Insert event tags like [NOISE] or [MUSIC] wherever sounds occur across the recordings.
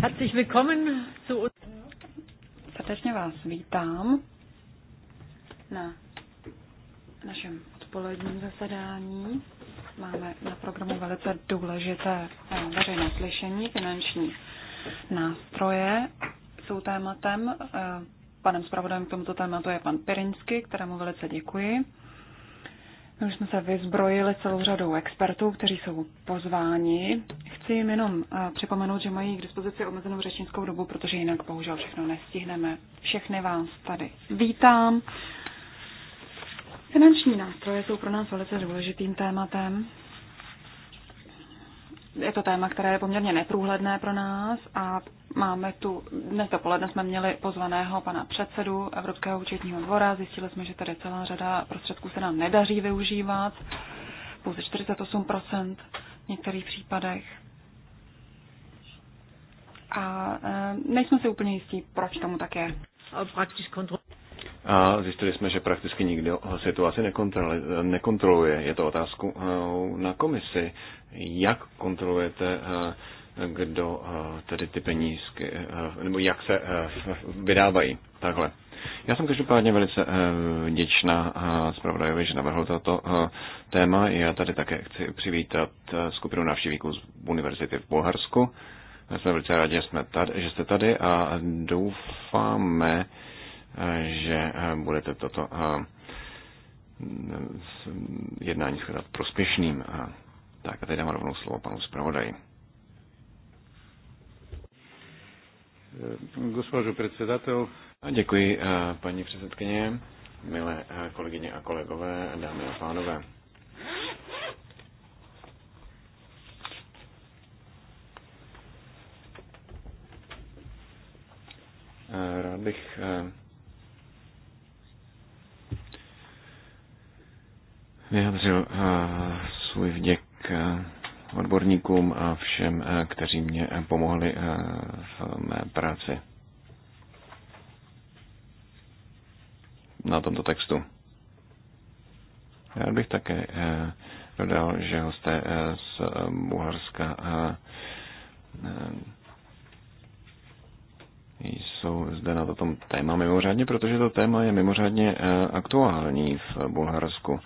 Herzlich willkommen zu uns. Srdečně vás vítám na našem odpoledním zasedání. Máme na programu velice důležité eh, veřejné slyšení, finanční nástroje jsou tématem. Eh, panem zpravodajem k tomuto tématu je pan Pirinsky, kterému velice děkuji. My už jsme se vyzbrojili celou řadou expertů, kteří jsou pozváni Chci jim jenom eh, připomenout, že mají k dispozici omezenou řečnickou dobu, protože jinak bohužel všechno nestihneme. Všechny vás tady vítám. Finanční nástroje jsou pro nás velice důležitým tématem. Je to téma, které je poměrně neprůhledné pro nás a máme tu, dnes dopoledne jsme měli pozvaného pana předsedu Evropského účetního dvora, zjistili jsme, že tady celá řada prostředků se nám nedaří využívat, pouze 48% v některých případech a e, nejsme si úplně jistí, proč tomu také. A zjistili jsme, že prakticky nikdo situaci nekontroluje. Je to otázku e, na komisi. Jak kontrolujete, e, kdo tedy ty penízky, nebo jak se vydávají? Takhle. Já jsem každopádně velice vděčná zpravodajovi, že navrhl toto téma. Já tady také chci přivítat skupinu návštěvníků z univerzity v Bulharsku my jsme velice rádi, že, jsme tady, že jste tady a doufáme, že budete toto eh, jednání shledat prospěšným. Eh, tak a teď dám rovnou slovo panu zpravodaji. Eh, Gospožu předsedatel. Děkuji, paní předsedkyně, milé kolegyně a kolegové, dámy a pánové. Eh, rád bych eh, vyjadřil eh, svůj vděk odborníkům a všem, kteří mě pomohli v mé práci na tomto textu. Já bych také dodal, že hosté z Bulharska jsou zde na tom téma mimořádně, protože to téma je mimořádně eh, aktuální v Bulharsku.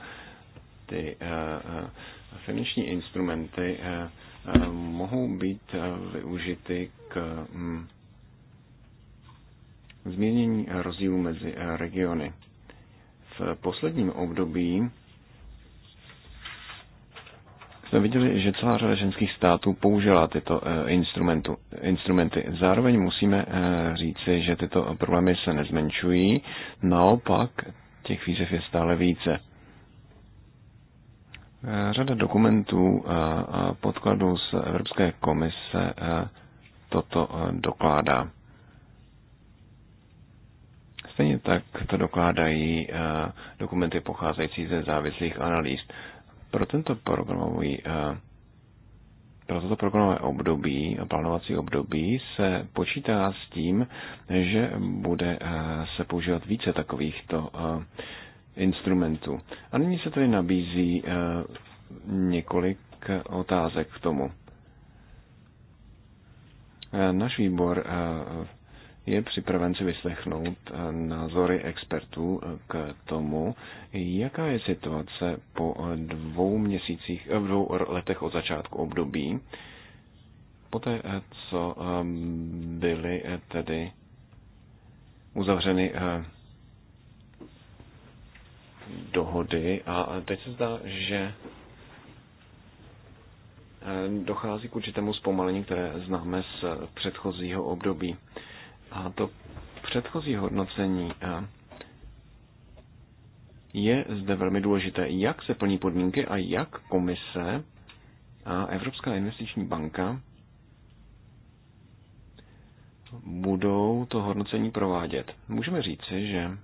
Ty eh, eh, finanční instrumenty mohou být využity k hm, změnění rozdílu mezi regiony. V posledním období jsme viděli, že celá řada ženských států použila tyto eh, instrumentu, instrumenty. Zároveň musíme eh, říci, že tyto problémy se nezmenšují, naopak těch výzev je stále více. Eh, řada dokumentů a podkladů z Evropské komise toto dokládá. Stejně tak to dokládají dokumenty pocházející ze závislých analýz. Pro tento programový eh, pro toto programové období a plánovací období se počítá s tím, že bude eh, se používat více takovýchto eh, instrumentů. A nyní se tedy nabízí několik otázek k tomu. Náš výbor je připraven si vyslechnout eh, názory expertů eh, k tomu, jaká je situace po eh, dvou měsících, dvou letech od začátku období, poté co byly tedy uzavřeny dohody a teď se zdá, že dochází k určitému zpomalení, které známe z předchozího období. A to předchozí hodnocení eh, je zde velmi důležité, jak se plní podmínky a jak komise a Evropská investiční banka budou to hodnocení provádět. Můžeme říci, že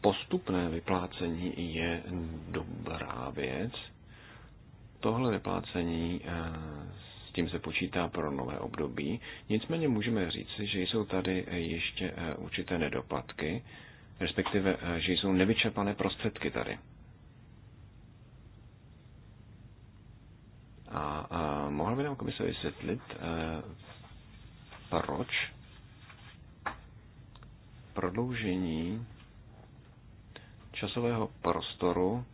postupné vyplácení je dobrá věc. Tohle vyplácení eh, tím se počítá pro nové období. Nicméně můžeme říci, že jsou tady ještě eh, určité nedoplatky, respektive, eh, že jsou nevyčerpané prostředky tady. A, a mohla by nám komise vysvětlit, e, proč prodloužení časového prostoru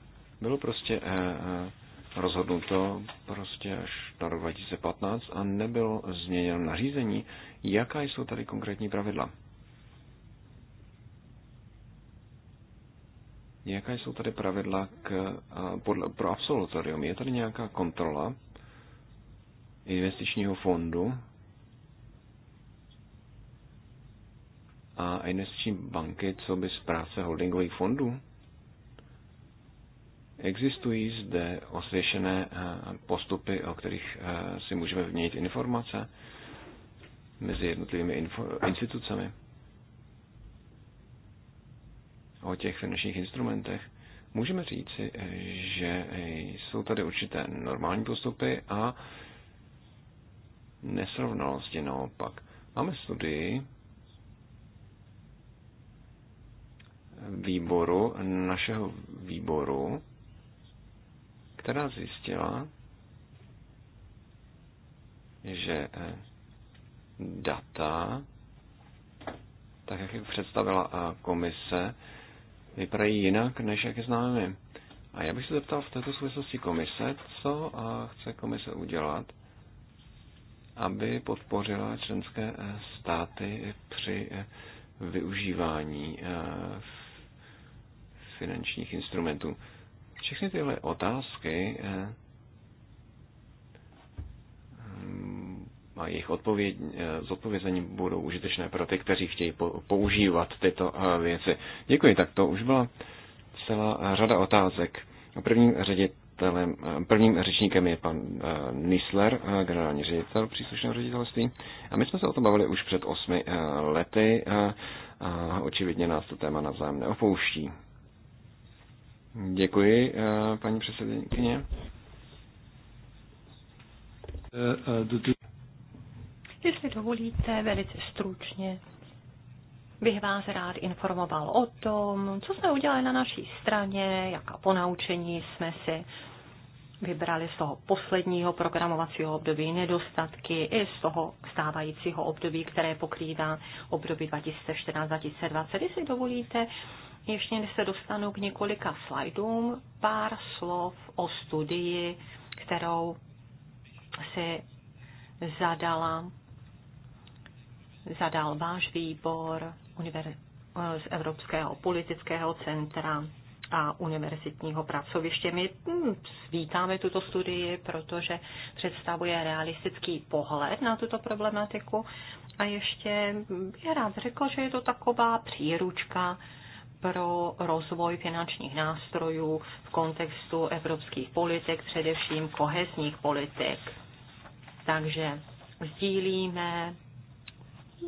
bylo prostě e, rozhodnuto prostě až do roku 2015 a nebylo změněno nařízení. Jaká jsou tady konkrétní pravidla? Jaká jsou tady pravidla k, podle, pro absolutorium? Je tady nějaká kontrola investičního fondu a investiční banky, co by zpráce holdingových fondů? Existují zde osvěšené eh, postupy, o kterých eh, si můžeme vměnit informace mezi jednotlivými institucemi o těch finančních instrumentech. Můžeme říci, eh, že jsou tady určité normální postupy a nesrovnalosti naopak. Máme studii výboru, našeho výboru, která zjistila, že eh, data, tak jak je představila eh, komise, vypadají jinak, než jak je známe my. A já bych se zeptal v této souvislosti komise, co eh, chce komise udělat, aby podpořila členské státy při využívání finančních instrumentů. Všechny tyhle otázky eh, eh, a jejich odpověď, zodpovězení eh, budou užitečné pro ty, kteří chtějí používat tyto věci. Děkuji, tak to už byla celá řada otázek. Prvním ředitelem, prvním řečníkem je pan Nisler, generální ředitel příslušného ředitelství. A my jsme se o tom bavili už před osmi lety a očividně nás to téma navzájem neopouští. Děkuji, eh, paní předsedkyně. Jestli dovolíte, velice stručně bych vás rád informoval o tom, co jsme udělali na naší straně, jaká ponaučení jsme si vybrali z toho posledního programovacího období nedostatky i z toho stávajícího období, které pokrývá období 2014-2020. Jestli dovolíte, ještě než se dostanu k několika slajdům, pár slov o studii, kterou si zadala, zadal váš výbor z Evropského politického centra a univerzitního pracoviště. My hm, vítáme tuto studii, protože představuje realistický pohled na tuto problematiku a ještě bych rád řekl, že je to taková příručka pro rozvoj finančních nástrojů v kontextu evropských politik, především kohezních politik. Takže sdílíme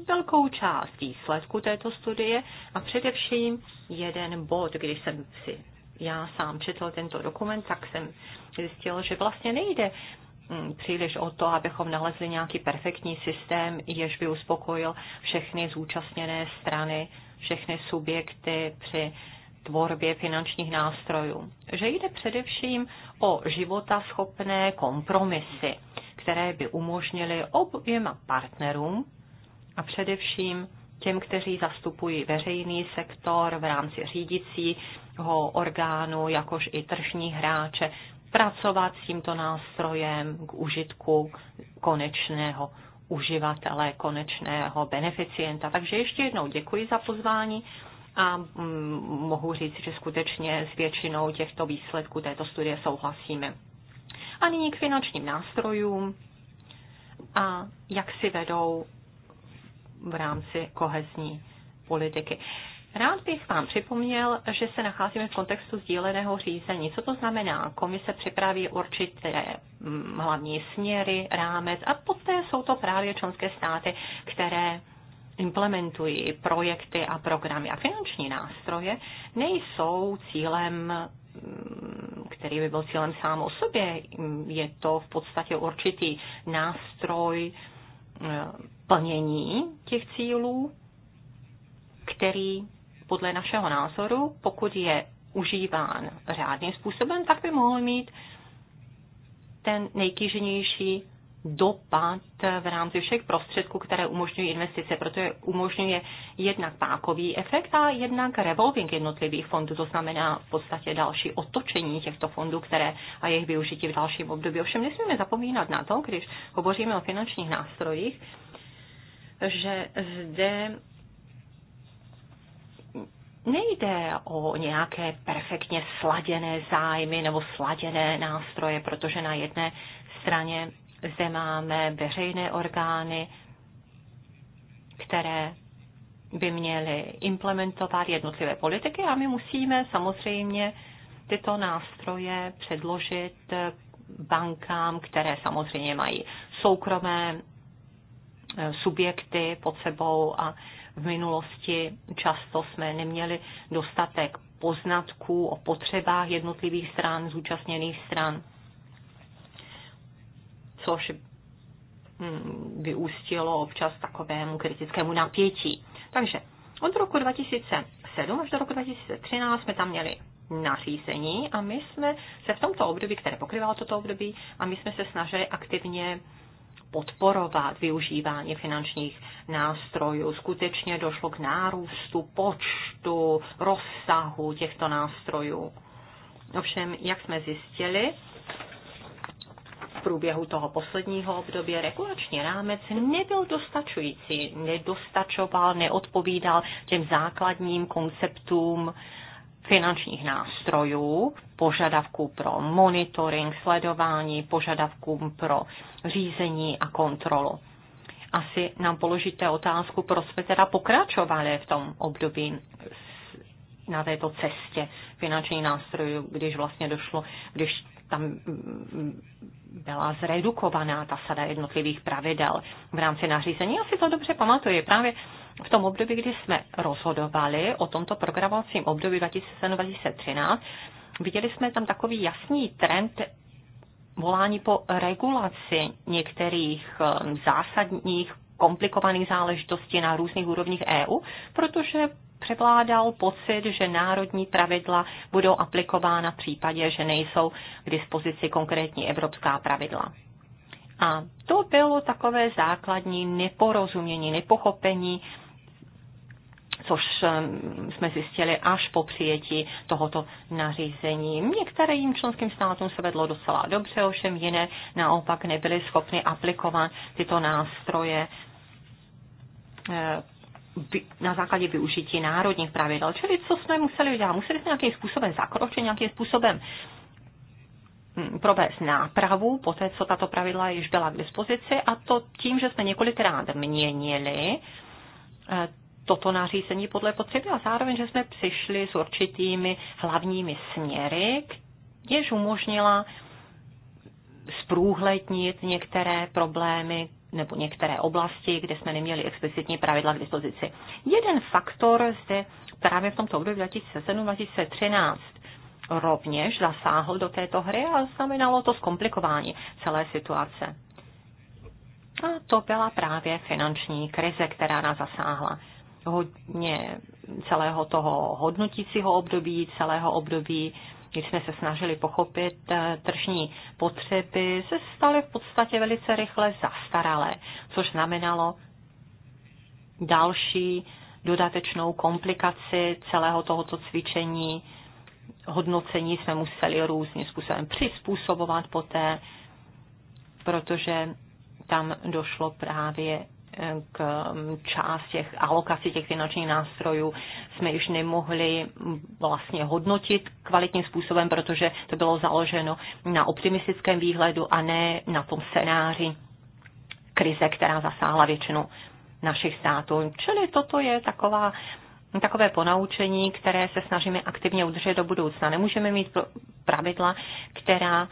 velkou část výsledku této studie a především jeden bod, když jsem si já sám četl tento dokument, tak jsem zjistil, že vlastně nejde mm, příliš o to, abychom nalezli nějaký perfektní systém, jež by uspokojil všechny zúčastněné strany všechny subjekty při tvorbě finančních nástrojů. Že jde především o životaschopné kompromisy, které by umožnily oběma partnerům a především těm, kteří zastupují veřejný sektor v rámci řídicího orgánu, jakož i tržní hráče, pracovat s tímto nástrojem k užitku konečného uživatele, konečného beneficienta. Takže ještě jednou děkuji za pozvání a mm, mohu říct, že skutečně s většinou těchto výsledků této studie souhlasíme. A nyní k finančním nástrojům a jak si vedou v rámci kohezní politiky. Rád bych vám připomněl, že se nacházíme v kontextu sdíleného řízení. Co to znamená? Komise připraví určité mm, hlavní směry, rámec a poté jsou to právě členské státy, které implementují projekty a programy. A finanční nástroje nejsou cílem mm, který by byl cílem sám o sobě. Je to v podstatě určitý nástroj mm, plnění těch cílů, který podle našeho názoru, pokud je užíván řádným způsobem, tak by mohl mít ten nejtíženější dopad v rámci všech prostředků, které umožňují investice, protože umožňuje jednak pákový efekt a jednak revolving jednotlivých fondů, to znamená v podstatě další otočení těchto fondů, které a jejich využití v dalším období. Ovšem nesmíme zapomínat na to, když hovoříme o finančních nástrojích, že zde nejde o nějaké perfektně sladěné zájmy nebo sladěné nástroje, protože na jedné straně zde máme veřejné orgány, které by měly implementovat jednotlivé politiky a my musíme samozřejmě tyto nástroje předložit bankám, které samozřejmě mají soukromé eh, subjekty pod sebou a v minulosti často jsme neměli dostatek poznatků o potřebách jednotlivých stran, zúčastněných stran, což hm, vyústilo občas takovému kritickému napětí. Takže od roku 2007 až do roku 2013 jsme tam měli nařízení a my jsme se v tomto období, které pokrývalo toto období, a my jsme se snažili aktivně podporovat využívání finančních nástrojů. Skutečně došlo k nárůstu počtu, rozsahu těchto nástrojů. Ovšem, jak jsme zjistili, v průběhu toho posledního období regulační rámec nebyl dostačující, nedostačoval, neodpovídal těm základním konceptům finančních nástrojů, požadavků pro monitoring, sledování, požadavků pro řízení a kontrolu. Asi nám položíte otázku, proč jsme teda pokračovali v tom období na této cestě finančních nástrojů, když vlastně došlo, když tam mm, byla zredukovaná ta sada jednotlivých pravidel v rámci nařízení. Já si to dobře pamatuju. Právě v tom období, kdy jsme rozhodovali o tomto programovacím období 2007-2013, viděli jsme tam takový jasný trend volání po regulaci některých eh, zásadních komplikovaných záležitostí na různých úrovních EU, protože převládal pocit, že národní pravidla budou aplikována v případě, že nejsou k dispozici konkrétní evropská pravidla. A to bylo takové základní neporozumění, nepochopení, což ehm, jsme zjistili až po přijetí tohoto nařízení. Některým členským státům se vedlo docela dobře, ovšem jiné naopak nebyly schopny aplikovat tyto nástroje ehm, na základě využití národních pravidel. Čili co jsme museli udělat? Museli jsme nějakým způsobem zakročit, nějakým způsobem uh, Hm, provést nápravu po té, co tato pravidla již byla k dispozici a to tím, že jsme několikrát měnili eh, toto nařízení podle potřeby a zároveň, že jsme přišli s určitými hlavními směry, jež umožnila zprůhlednit některé problémy nebo některé oblasti, kde jsme neměli explicitní pravidla k dispozici. Jeden faktor zde právě v tomto období 2007-2013 rovněž zasáhl do této hry a znamenalo to zkomplikování celé situace. A to byla právě finanční krize, která nás zasáhla. Hodně celého toho hodnotícího období, celého období, když jsme se snažili pochopit eh, tržní potřeby, se staly v podstatě velice rychle zastaralé, což znamenalo další dodatečnou komplikaci celého tohoto cvičení hodnocení jsme museli různým způsobem přizpůsobovat poté, protože tam došlo právě eh, k mm, část těch alokací těch finančních nástrojů jsme již nemohli mm, vlastně hodnotit kvalitním způsobem, protože to bylo založeno na optimistickém výhledu a ne na tom scénáři krize, která zasáhla většinu našich států. Čili toto je taková takové ponaučení, které se snažíme aktivně udržet do budoucna. Nemůžeme mít pravidla, která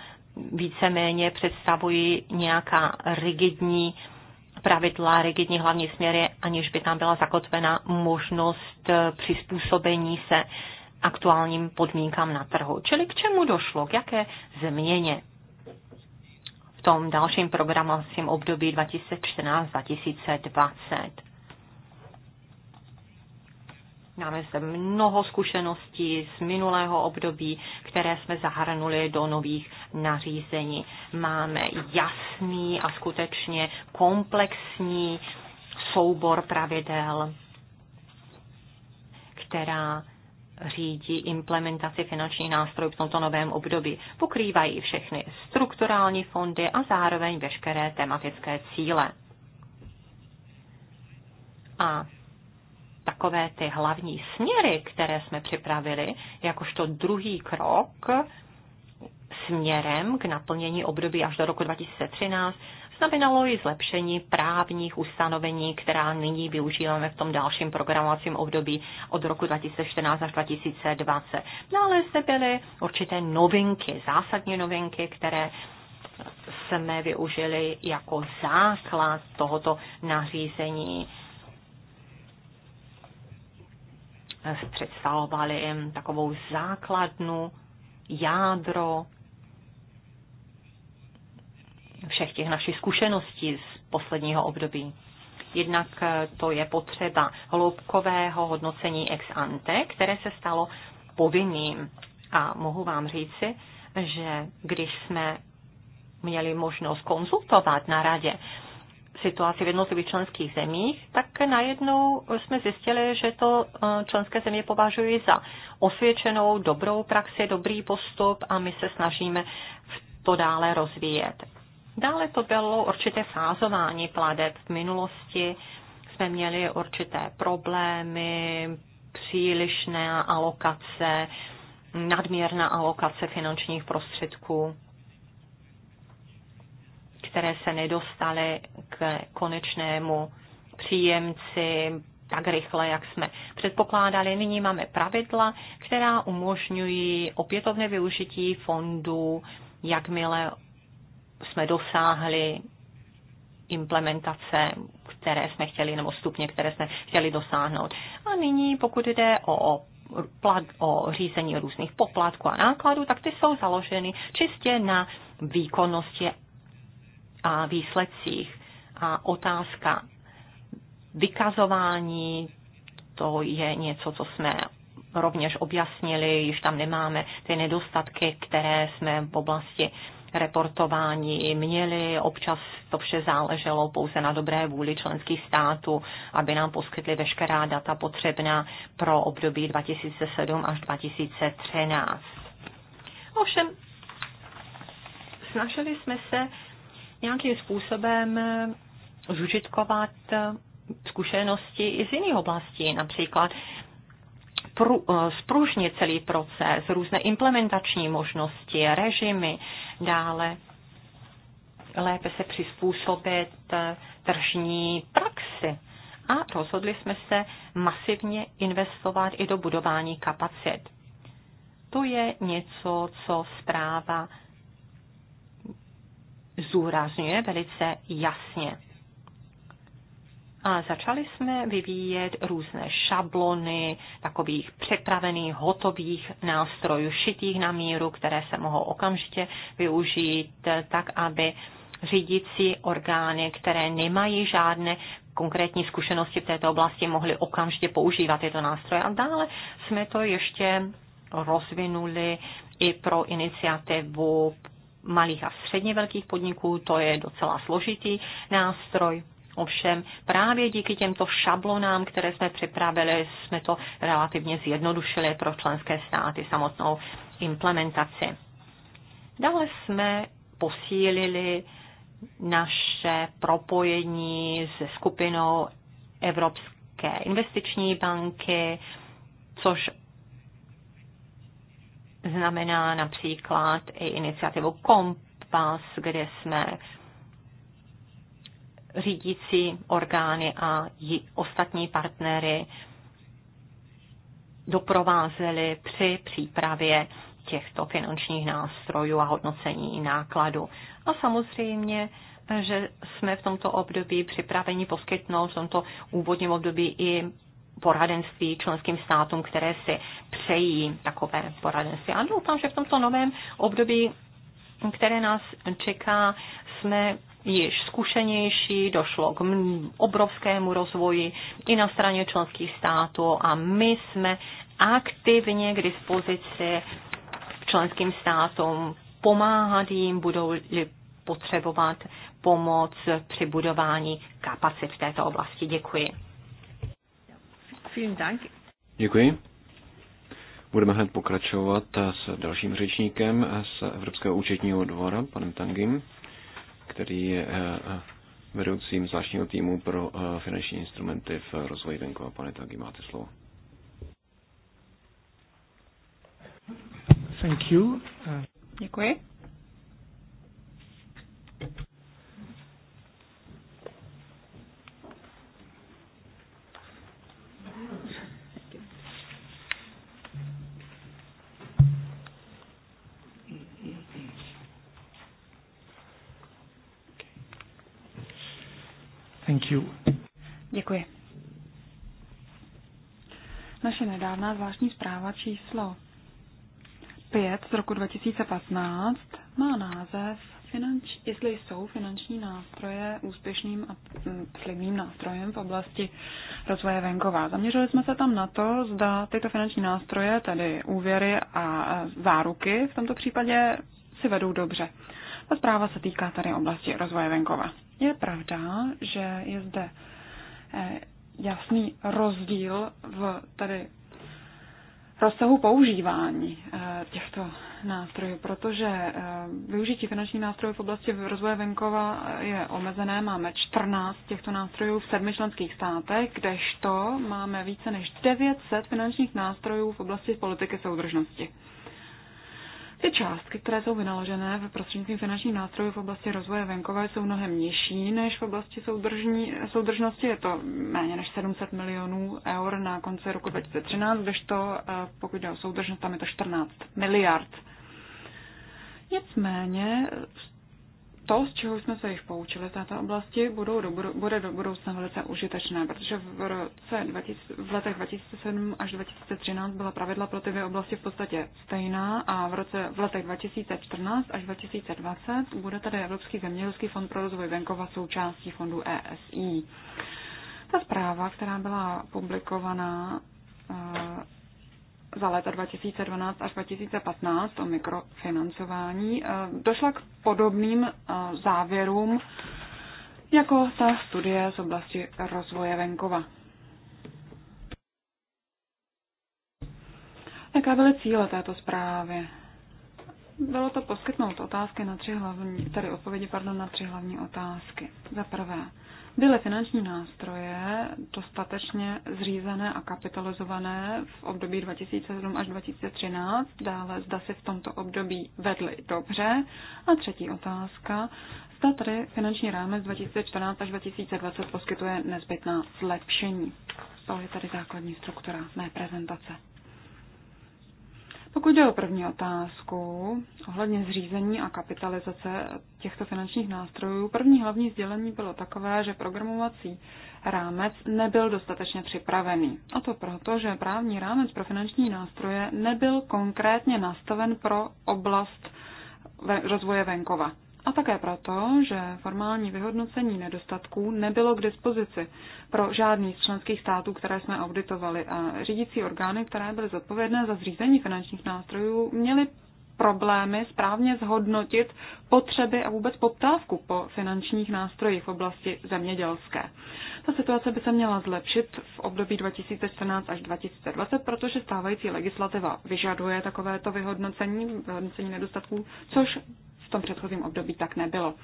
víceméně představují nějaká rigidní pravidla, rigidní hlavní směry, aniž by tam byla zakotvena možnost eh, přizpůsobení se aktuálním podmínkám na trhu. Čili k čemu došlo, k jaké změně v tom dalším programovacím období 2014-2020. Máme zde mnoho zkušeností z minulého období, které jsme zahrnuli do nových nařízení. Máme jasný a skutečně komplexní soubor pravidel, která řídí implementaci finančních nástrojů v tomto novém období. Pokrývají všechny strukturální fondy a zároveň veškeré tematické cíle. A takové ty hlavní směry, které jsme připravili, jakožto druhý krok směrem k naplnění období až do roku 2013, znamenalo i zlepšení právních ustanovení, která nyní využíváme v tom dalším programovacím období od roku 2014 až 2020. Dále no, zde byly určité novinky, zásadní novinky, které jsme využili jako základ tohoto nařízení představovaly takovou základnu, jádro všech těch našich zkušeností z posledního období. Jednak eh, to je potřeba hloubkového hodnocení ex ante, které se stalo povinným. A mohu vám říci, že když jsme měli možnost konzultovat na radě situaci v jednotlivých členských zemích, tak najednou jsme zjistili, že to eh, členské země považují za osvědčenou, dobrou praxi, dobrý postup a my se snažíme to dále rozvíjet. Dále to bylo určité fázování pladeb. V minulosti jsme měli určité problémy, přílišné alokace, nadměrná alokace finančních prostředků, které se nedostaly k konečnému příjemci tak rychle, jak jsme předpokládali. Nyní máme pravidla, která umožňují opětovné využití fondů, jakmile jsme dosáhli implementace, které jsme chtěli, nebo stupně, které jsme chtěli dosáhnout. A nyní, pokud jde o plat, o řízení různých poplatků a nákladů, tak ty jsou založeny čistě na výkonnosti a výsledcích a otázka vykazování, to je něco, co jsme rovněž objasnili, již tam nemáme ty nedostatky, které jsme v oblasti reportování měli. Občas to vše záleželo pouze na dobré vůli členských států, aby nám poskytli veškerá data potřebná pro období 2007 až 2013. Ovšem, snažili jsme se nějakým způsobem zužitkovat eh, zkušenosti i z jiných oblastí, například pru, spružnit eh, celý proces, různé implementační možnosti, režimy, dále lépe se přizpůsobit eh, tržní praxi. A rozhodli jsme se masivně investovat i do budování kapacit. To je něco, co zpráva zúrazňuje velice jasně. A začali jsme vyvíjet různé šablony takových přepravených, hotových nástrojů, šitých na míru, které se mohou okamžitě využít tak, aby řídící orgány, které nemají žádné konkrétní zkušenosti v této oblasti, mohly okamžitě používat tyto nástroje. A dále jsme to ještě rozvinuli i pro iniciativu malých a středně velkých podniků. To je docela složitý nástroj Ovšem právě díky těmto šablonám, které jsme připravili, jsme to relativně zjednodušili pro členské státy samotnou implementaci. Dále jsme posílili naše propojení se skupinou Evropské investiční banky, což znamená například i iniciativu Kompas, kde jsme řídící orgány a ostatní partnery doprovázeli při přípravě těchto finančních nástrojů a hodnocení nákladu. A samozřejmě, že jsme v tomto období připraveni poskytnout v tomto úvodním období i poradenství členským státům, které si přejí takové poradenství. A doufám, že v tomto novém období které nás čeká, jsme již zkušenější, došlo k obrovskému rozvoji i na straně členských států a my jsme aktivně k dispozici členským státům pomáhat jim, budou-li potřebovat pomoc při budování kapacit v této oblasti. Děkuji. Děkuji. Budeme hned pokračovat s dalším řečníkem z Evropského účetního dvora, panem Tangim který je eh, eh, vedoucím zvláštního týmu pro eh, finanční instrumenty v rozvoji venkova. Pane Tagi, máte slovo. Thank you. Děkuji. Thank you. Děkuji. Naše nedávná zvláštní zpráva číslo 5 z roku 2015 má název finanč, jestli jsou finanční nástroje úspěšným a mm, slibným nástrojem v oblasti rozvoje venkova. Zaměřili jsme se tam na to, zda tyto finanční nástroje, tedy úvěry a e, záruky v tomto případě, si vedou dobře. Ta zpráva se týká tady oblasti rozvoje venkova. Je pravda, že je zde eh, jasný rozdíl v tady rozsahu používání eh, těchto nástrojů, protože eh, využití finančních nástrojů v oblasti rozvoje venkova je omezené. Máme 14 těchto nástrojů v sedmi členských státech, kdežto máme více než 900 finančních nástrojů v oblasti politiky soudržnosti. Ty částky, které jsou vynaložené ve prostřednictvím finančních nástrojů v oblasti rozvoje venkova, jsou mnohem nižší než v oblasti soudržní, soudržnosti. Je to méně než 700 milionů eur na konci roku 2013, kdežto eh, pokud jde o soudržnost, tam je to 14 miliard. Nicméně z to, z čeho jsme se jich poučili v této oblasti, budou do, bude do budoucna velice užitečné, protože v, roce 20, v letech 2007 až 2013 byla pravidla pro ty oblasti v podstatě stejná a v, roce, v letech 2014 až 2020 bude tady Evropský zemědělský fond pro rozvoj venkova součástí fondu ESI. Ta zpráva, která byla publikovaná eh, za léta 2012 až 2015 o mikrofinancování eh, došla k podobným eh, závěrům jako ta studie z oblasti rozvoje venkova. Jaká byly cíle této zprávy? Bylo to poskytnout otázky na tři hlavní, tedy odpovědi pardon, na tři hlavní otázky. Za prvé, byly finanční nástroje dostatečně zřízené a kapitalizované v období 2007 až 2013, dále zda si v tomto období vedly dobře. A třetí otázka, zda tedy finanční rámec 2014 až 2020 poskytuje nezbytná zlepšení. To je tady základní struktura mé prezentace. Pokud jde o první otázku ohledně zřízení a kapitalizace těchto finančních nástrojů, první hlavní sdělení bylo takové, že programovací rámec nebyl dostatečně připravený. A to proto, že právní rámec pro finanční nástroje nebyl konkrétně nastaven pro oblast rozvoje venkova a také proto, že formální vyhodnocení nedostatků nebylo k dispozici pro žádný z členských států, které jsme auditovali a řídící orgány, které byly zodpovědné za zřízení finančních nástrojů, měly problémy správně zhodnotit potřeby a vůbec poptávku po finančních nástrojích v oblasti zemědělské. Ta situace by se měla zlepšit v období 2014 až 2020, protože stávající legislativa vyžaduje takovéto vyhodnocení, vyhodnocení nedostatků, což v tom předchozím období tak nebylo.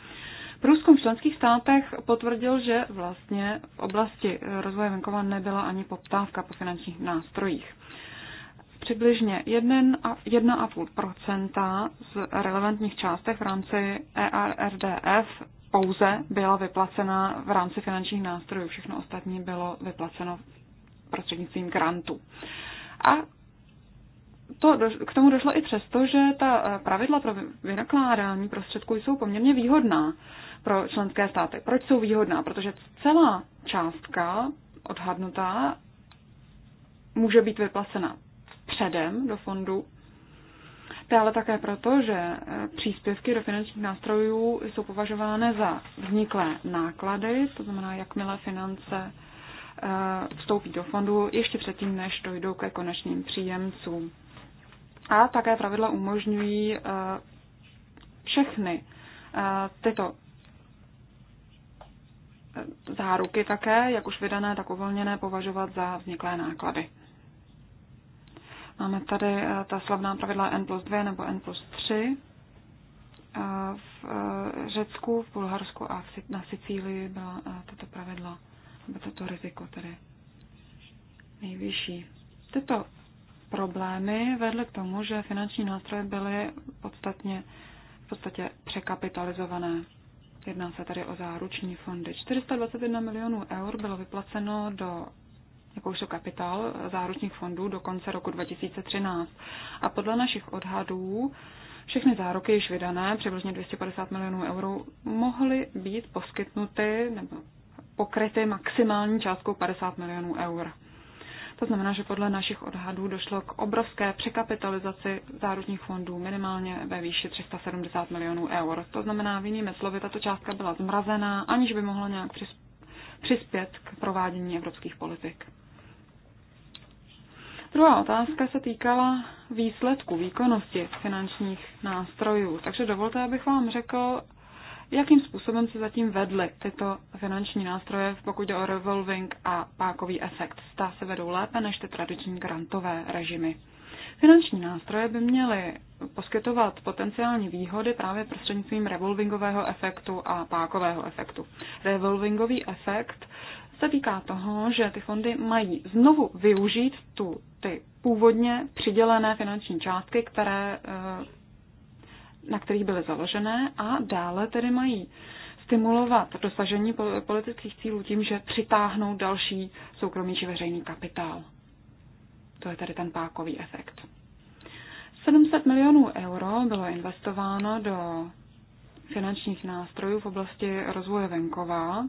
Průzkum v členských státech potvrdil, že vlastně v oblasti rozvoje venkova nebyla ani poptávka po finančních nástrojích. Přibližně 1,5 z relevantních částech v rámci ERDF pouze byla vyplacena v rámci finančních nástrojů, všechno ostatní bylo vyplaceno prostřednictvím grantů. A to, k tomu došlo i přesto, že ta eh, pravidla pro vynakládání prostředků jsou poměrně výhodná pro členské státy. Proč jsou výhodná? Protože celá částka odhadnutá může být vyplacena předem do fondu, ale také proto, že eh, příspěvky do finančních nástrojů jsou považovány za vzniklé náklady, to znamená, jakmile finance eh, vstoupí do fondu ještě předtím, než dojdou ke konečným příjemcům. A také pravidla umožňují eh, všechny eh, tyto eh, záruky také, jak už vydané, tak uvolněné, považovat za vzniklé náklady. Máme tady ta slavná pravidla N plus 2 nebo N plus 3 v Řecku, v Bulharsku a na Sicílii byla tato pravidla, nebo toto riziko tedy nejvyšší. Tyto problémy vedly k tomu, že finanční nástroje byly podstatně, v podstatě překapitalizované. Jedná se tady o záruční fondy. 421 milionů eur bylo vyplaceno do jakoužto kapitál záručních fondů do konce roku 2013. A podle našich odhadů všechny záruky již vydané, přibližně 250 milionů eur mohly být poskytnuty nebo pokryty maximální částkou 50 milionů eur. To znamená, že podle našich odhadů došlo k obrovské překapitalizaci záručních fondů minimálně ve výši 370 milionů eur. To znamená, v jinými slovy, tato částka byla zmrazená, aniž by mohla nějak přispět k provádění evropských politik. Druhá otázka se týkala výsledku výkonnosti finančních nástrojů. Takže dovolte, abych vám řekl, jakým způsobem se zatím vedly tyto finanční nástroje, pokud jde o revolving a pákový efekt. Stá se vedou lépe než ty tradiční grantové režimy. Finanční nástroje by měly poskytovat potenciální výhody právě prostřednictvím revolvingového efektu a pákového efektu. Revolvingový efekt se týká toho, že ty fondy mají znovu využít tu, ty původně přidělené finanční částky, které eh, na kterých byly založené a dále tedy mají stimulovat dosažení politických cílů tím, že přitáhnou další soukromý či veřejný kapitál. To je tedy ten pákový efekt. 700 milionů euro bylo investováno do finančních nástrojů v oblasti rozvoje venkova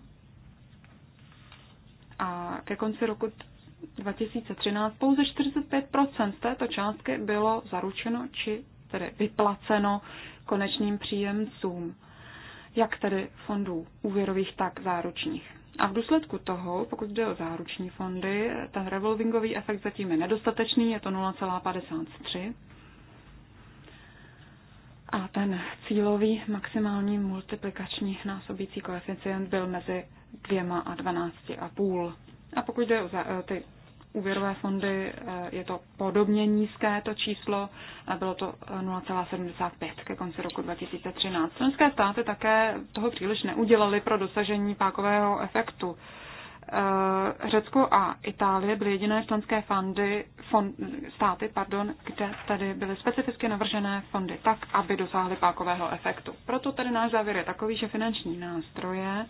a ke konci roku 2013 pouze 45 této částky bylo zaručeno či tedy vyplaceno konečným příjemcům, jak tedy fondů úvěrových, tak záručních. A v důsledku toho, pokud jde o záruční fondy, ten revolvingový efekt zatím je nedostatečný, je to 0,53. A ten cílový maximální multiplikační násobící koeficient byl mezi dvěma a 12,5. A pokud jde o ty úvěrové fondy eh, je to podobně nízké to číslo, bylo to 0,75 eh, ke konci roku 2013. Členské státy také toho příliš neudělali pro dosažení pákového efektu. Eh, Řecko a Itálie byly jediné členské fondy, fond, státy, pardon, kde tady byly specificky navržené fondy tak, aby dosáhly pákového efektu. Proto tedy náš závěr je takový, že finanční nástroje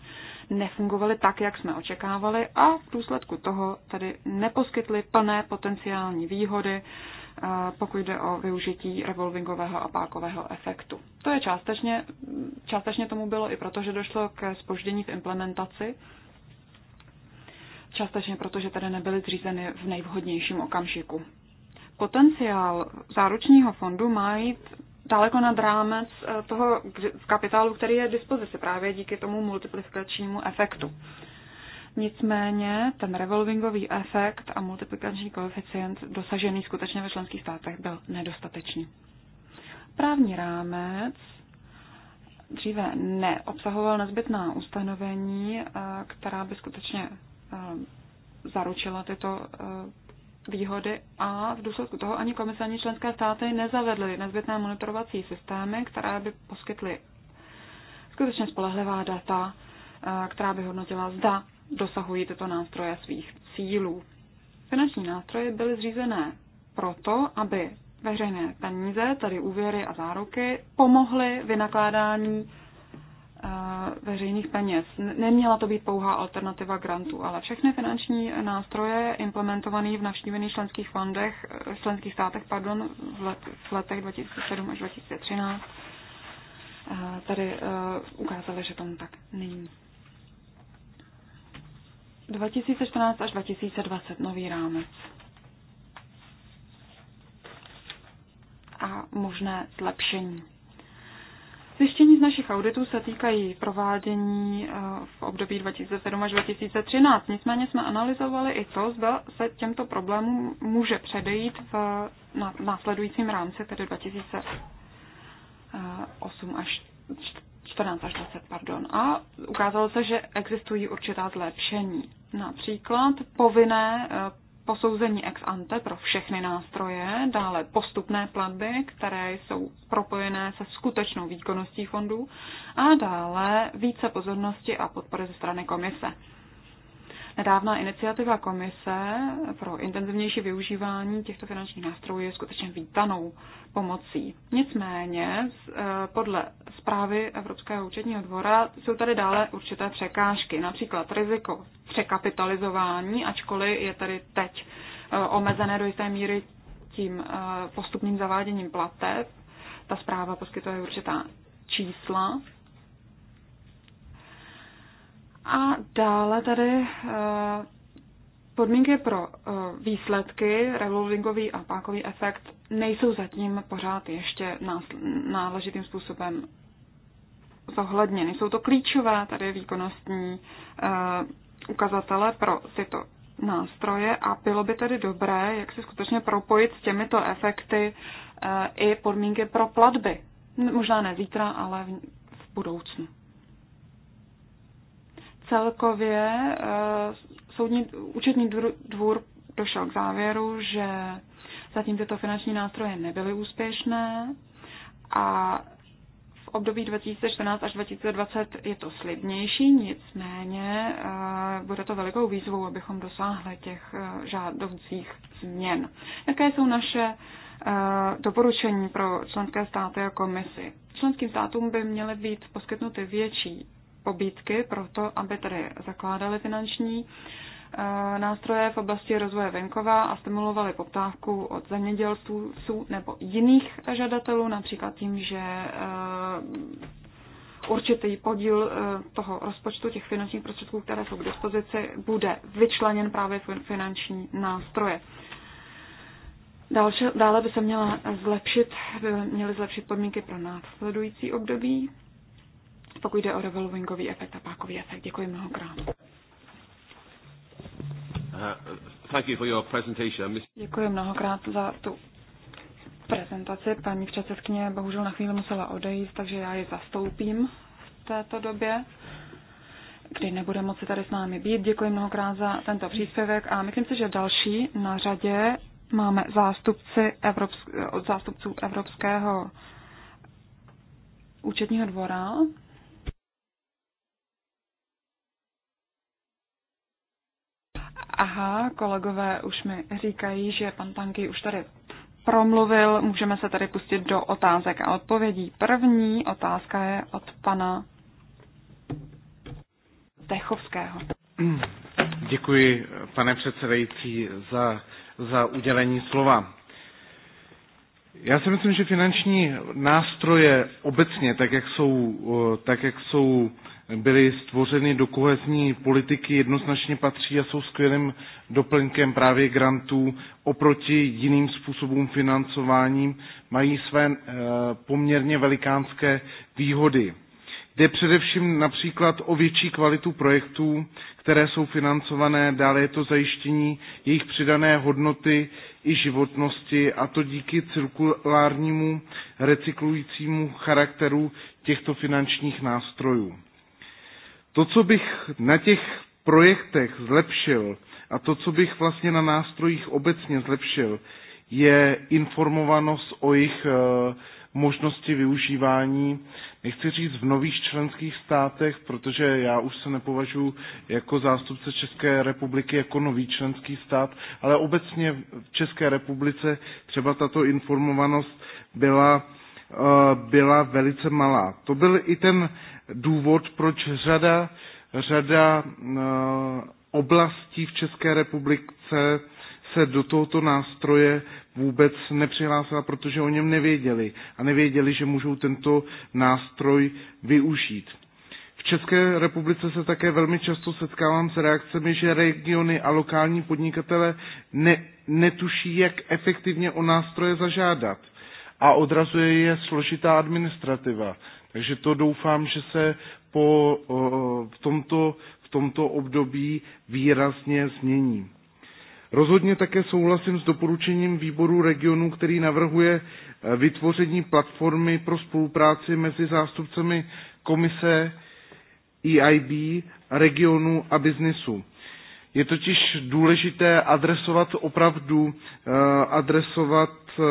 nefungovaly tak, jak jsme očekávali a v důsledku toho tady neposkytly plné potenciální výhody, eh, pokud jde o využití revolvingového a pákového efektu. To je částečně, částečně tomu bylo i proto, že došlo k spoždění v implementaci částečně proto, že tady nebyly zřízeny v nejvhodnějším okamžiku. Potenciál záručního fondu má jít daleko nad rámec eh, toho kapitálu, který je v dispozici právě díky tomu multiplikačnímu efektu. Nicméně ten revolvingový efekt a multiplikační koeficient dosažený skutečně ve členských státech byl nedostatečný. Právní rámec dříve neobsahoval nezbytná ustanovení, eh, která by skutečně Eh, zaručila tyto eh, výhody a v důsledku toho ani komise, ani členské státy nezavedly nezbytné monitorovací systémy, které by poskytly skutečně spolehlivá data, eh, která by hodnotila, zda dosahují tyto nástroje svých cílů. Finanční nástroje byly zřízené proto, aby veřejné peníze, tedy úvěry a záruky, pomohly vynakládání veřejných peněz. Neměla to být pouhá alternativa grantů, ale všechny finanční nástroje implementované v navštívených členských fondech, eh, členských státech pardon, v, let, v letech 2007 až 2013 eh, tady eh, ukázaly, že tomu tak není. 2014 až 2020 nový rámec. A možné zlepšení. Zjištění z našich auditů se týkají provádění eh, v období 2007 až 2013. Nicméně jsme analyzovali i to, zda se těmto problémům může předejít v následujícím rámci, tedy 2008 eh, až 14 až 20, pardon. A ukázalo se, že existují určitá zlepšení. Například povinné eh, posouzení ex ante pro všechny nástroje, dále postupné platby, které jsou propojené se skutečnou výkonností fondů a dále více pozornosti a podpory ze strany komise. Nedávná iniciativa komise pro intenzivnější využívání těchto finančních nástrojů je skutečně vítanou pomocí. Nicméně, eh, podle zprávy Evropského účetního dvora jsou tady dále určité překážky, například riziko překapitalizování, ačkoliv je tady teď eh, omezené do jisté míry tím eh, postupným zaváděním plateb. Ta zpráva poskytuje určitá čísla, a dále tady eh, podmínky pro eh, výsledky, revolvingový a pákový efekt, nejsou zatím pořád ještě náležitým způsobem zohledněny. Jsou to klíčové tady výkonnostní eh, ukazatele pro tyto nástroje a bylo by tedy dobré, jak se skutečně propojit s těmito efekty i podmínky pro platby. Možná ne zítra, ale v budoucnu. Celkově eh, soudní, účetní dvůr, dvůr došel k závěru, že zatím tyto finanční nástroje nebyly úspěšné a v období 2014 až 2020 je to slibnější, nicméně eh, bude to velikou výzvou, abychom dosáhli těch eh, žádoucích změn. Jaké jsou naše doporučení pro členské státy a komisy? Členským státům by měly být poskytnuty větší pobídky pro to, aby tady zakládali finanční eh, nástroje v oblasti rozvoje venkova a stimulovali poptávku od zemědělců nebo jiných žadatelů, například tím, že eh, určitý podíl eh, toho rozpočtu těch finančních prostředků, které jsou k dispozici, bude vyčleněn právě finanční nástroje. Další, dále by se měla zlepšit, by měly zlepšit podmínky pro následující období pokud jde o revolvingový efekt a pákový efekt. Děkuji mnohokrát. Uh, thank you for your presentation. Děkuji mnohokrát za tu prezentaci. Paní předsedkyně bohužel na chvíli musela odejít, takže já ji zastoupím v této době, kdy nebude moci tady s námi být. Děkuji mnohokrát za tento příspěvek a myslím si, že další na řadě máme zástupci Evropsk- od zástupců Evropského účetního dvora, Aha, kolegové už mi říkají, že pan Tanky už tady promluvil. Můžeme se tady pustit do otázek a odpovědí. První otázka je od pana Techovského. Děkuji, pane předsedající, za, za udělení slova. Já si myslím, že finanční nástroje obecně, tak jak jsou, eh, tak jak jsou byly stvořeny do kohezní politiky, jednoznačně patří a jsou skvělým doplňkem právě grantů oproti jiným způsobům financování, mají své eh, poměrně velikánské výhody. Jde především například o větší kvalitu projektů, které jsou financované, dále je to zajištění jejich přidané hodnoty i životnosti, a to díky cirkulárnímu recyklujícímu charakteru těchto finančních nástrojů. To, co bych na těch projektech zlepšil a to, co bych vlastně na nástrojích obecně zlepšil, je informovanost o jejich eh, možnosti využívání. Nechci říct v nových členských státech, protože já už se nepovažuji jako zástupce České republiky jako nový členský stát, ale obecně v České republice třeba tato informovanost byla eh, byla velice malá. To byl i ten důvod, proč řada, řada eh, oblastí v České republice se do tohoto nástroje vůbec nepřihlásila, protože o něm nevěděli a nevěděli, že můžou tento nástroj využít. V České republice se také velmi často setkávám s reakcemi, že regiony a lokální podnikatele ne, netuší, jak efektivně o nástroje zažádat a odrazuje je složitá administrativa, takže to doufám, že se po, v, tomto, v tomto období výrazně změní. Rozhodně také souhlasím s doporučením výboru regionu, který navrhuje e, vytvoření platformy pro spolupráci mezi zástupcemi komise EIB, regionu a biznisu. Je totiž důležité adresovat opravdu, e, adresovat e,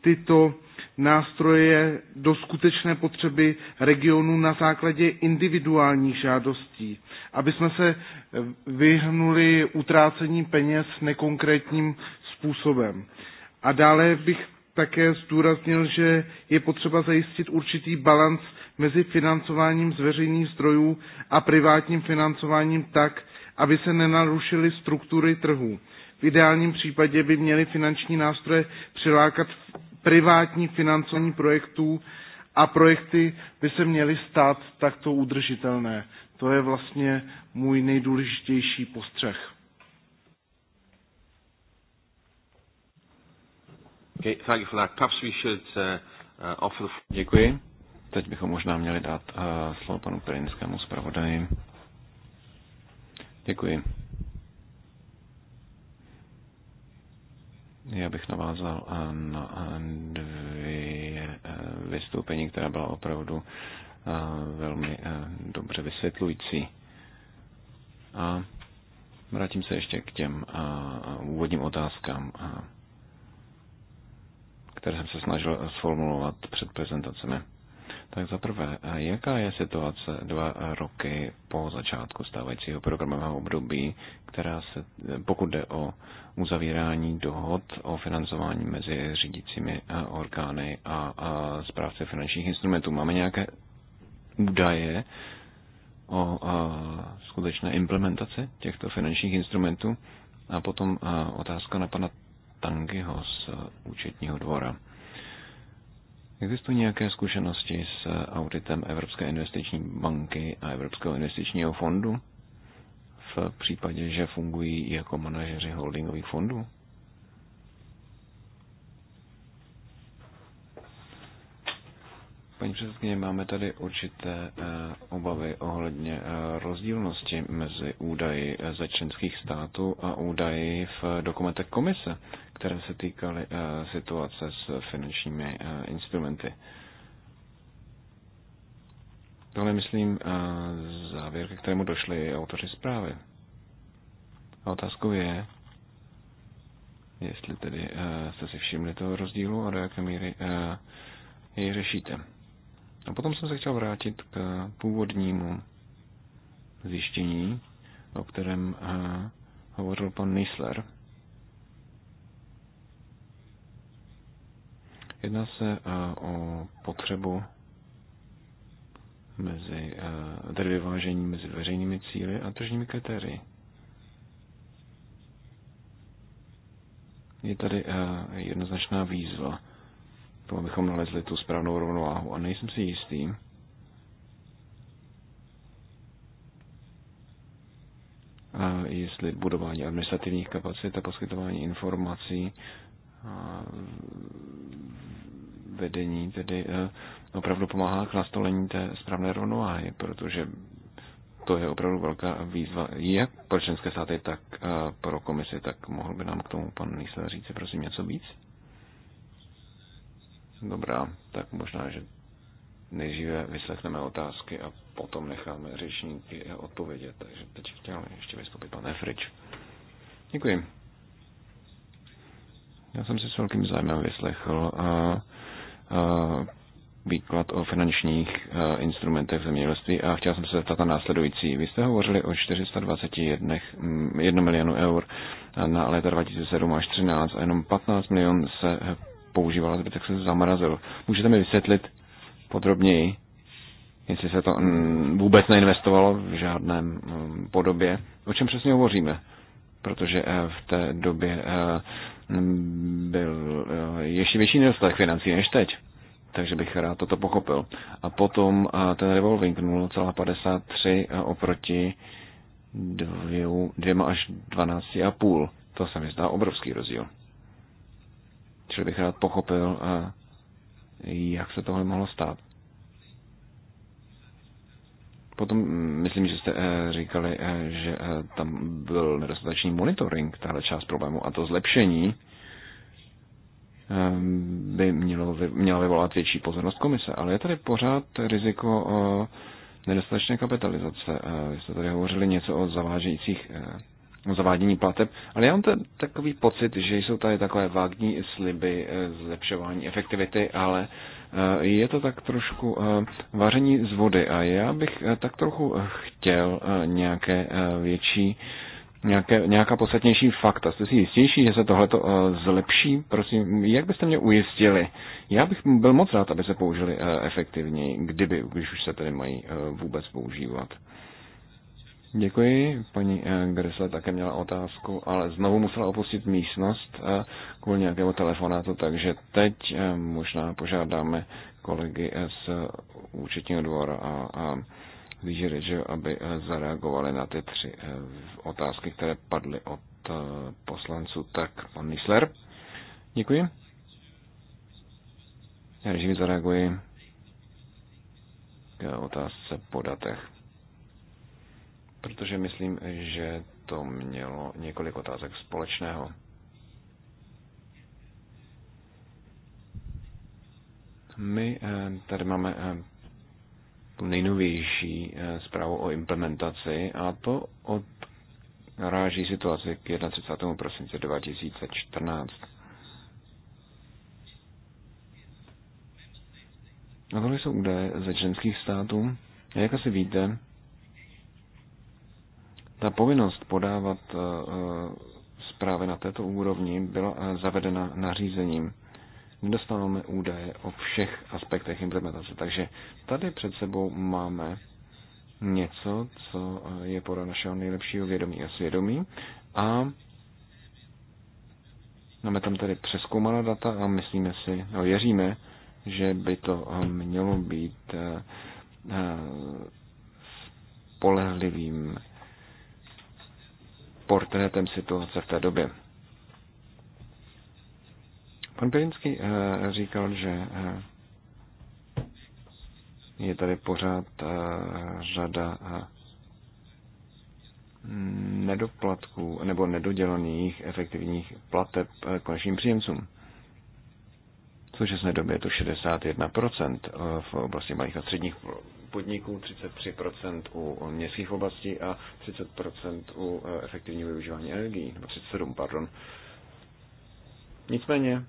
tyto nástroje do skutečné potřeby regionu na základě individuálních žádostí, aby jsme se vyhnuli utrácení peněz nekonkrétním způsobem. A dále bych také zdůraznil, že je potřeba zajistit určitý balans mezi financováním z veřejných zdrojů a privátním financováním tak, aby se nenarušily struktury trhu. V ideálním případě by měly finanční nástroje přilákat privátní financování projektů a projekty by se měly stát takto udržitelné. To je vlastně můj nejdůležitější postřeh. Uh, uh, Děkuji. Teď bychom možná měli dát uh, slovo panu Perinskému zpravodaji. Děkuji. Já bych navázal eh, na eh, dvě eh, vystoupení, která byla opravdu velmi dobře vysvětlující. A vrátím se ještě k těm úvodním otázkám, které jsem se snažil sformulovat před prezentacemi. Tak za prvé, jaká je situace dva roky po začátku stávajícího programového období, která se, pokud jde o uzavírání dohod o financování mezi řídícími orgány a, zprávce finančních instrumentů, máme nějaké údaje o skutečné implementaci těchto finančních instrumentů? A potom otázka na pana Tangyho z účetního dvora Existují nějaké zkušenosti s eh, auditem Evropské investiční banky a Evropského investičního fondu v případě, že fungují jako manažeři holdingových fondů? Paní předsedkyně, máme tady určité eh, obavy ohledně eh, rozdílnosti mezi údaji eh, ze členských států a údaji v dokumentech komise, které se týkaly situace s finančními instrumenty. Tohle myslím závěr, ke kterému došli autoři zprávy. A otázkou je, jestli tedy jste si všimli toho rozdílu a do jaké míry jej řešíte. A potom jsem se chtěl vrátit k původnímu zjištění, o kterém eh, hovořil pan Nisler. Jedná se eh, o potřebu mezi, eh, tedy vyvážení mezi veřejnými cíly a tržními kritérii. Je tady jednoznačná výzva to, abychom nalezli tu správnou rovnováhu. A nejsem si jistý, a jestli budování administrativních kapacit a poskytování informací a vedení tedy e, opravdu pomáhá k nastolení té správné rovnováhy, protože to je opravdu velká výzva jak pro členské státy, tak e, pro komisi, tak mohl by nám k tomu pan Nýsler říct, prosím, něco víc? Dobrá, tak možná, že nejdříve vyslechneme otázky a potom necháme řečníky odpovědět. Takže teď chtěl ještě vystoupit pan Efrič. Děkuji. Já jsem si s velkým zájmem vyslechl a, a, výklad o finančních a, instrumentech v zemědělství a chtěl jsem se zeptat na následující. Vy jste hovořili o 421 1 mm, milionu eur na léta 2007 až 13 a jenom 15 milion se používal, zbytek se zamrazil. Můžete mi vysvětlit podrobněji, jestli se to mm, vůbec neinvestovalo v žádném mm, podobě, o čem přesně hovoříme? Protože eh, v té době eh, mm, byl eh, ještě větší nedostatek financí než teď. Takže bych rád toto pochopil. A potom ten revolving 0,53 oproti dvěma až 12,5. To se mi zdá obrovský rozdíl takže bych rád pochopil, eh, jak se tohle mohlo stát. Potom mm, myslím, že jste eh, říkali, eh, že tam byl nedostatečný monitoring, tahle část problému a to zlepšení by mělo, měla vyvolat větší pozornost komise. Ale je tady pořád riziko nedostatečné kapitalizace. Vy jste tady hovořili něco o zavážejících zavádění plateb, ale já mám ten takový pocit, že jsou tady takové vágní sliby eh, zlepšování efektivity, ale eh, je to tak trošku eh, vaření z vody a já bych tak trochu chtěl nějaké větší Nějaké, nějaká podstatnější fakta. Jste si jistější, že se tohle uh, zlepší? Prosím, jak byste mě ujistili? Já bych byl moc rád, aby se použili uh, efektivněji, kdyby, když už se tedy mají uh, vůbec používat. Děkuji. Paní eh, Gresle také měla otázku, ale znovu musela opustit místnost eh, kvůli nějakému telefonátu, takže teď eh, možná požádáme kolegy z účetního dvora a, a že aby zareagovali na ty tři otázky, které padly od poslanců. Tak pan Nisler. Děkuji. Já režim zareaguji k otázce po datech protože myslím, že to mělo několik otázek společného. My eh, tady máme eh, tu nejnovější eh, zprávu o implementaci a to odráží situaci k 31. prosince 2014. A tohle jsou údaje ze členských států. A jak asi víte, ta povinnost podávat eh, eh, zprávy na této úrovni byla eh, zavedena nařízením. Nedostáváme údaje o všech aspektech implementace, takže tady před sebou máme něco, co je podle našeho nejlepšího vědomí a svědomí a máme tam tedy přeskoumaná data a myslíme si, no věříme, že by to mělo být spolehlivým portrétem situace v té době. Pan Pirinsky eh, říkal, že eh, je tady pořád eh, řada nedoplatků nebo nedodělaných efektivních plateb konečným příjemcům v současné době je to 61% eh, v oblasti malých a středních podniků, 33% u městských oblastí a 30% u eh, efektivního využívání energií, nebo 37, pardon. Nicméně,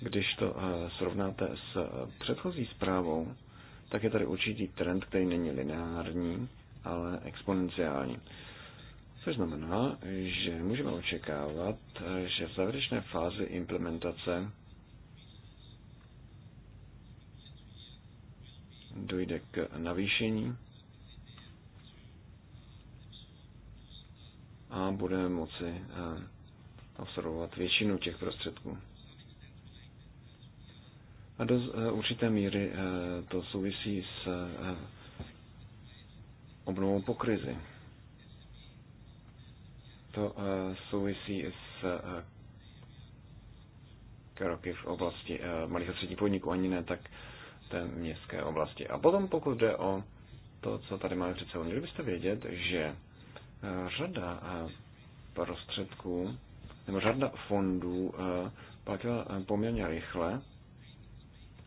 když to eh, srovnáte s předchozí zprávou, tak je tady určitý trend, který není lineární, ale exponenciální. Což znamená, že můžeme očekávat, že v závěrečné fázi implementace dojde k navýšení a budeme moci eh, absorbovat většinu těch prostředků. A do eh, určité míry eh, to souvisí s obnovou po krizi. To souvisí s kroky v oblasti malých a středních podniků, ani ne tak té městské oblasti. A potom pokud jde o to, co tady máme před sebou, měli byste vědět, že eh, řada eh, prostředků nebo řada fondů eh, platila poměrně rychle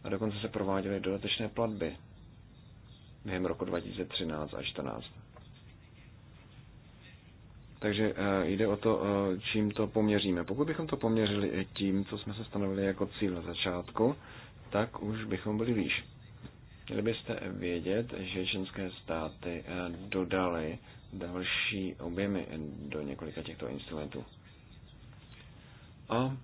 a dokonce se prováděly dodatečné platby během roku 2013 a 2014. Takže jde o to, čím to poměříme. Pokud bychom to poměřili tím, co jsme se stanovili jako cíl na začátku, tak už bychom byli výš. Měli byste vědět, že členské státy eh, dodaly další objemy do několika těchto instrumentů. A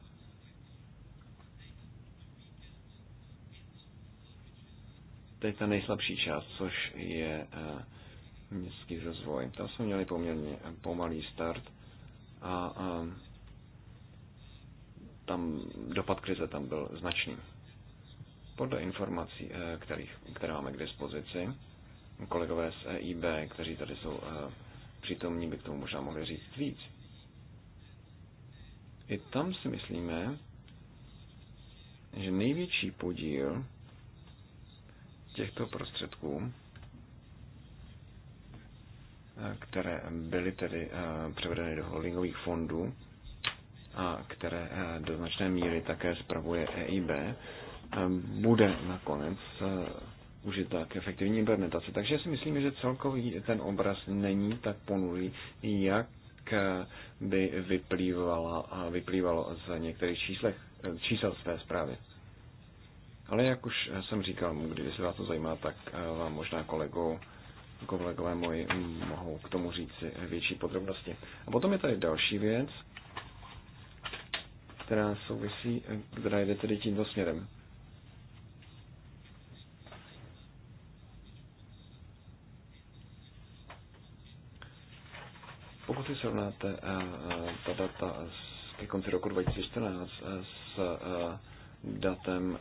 teď ta nejslabší část, což je eh, městský rozvoj. Tam jsme měli poměrně eh, pomalý start a tam dopad krize tam byl značný. Podle informací, eh, kterých, které máme k dispozici, kolegové z EIB, kteří tady jsou eh, přítomní, by k tomu možná mohli říct víc. I tam si myslíme, že největší podíl těchto prostředků, eh, které byly tedy převedeny do holdingových fondů a které do značné míry také spravuje EIB, bude nakonec eh, užitá k efektivní implementaci. Takže si myslím, že celkový ten obraz není tak ponulý, jak eh, by vyplývalo z některých číslech, eh, čísel své zprávy. Ale jak už jsem říkal, když se vás to zajímá, tak vám možná kolegou, kolegové moji mohou k tomu říct větší podrobnosti. A potom je tady další věc, která souvisí, která jde tedy tímto směrem. Pokud si srovnáte eh, eh, ta data ke konci roku 2014 eh, s datem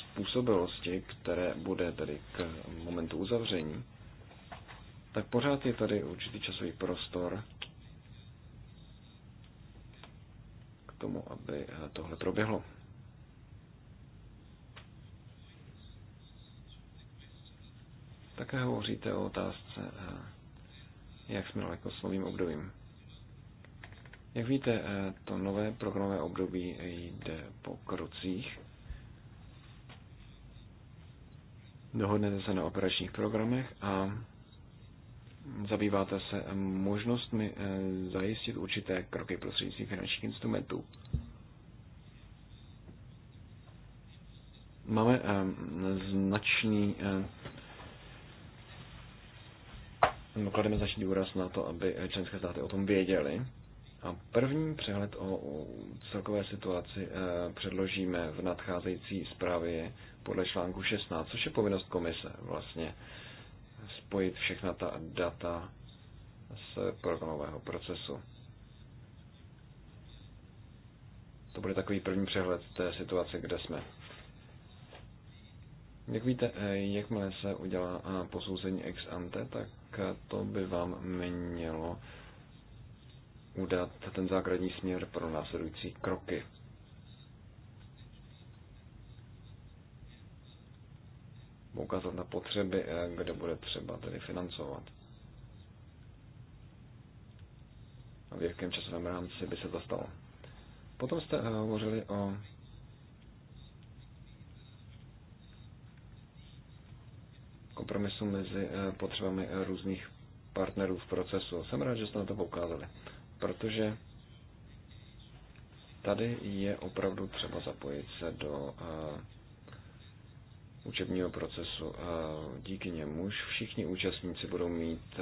způsobilosti, které bude tedy k momentu uzavření, tak pořád je tady určitý časový prostor k tomu, aby tohle proběhlo. Také hovoříte o otázce jak jsme daleko s novým obdobím. Jak víte, eh, to nové programové období jde po krocích. Dohodnete se na operačních programech a zabýváte se možnostmi eh, zajistit určité kroky prostřednictvím finančních instrumentů. Máme eh, značný Hm, klademe začít důraz na to, aby členské státy o tom věděly. A první přehled o celkové situaci eh, předložíme v nadcházející zprávě podle článku 16, což je povinnost komise vlastně spojit všechna ta data z programového procesu. To bude takový první přehled té situace, kde jsme. Jak víte, eh, jakmile se udělá eh, posouzení ex ante, tak to by vám mělo udat ten základní směr pro následující kroky. ukázat na potřeby, kde bude třeba tedy financovat. A v jakém časovém rámci by se to stalo. Potom jste eh, hovořili o kompromisu mezi eh, potřebami eh, různých partnerů v procesu. Jsem rád, že jste na to poukázali, protože tady je opravdu třeba zapojit se do eh, učebního procesu. Díky němuž všichni účastníci budou mít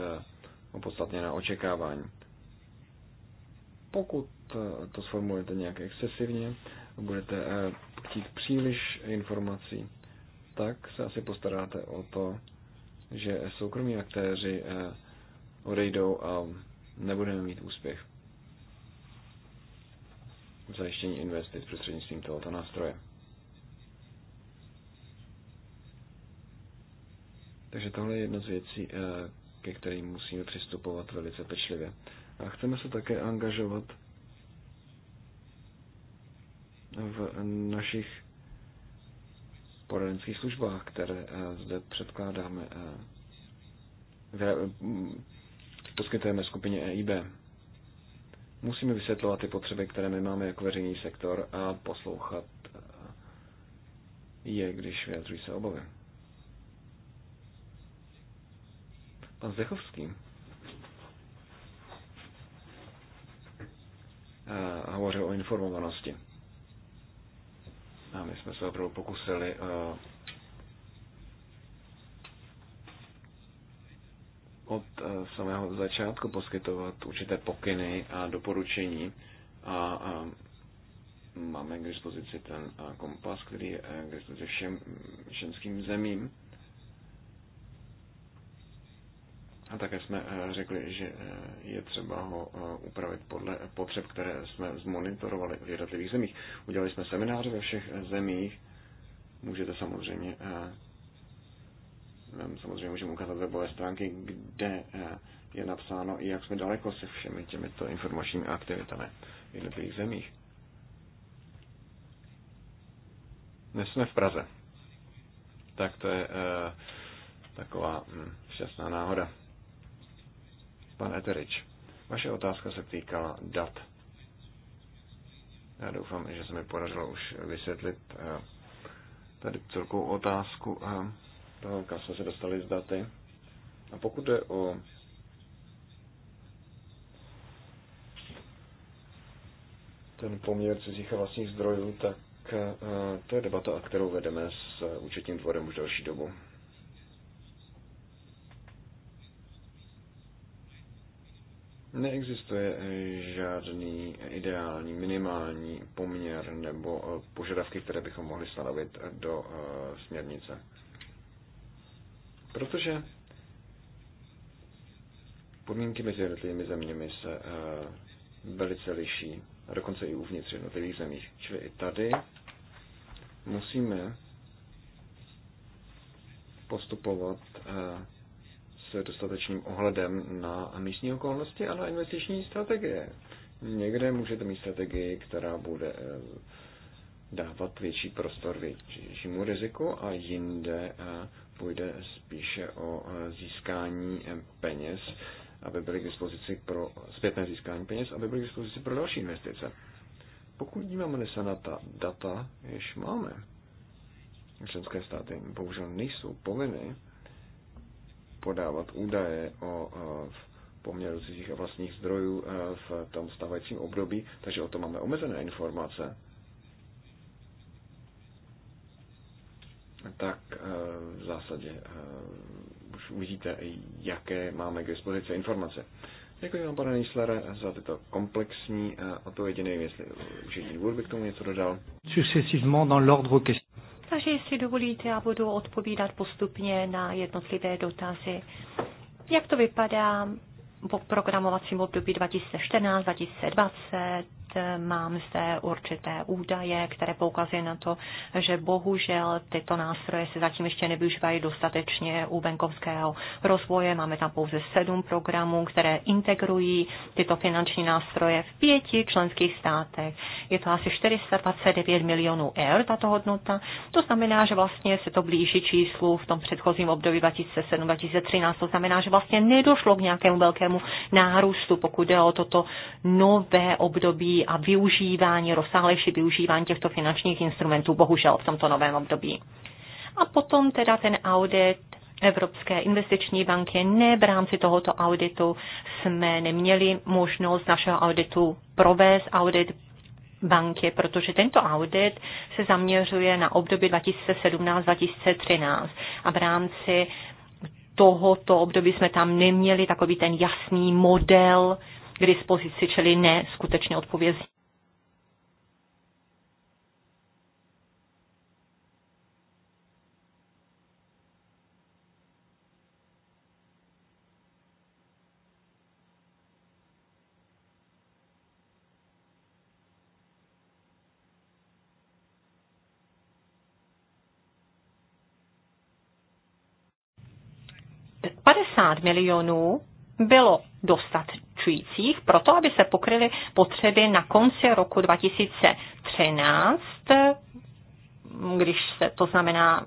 na očekávání. Pokud to sformulujete nějak excesivně, budete chtít příliš informací, tak se asi postaráte o to, že soukromí aktéři eh, odejdou a nebudeme mít úspěch v zajištění investic prostřednictvím tohoto nástroje. Takže tohle je jedna z věcí, eh, ke kterým musíme přistupovat velice pečlivě. A chceme se také angažovat v našich poradenských službách, které eh, zde předkládáme, eh, mm, poskytujeme skupině EIB. Musíme vysvětlovat ty potřeby, které my máme jako veřejný sektor a poslouchat eh, je, když vyjadřují se obavy. Pan Zdechovský hovořil o informovanosti. A my jsme se opravdu pokusili eh, od eh, samého začátku poskytovat určité pokyny a doporučení a máme k dispozici ten eh, kompas, který je k dispozici všem ženským zemím A také jsme eh, řekli, že eh, je třeba ho eh, upravit podle potřeb, které jsme zmonitorovali v jednotlivých zemích. Udělali jsme semináře ve všech zemích. Můžete samozřejmě samozřejmě můžeme ukázat webové stránky, kde je napsáno, jak jsme daleko se všemi těmito informačními aktivitami v jednotlivých zemích. Dnes jsme v Praze. Tak to je taková hm, šťastná náhoda. Pan Eterič, vaše otázka se týkala dat. Já doufám, že se mi podařilo už vysvětlit eh, tady celkou otázku, eh, toho, kam jsme se dostali z daty. A pokud je o ten poměr cizích a vlastních zdrojů, tak eh, to je debata, kterou vedeme s účetním dvorem už další dobu. Neexistuje žádný ideální minimální poměr nebo eh, požadavky, které bychom mohli stanovit do eh, směrnice. Protože podmínky mezi jednotlivými zeměmi se eh, velice liší, a dokonce i uvnitř jednotlivých zemí. Čili i tady musíme postupovat dostatečným ohledem na místní okolnosti a na investiční strategie. Někde můžete mít strategii, která bude eh, dávat větší prostor většímu riziku a jinde eh, půjde spíše o eh, získání peněz, aby byly k dispozici pro zpětné získání peněz, aby byly k dispozici pro další investice. Pokud díváme se na ta data, jež máme, členské státy bohužel nejsou povinny podávat údaje o e, poměru cizích a vlastních zdrojů e, v tom stávajícím období, takže o tom máme omezené informace. Tak e, v zásadě už uvidíte, jaké máme k dispozici informace. Děkuji vám, pane Nislere, za tyto komplexní odpovědi. Nevím, jestli už jediný by k tomu něco dodal. Takže jestli dovolíte, já budu odpovídat postupně na jednotlivé dotazy. Jak to vypadá po programovacím období 2014-2020, mám zde určité údaje, které poukazují na to, že bohužel tyto nástroje se zatím ještě nevyužívají dostatečně u venkovského rozvoje. Máme tam pouze sedm programů, které integrují tyto finanční nástroje v pěti členských státech. Je to asi 429 milionů eur, tato hodnota. To znamená, že vlastně se to blíží číslu v tom předchozím období 2007-2013. To znamená, že vlastně nedošlo k nějakému velkému nárůstu, pokud jde o toto nové období a využívání, rozsáhlejší využívání těchto finančních instrumentů, bohužel v tomto novém období. A potom teda ten audit Evropské investiční banky. Ne v rámci tohoto auditu jsme neměli možnost našeho auditu provést audit banky, protože tento audit se zaměřuje na období 2017-2013 a v rámci tohoto období jsme tam neměli takový ten jasný model k dispozici, čili ne skutečně odpovězí. milionů bylo dostačujících proto, aby se pokryly potřeby na konci roku 2013 když se, to znamená,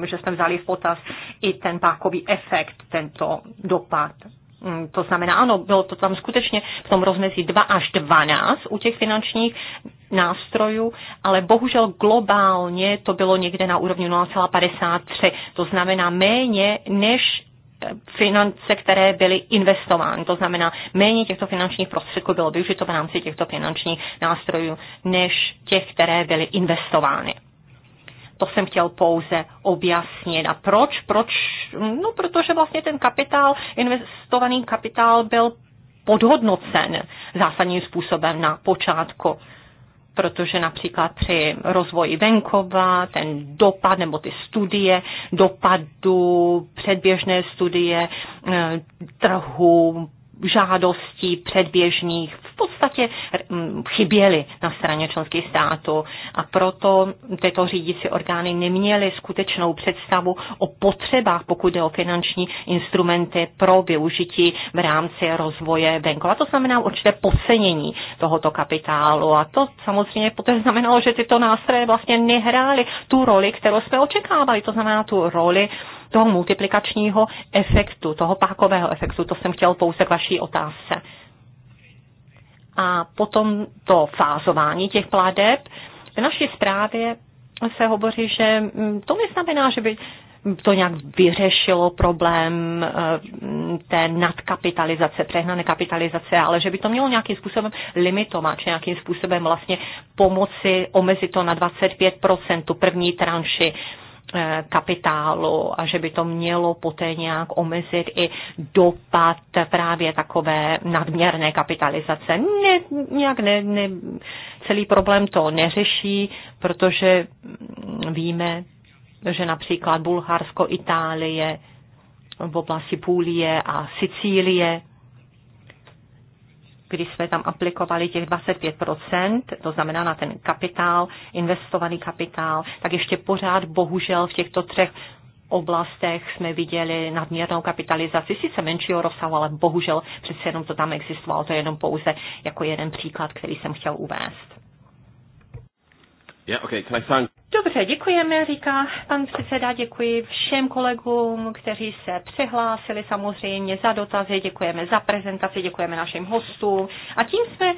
eh, že jsme vzali v potaz i ten pákový efekt, tento dopad. Mm, to znamená, ano, bylo to tam skutečně v tom rozmezí 2 až 12 u těch finančních nástrojů, ale bohužel globálně to bylo někde na úrovni 0,53. To znamená méně než finance, které byly investovány. To znamená, méně těchto finančních prostředků bylo využito v rámci těchto finančních nástrojů, než těch, které byly investovány. To jsem chtěl pouze objasnit. A proč? Proč? No, protože vlastně ten kapitál, investovaný kapitál byl podhodnocen zásadním způsobem na počátku protože například při rozvoji venkova ten dopad nebo ty studie dopadu, předběžné studie eh, trhu, žádostí předběžných podstatě chyběly na straně členských států a proto tyto řídící orgány neměly skutečnou představu o potřebách, pokud jde o finanční instrumenty pro využití v rámci rozvoje venkova. To znamená určité podcenění tohoto kapitálu a to samozřejmě poté znamenalo, že tyto nástroje vlastně nehrály tu roli, kterou jsme očekávali, to znamená tu roli toho multiplikačního efektu, toho pákového efektu, to jsem chtěl pouze k vaší otázce a potom to fázování těch pladeb. V naší zprávě se hovoří, že mm, to neznamená, že by to nějak vyřešilo problém eh, té nadkapitalizace, přehnané kapitalizace, ale že by to mělo nějakým způsobem limitovat, či nějakým způsobem vlastně pomoci omezit to na 25% tu první tranši Eh, kapitálu a že by to mělo poté nějak omezit i dopad právě takové nadměrné kapitalizace. Ne, nějak ne, ne, celý problém to neřeší, protože víme, že například Bulharsko, Itálie v oblasti Půlie a Sicílie kdy jsme tam aplikovali těch 25%, to znamená na ten kapitál, investovaný kapitál, tak ještě pořád bohužel v těchto třech oblastech jsme viděli nadměrnou kapitalizaci, sice menšího rozsahu, ale bohužel přece jenom to tam existovalo. To je jenom pouze jako jeden příklad, který jsem chtěl uvést. Yeah, okay. Can I thank... Dobře, děkujeme, říká pan předseda, děkuji všem kolegům, kteří se přihlásili samozřejmě za dotazy, děkujeme za prezentaci, děkujeme našim hostům a tím jsme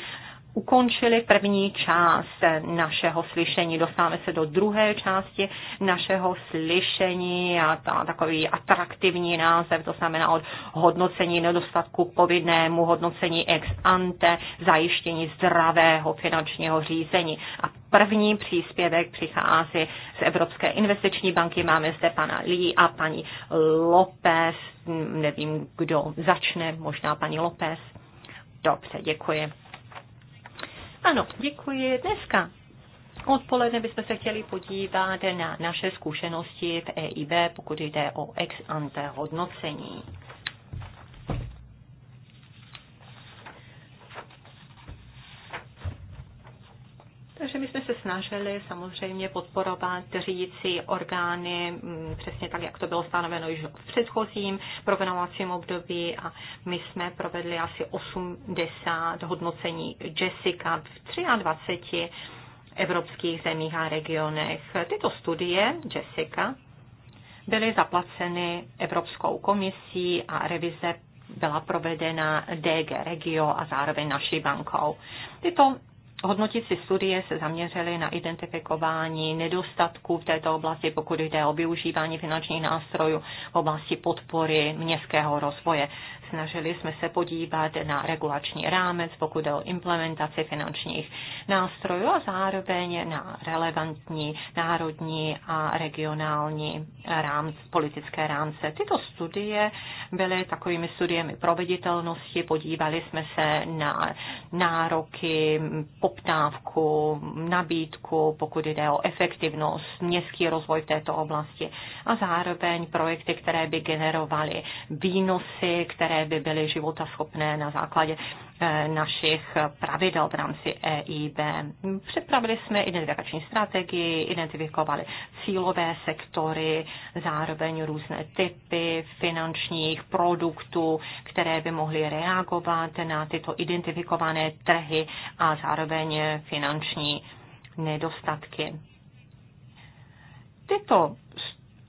ukončili první část našeho slyšení. Dostáváme se do druhé části našeho slyšení a ta, takový atraktivní název, to znamená od hodnocení nedostatku povinnému, hodnocení ex ante, zajištění zdravého finančního řízení. A první příspěvek přichází z Evropské investiční banky. Máme zde pana Lee a paní López. Nevím, kdo začne, možná paní López. Dobře, děkuji. Ano, děkuji. Dneska odpoledne bychom se chtěli podívat na naše zkušenosti v EIB, pokud jde o ex ante hodnocení. Takže my jsme se snažili samozřejmě podporovat řídící orgány, mm, přesně tak, jak to bylo stanoveno již v předchozím provenovacím období a my jsme provedli asi 80 hodnocení Jessica v 23 evropských zemích a regionech. Tyto studie Jessica byly zaplaceny Evropskou komisí a revize byla provedena DG Regio a zároveň naší bankou. Tyto Hodnotící studie se zaměřily na identifikování nedostatků v této oblasti, pokud jde o využívání finančních nástrojů v oblasti podpory městského rozvoje snažili jsme se podívat na regulační rámec, pokud jde o implementaci finančních nástrojů a zároveň na relevantní národní a regionální rámc, politické rámce. Tyto studie byly takovými studiemi proveditelnosti, podívali jsme se na nároky, poptávku, nabídku, pokud jde o efektivnost, městský rozvoj v této oblasti a zároveň projekty, které by generovaly výnosy, které by byly životaschopné na základě eh, našich pravidel v rámci EIB. Připravili jsme identifikační strategii, identifikovali cílové sektory, zároveň různé typy finančních produktů, které by mohly reagovat na tyto identifikované trhy a zároveň finanční nedostatky. Tyto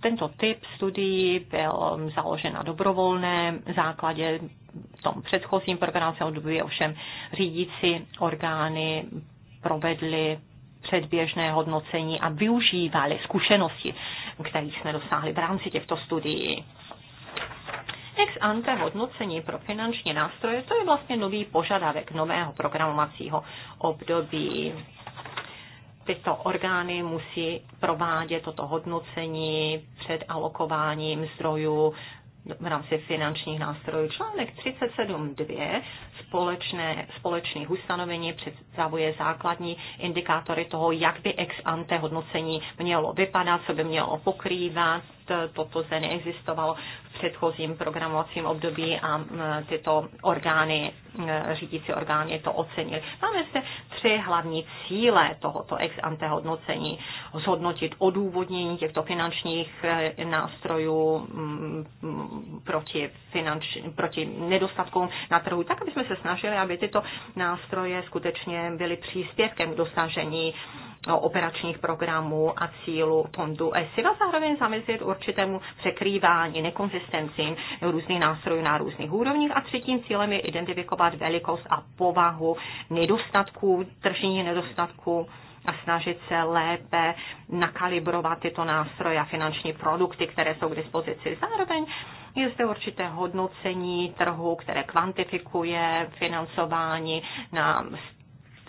tento typ studií byl založen na dobrovolném základě. V tom předchozím programovacím období ovšem řídící orgány provedly předběžné hodnocení a využívali zkušenosti, kterých jsme dosáhli v rámci těchto studií. Ex ante hodnocení pro finanční nástroje, to je vlastně nový požadavek nového programovacího období tyto orgány musí provádět toto hodnocení před alokováním zdrojů v rámci finančních nástrojů. Článek 37.2 společné, společných ustanovení představuje základní indikátory toho, jak by ex ante hodnocení mělo vypadat, co by mělo pokrývat, toto zde neexistovalo v předchozím programovacím období a tyto orgány, řídící orgány to ocenili. Máme zde tři hlavní cíle tohoto ex ante hodnocení. Zhodnotit odůvodnění těchto finančních e, nástrojů proti, finanční, proti nedostatkům na trhu, tak, aby jsme se snažili, aby tyto nástroje skutečně byly příspěvkem k dosažení operačních programů a cílů fondu ESIV a zároveň zamezit určitému překrývání, nekonzistencím různých nástrojů na různých úrovních. A třetím cílem je identifikovat velikost a povahu nedostatků, tržních nedostatků a snažit se lépe nakalibrovat tyto nástroje a finanční produkty, které jsou k dispozici. Zároveň je zde určité hodnocení trhu, které kvantifikuje financování na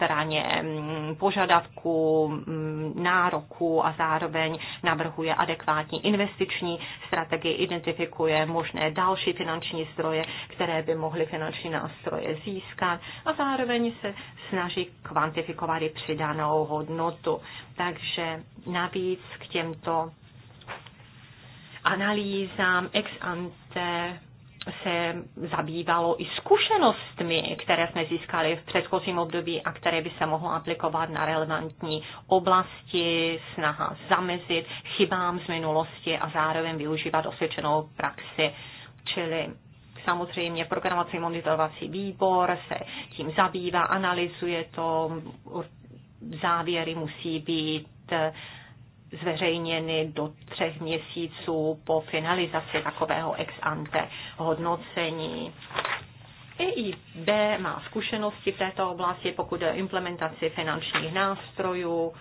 straně mm, požadavku, mm, nároku a zároveň navrhuje adekvátní investiční strategii, identifikuje možné další finanční zdroje, které by mohly finanční nástroje získat a zároveň se snaží kvantifikovat i přidanou hodnotu. Takže navíc k těmto analýzám ex ante se zabývalo i zkušenostmi, které jsme získali v předchozím období a které by se mohlo aplikovat na relevantní oblasti, snaha zamezit chybám z minulosti a zároveň využívat osvědčenou praxi. Čili samozřejmě programovací monitorovací výbor se tím zabývá, analyzuje to, závěry musí být zveřejněny do třech měsíců po finalizaci takového ex ante hodnocení. EIB má zkušenosti v této oblasti, pokud je o implementaci finančních nástrojů.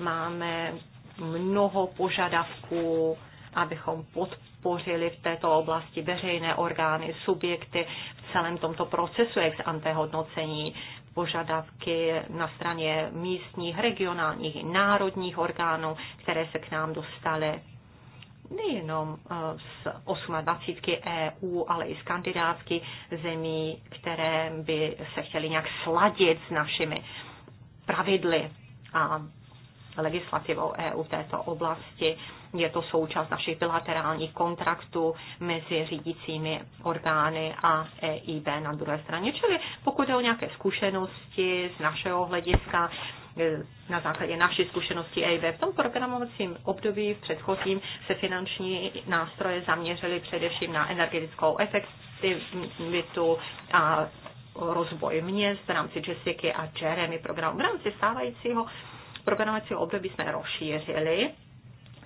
Máme mnoho požadavků, abychom podpořili v této oblasti veřejné orgány, subjekty v celém tomto procesu ex ante hodnocení požadavky na straně místních, regionálních i národních orgánů, které se k nám dostaly nejenom eh, z 28 EU, ale i z kandidátských zemí, které by se chtěly nějak sladit s našimi pravidly a legislativou EU v této oblasti. Je to součást našich bilaterálních kontraktů mezi řídícími orgány a EIB na druhé straně. Čili pokud je o nějaké zkušenosti z našeho hlediska, e, na základě naší zkušenosti EIB. V tom programovacím období v předchozím se finanční nástroje zaměřily především na energetickou efektivitu a rozvoj měst v rámci Jessica a Jeremy programu. V rámci stávajícího programovacího období jsme rozšířili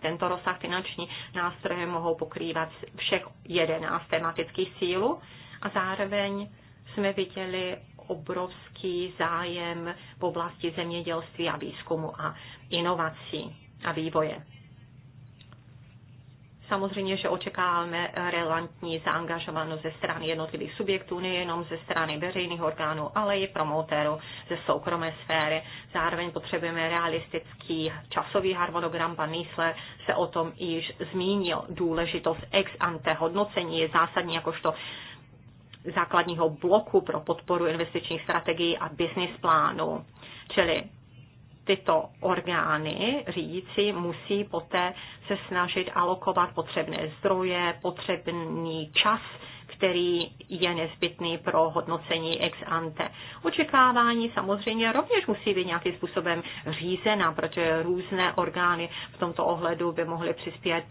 tento rozsah finanční nástroje mohou pokrývat všech 11 tematických sílů a zároveň jsme viděli obrovský zájem v oblasti zemědělství a výzkumu a inovací a vývoje. Samozřejmě, že očekáváme relevantní zaangažovanost ze strany jednotlivých subjektů, nejenom ze strany veřejných orgánů, ale i promotérů ze soukromé sféry. Zároveň potřebujeme realistický časový harmonogram. Pan Nýsler se o tom již zmínil. Důležitost ex ante hodnocení je zásadní jakožto základního bloku pro podporu investičních strategií a business plánu. Čili tyto orgány řídící musí poté se snažit alokovat potřebné zdroje, potřebný čas, který je nezbytný pro hodnocení ex ante. Očekávání samozřejmě rovněž musí být nějakým způsobem řízena, protože různé orgány v tomto ohledu by mohly přispět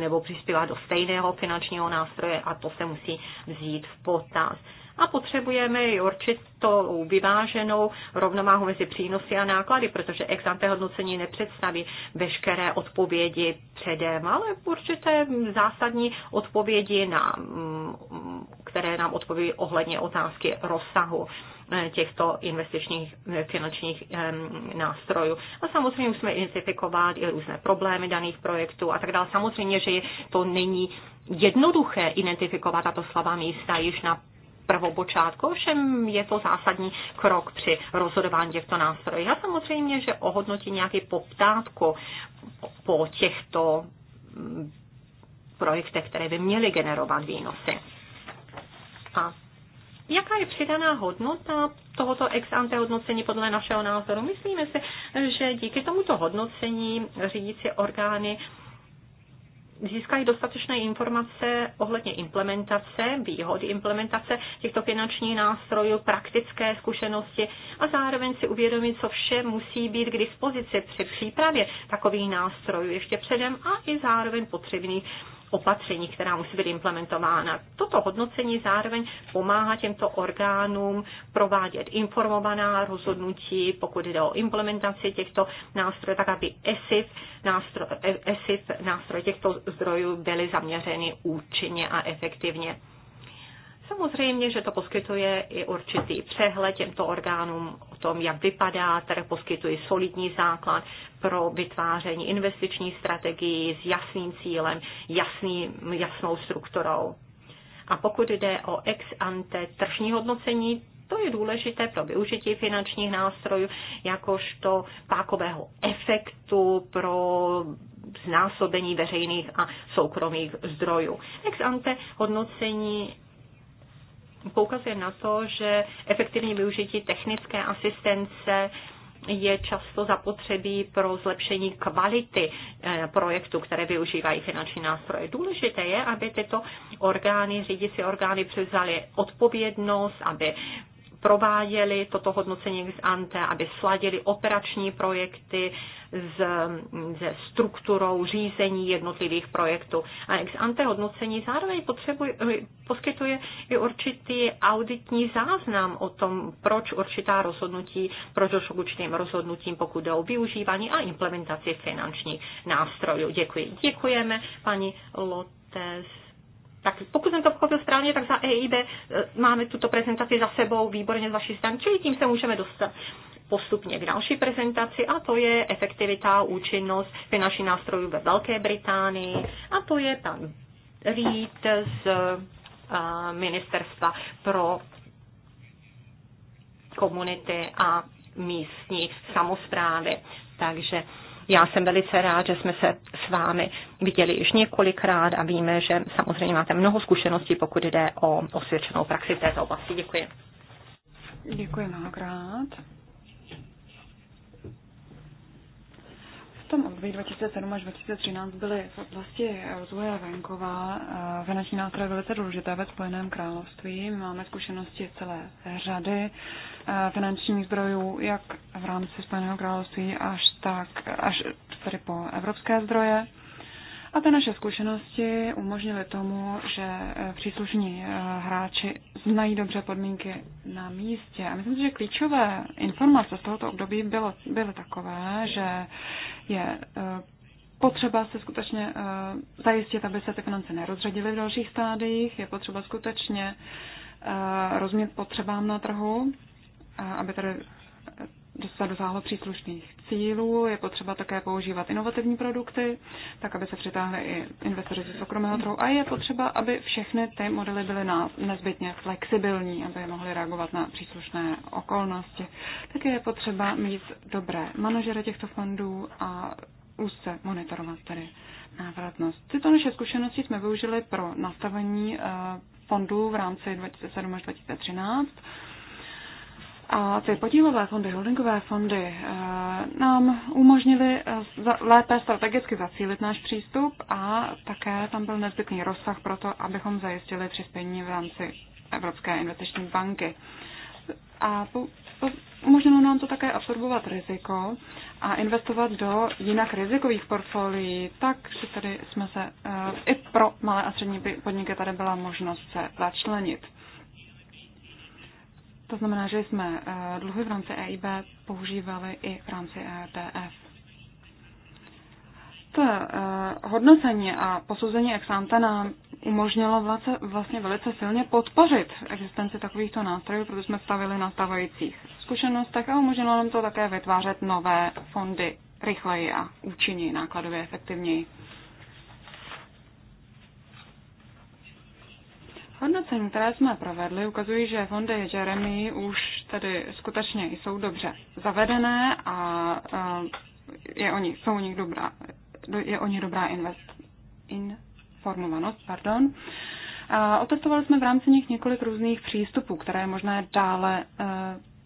nebo přispívat do stejného finančního nástroje a to se musí vzít v potaz a potřebujeme i určitou vyváženou rovnováhu mezi přínosy a náklady, protože ex ante hodnocení nepředstaví veškeré odpovědi předem, ale určité zásadní odpovědi, na, mm, které nám odpoví ohledně otázky rozsahu eh, těchto investičních eh, finančních nástrojů. A samozřejmě musíme identifikovat, i různé problémy daných projektů a tak dále. Samozřejmě, že to není jednoduché identifikovat tato slabá místa již na prvopočátku, ovšem je to zásadní krok při rozhodování těchto nástrojů. A samozřejmě, že ohodnotí nějaký poptávku po těchto mm, projektech, které by měly generovat výnosy. A jaká je přidaná hodnota tohoto ex ante hodnocení podle našeho názoru? Myslíme si, že díky tomuto hodnocení řídící orgány získají dostatečné informace ohledně implementace, výhody implementace těchto finančních nástrojů, praktické zkušenosti a zároveň si uvědomit, co vše musí být k dispozici při přípravě takových nástrojů ještě předem a i zároveň potřebných opatření, která musí být implementována. Toto hodnocení zároveň pomáhá těmto orgánům provádět informovaná rozhodnutí, pokud jde o implementaci těchto nástrojů, tak aby ESIF nástroje, ESIF nástroj těchto zdrojů byly zaměřeny účinně a efektivně. Samozřejmě, že to poskytuje i určitý přehled těmto orgánům tom, jak vypadá trh, poskytují solidní základ pro vytváření investiční strategii s jasným cílem, jasný, jasnou strukturou. A pokud jde o ex ante tržní hodnocení, to je důležité pro využití finančních nástrojů, jakožto pákového efektu pro znásobení veřejných a soukromých zdrojů. Ex ante hodnocení poukazuje na to, že efektivní využití technické asistence je často zapotřebí pro zlepšení kvality eh, projektu, které využívají finanční nástroje. Důležité je, aby tyto orgány, řídící orgány převzaly odpovědnost, aby prováděli toto hodnocení ex ante, aby sladili operační projekty s, se strukturou řízení jednotlivých projektů. A ex ante hodnocení zároveň poskytuje i určitý auditní záznam o tom, proč určitá rozhodnutí, proč došlo k určitým rozhodnutím, pokud jde o využívání a implementaci finančních nástrojů. Děkuji. Děkujeme, paní Lotez tak pokud jsem to pochopil správně, tak za EIB e, máme tuto prezentaci za sebou, výborně z vaší strany, čili tím se můžeme dostat postupně k další prezentaci a to je efektivita, účinnost finančních nástrojů ve Velké Británii a to je tam Reed z e, Ministerstva pro komunity a místní samozprávy. Takže já jsem velice rád, že jsme se s vámi viděli již několikrát a víme, že samozřejmě máte mnoho zkušeností, pokud jde o osvědčenou praxi v této oblasti. Děkuji. Děkuji mnohokrát. tom období 2007 až 2013 byly v oblasti rozvoje venkova eh, finanční nástroje velice důležité ve Spojeném království. My máme zkušenosti celé řady eh, finančních zdrojů, jak v rámci Spojeného království, až tak, až tady po evropské zdroje. A ty naše zkušenosti umožnily tomu, že eh, příslušní eh, hráči znají dobře podmínky na místě. A myslím si, že klíčové informace z tohoto období bylo, byly takové, že je eh, potřeba se skutečně zajistit, aby se ty finance nerozředily v dalších stádiích, je potřeba skutečně rozumět potřebám na trhu, aby tady se dosáhlo příslušných cílů. Je potřeba také používat inovativní produkty, tak aby se přitáhly i investoři ze soukromého trhu. A je potřeba, aby všechny ty modely byly nezbytně flexibilní, aby mohly reagovat na příslušné okolnosti. Také je potřeba mít dobré manažery těchto fondů a úzce monitorovat tedy návratnost. Tyto naše zkušenosti jsme využili pro nastavení eh, fondů v rámci 2007 až 2013 a ty podílové fondy, holdingové fondy eh, nám umožnily eh, lépe strategicky zacílit náš přístup a také tam byl nezbytný rozsah pro to, abychom zajistili přispění v rámci Evropské investiční banky. A umožnilo nám to také absorbovat riziko a investovat do jinak rizikových portfolií, tak, že tady jsme se, eh, i pro malé a střední podniky tady byla možnost se začlenit. To znamená, že jsme eh, dluhy v rámci EIB používali i v rámci ERDF. To eh, hodnocení a posouzení ex ante nám umožnilo vlastně velice silně podpořit existenci takovýchto nástrojů, protože jsme stavili na stavajících zkušenostech a umožnilo nám to také vytvářet nové fondy rychleji a účinněji, nákladově efektivněji. Hodnocení, které jsme provedli, ukazují, že fondy Jeremy už tady skutečně jsou dobře zavedené a eh, je o nich, jsou o nich dobrá, je o nich dobrá invest, informovanost. Pardon. A otestovali jsme v rámci nich několik různých přístupů, které je možné dále eh,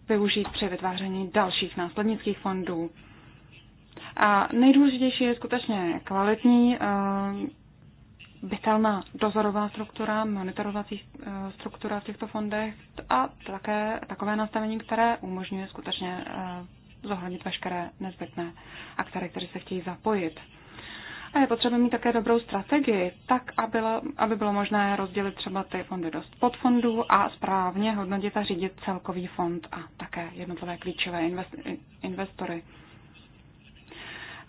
využít při vytváření dalších následnických fondů. A nejdůležitější je skutečně kvalitní eh, bytelná dozorová struktura, monitorovací eh, struktura v těchto fondech a také takové nastavení, které umožňuje skutečně eh, zohlednit veškeré nezbytné aktéry, kteří se chtějí zapojit. A je potřeba mít také dobrou strategii, tak aby bylo, aby bylo možné rozdělit třeba ty fondy do podfondů a správně hodnotit a řídit celkový fond a také jednotlivé klíčové investory.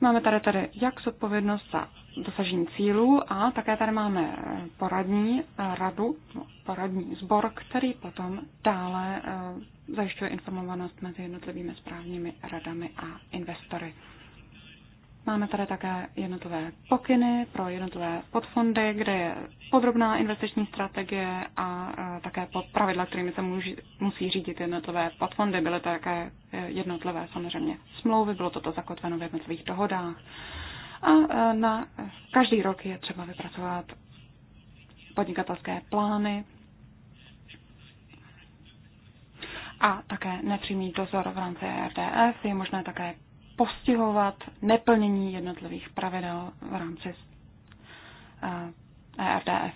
Máme tady tady jak zodpovědnost za dosažení cílů a také tady máme poradní radu, no, poradní sbor, který potom dále eh, zajišťuje informovanost mezi jednotlivými správními radami a investory. Máme tady také jednotlivé pokyny pro jednotlivé podfondy, kde je podrobná investiční strategie a eh, také pravidla, kterými se musí řídit jednotlivé podfondy. Byly také eh, jednotlivé samozřejmě smlouvy, bylo toto zakotveno v jednotlivých dohodách a e, na každý rok je třeba vypracovat podnikatelské plány a také nepřímý dozor v rámci RDF. Je možné také postihovat neplnění jednotlivých pravidel v rámci ERDF.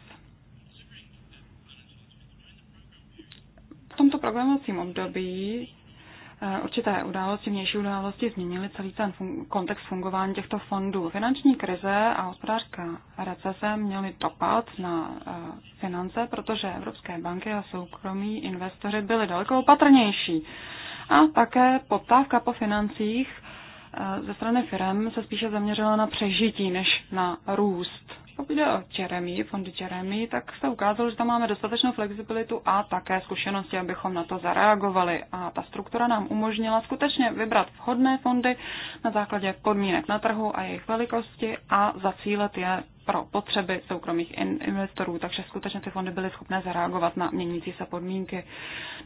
V tomto programovacím období Eh, určité události, vnější události změnily celý ten fun- kontext fungování těchto fondů. Finanční krize a hospodářská recese měly dopad na eh, finance, protože evropské banky a soukromí investoři byli daleko opatrnější. A také poptávka po financích eh, ze strany firm se spíše zaměřila na přežití než na růst. Pokud jde o Jeremy, fondy Jeremy, tak se ukázalo, že tam máme dostatečnou flexibilitu a také zkušenosti, abychom na to zareagovali. A ta struktura nám umožnila skutečně vybrat vhodné fondy na základě podmínek na trhu a jejich velikosti a zacílet je pro potřeby soukromých investorů, takže skutečně ty fondy byly schopné zareagovat na měnící se podmínky.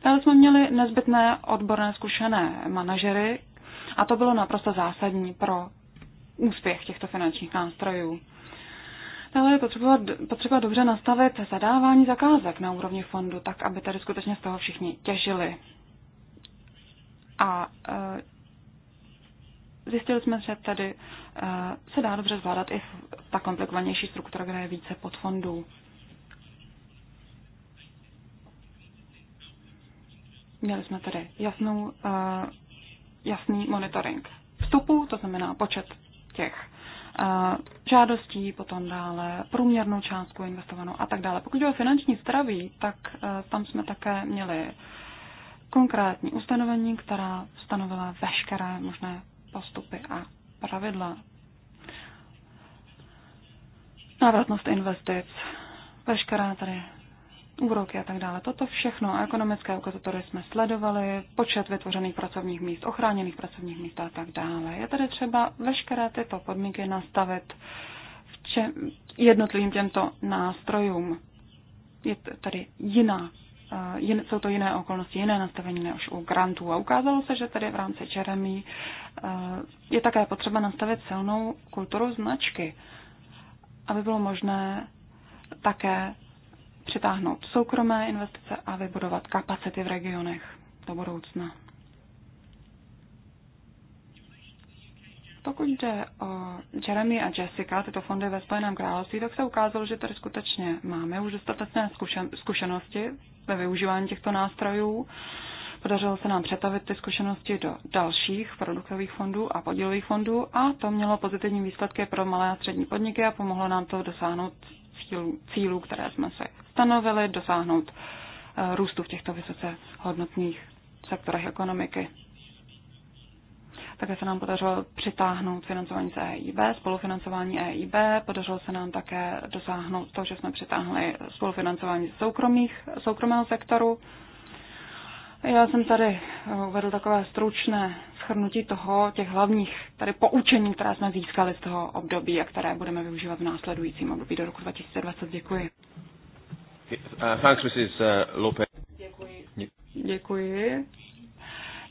Dále jsme měli nezbytné odborné zkušené manažery a to bylo naprosto zásadní pro úspěch těchto finančních nástrojů. Dále je potřeba, potřeba dobře nastavit zadávání zakázek na úrovni fondu, tak aby tady skutečně z toho všichni těžili. A e, zjistili jsme, že tady e, se dá dobře zvládat i ta komplikovanější struktura, kde je více podfondů. Měli jsme tedy jasnou, e, jasný monitoring vstupu, to znamená počet těch žádostí, potom dále průměrnou částku investovanou a tak dále. Pokud jde o finanční zdraví, tak e, tam jsme také měli konkrétní ustanovení, která stanovila veškeré možné postupy a pravidla. Návratnost investic, veškeré tady úroky a tak dále. Toto všechno a ekonomické ukazatory jsme sledovali, počet vytvořených pracovních míst, ochráněných pracovních míst a tak dále. Je tady třeba veškeré tyto podmínky nastavit v čem, jednotlivým těmto nástrojům. Je tady jiná eh, jin, jsou to jiné okolnosti, jiné nastavení než u grantů. A ukázalo se, že tady v rámci Jeremy eh, je také potřeba nastavit silnou kulturu značky, aby bylo možné také přitáhnout soukromé investice a vybudovat kapacity v regionech do budoucna. Pokud jde o Jeremy a Jessica, tyto fondy ve Spojeném království, tak se ukázalo, že tady skutečně máme už dostatečné zkušenosti ve využívání těchto nástrojů. Podařilo se nám přetavit ty zkušenosti do dalších produktových fondů a podílových fondů a to mělo pozitivní výsledky pro malé a střední podniky a pomohlo nám to dosáhnout cílů, cílů které jsme se stanovili, dosáhnout eh, růstu v těchto vysoce hodnotných sektorech ekonomiky. Také se nám podařilo přitáhnout financování z EIB, spolufinancování EIB, podařilo se nám také dosáhnout to, že jsme přitáhli spolufinancování z soukromých, soukromého sektoru. Já jsem tady uvedl takové stručné schrnutí toho, těch hlavních tady poučení, která jsme získali z toho období a které budeme využívat v následujícím období do roku 2020. Děkuji. Uh, thanks, Mrs. Uh, Lopez. Děkuji. Děkuji.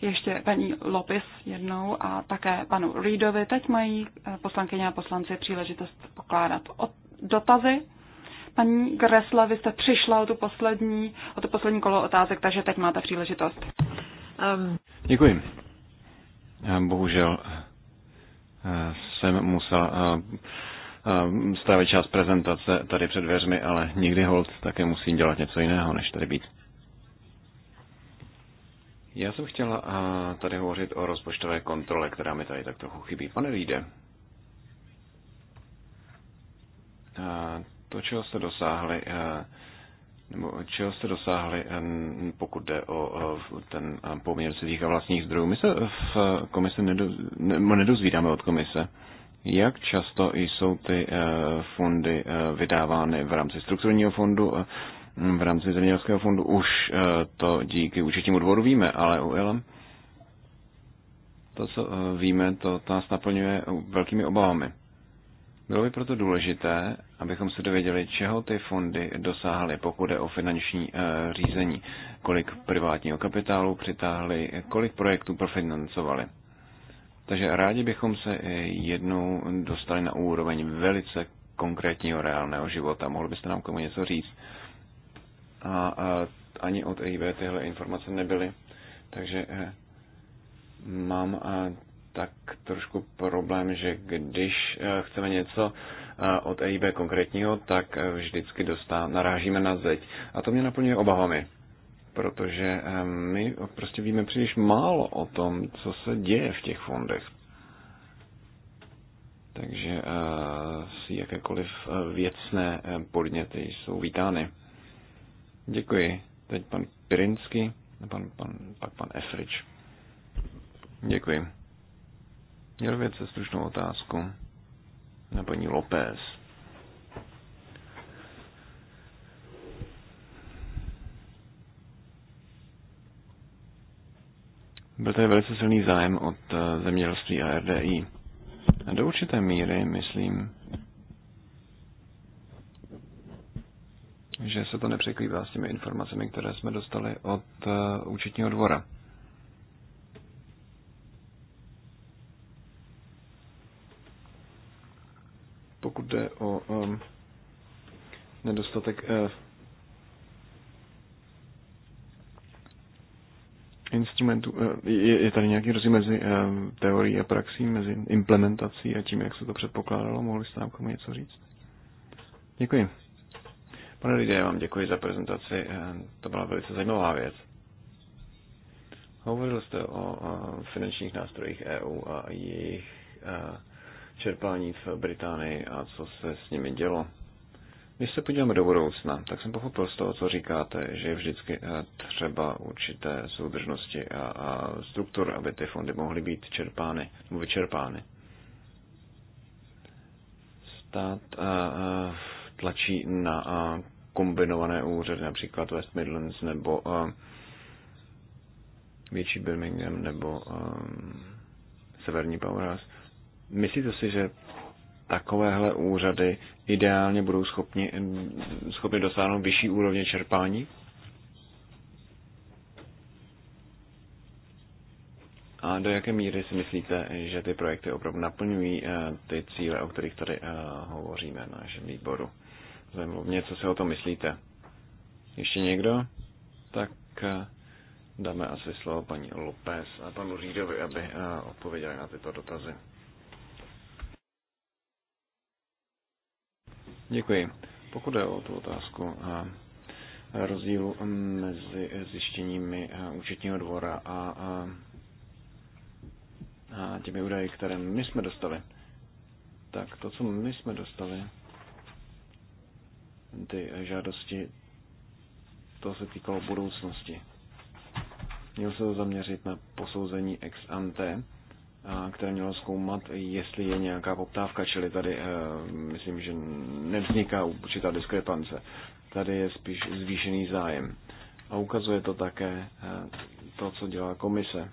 Ještě paní Lopez jednou a také panu Reedovi. Teď mají uh, poslankyně a poslanci příležitost pokládat dotazy. Paní Gresla, vy jste přišla o, tu poslední, o to poslední kolo otázek, takže teď máte příležitost. Um. Děkuji. Bohužel eh, jsem musel eh, eh, stavit čas prezentace tady před dveřmi, ale nikdy hold také musím dělat něco jiného, než tady být. Já jsem chtěla tady hovořit o rozpočtové kontrole, která mi tady tak trochu chybí. Pane Líde, to, čeho jste dosáhli, nebo čeho jste dosáhli, eh, pokud jde o eh, ten eh, poměr svých a vlastních zdrojů. My se v komise nedozvídáme od komise, jak často jsou ty fondy vydávány v rámci strukturního fondu, hm, v rámci zemědělského fondu. Už to díky účetnímu dvoru víme, ale u ELM to, co víme, to nás naplňuje velkými obavami. Bylo by proto důležité, abychom se dověděli, čeho ty fondy dosáhly, pokud je o finanční eh, řízení, kolik privátního kapitálu přitáhly, kolik projektů profinancovali. Takže rádi bychom se eh, jednou dostali na úroveň velice konkrétního reálného života. Mohl byste nám komu něco říct? A, a ani od EIB tyhle informace nebyly, takže eh, mám tak trošku problém, že když chceme něco od EIB konkrétního, tak eh, vždycky dostá, narážíme na zeď. A to mě naplňuje obavami, protože ehm, my prostě víme příliš málo o tom, co se děje v těch fondech. Takže eh, si jakékoliv eh, věcné podněty jsou vítány. Děkuji. Teď pan Pirinsky, pan, pan, pak pan Efrič. Děkuji. Měl věc se stručnou otázku na paní López. Byl tady velice silný zájem od eh, zemědělství a RDI. A do určité míry, myslím, že se to nepřekrývá s těmi informacemi, které jsme dostali od eh, účetního dvora. Pokud jde o um, nedostatek uh, eh, instrumentů, eh, je, je tady nějaký rozdíl mezi eh, teorií a praxí, mezi implementací a tím, jak se to předpokládalo? Mohli jste nám komu něco říct? Děkuji. Pane Lidé, já vám děkuji za prezentaci. To byla velice zajímavá věc. Hovořil jste o finančních nástrojích EU a jejich čerpání v Británii a co se s nimi dělo. Když se podíváme do budoucna, tak jsem pochopil z toho, co říkáte, že je vždycky eh, třeba určité soudržnosti a, a struktur, aby ty fondy mohly být čerpány nebo vyčerpány. Stát a, eh, a, eh, tlačí na a, kombinované úřady, například West Midlands nebo a, větší Birmingham nebo a, severní Powerhouse Myslíte si, že takovéhle úřady ideálně budou schopni, schopni dosáhnout vyšší úrovně čerpání? A do jaké míry si myslíte, že ty projekty opravdu naplňují eh, ty cíle, o kterých tady eh, hovoříme na našem výboru? Zajímalo mě, co si o tom myslíte. Ještě někdo? Tak eh, dáme asi slovo paní López a panu Řídovi, aby odpověděli na tyto dotazy. Děkuji. Pokud je o tu otázku rozdílu mezi zjištěními účetního dvora a, a těmi údaji, které my jsme dostali, tak to, co my jsme dostali, ty žádosti, to se týkalo budoucnosti. Měl se to zaměřit na posouzení ex ante které mělo zkoumat, jestli je nějaká poptávka, čili tady e, myslím, že nevzniká určitá diskrepance. Tady je spíš zvýšený zájem. A ukazuje to také e, to, co dělá komise.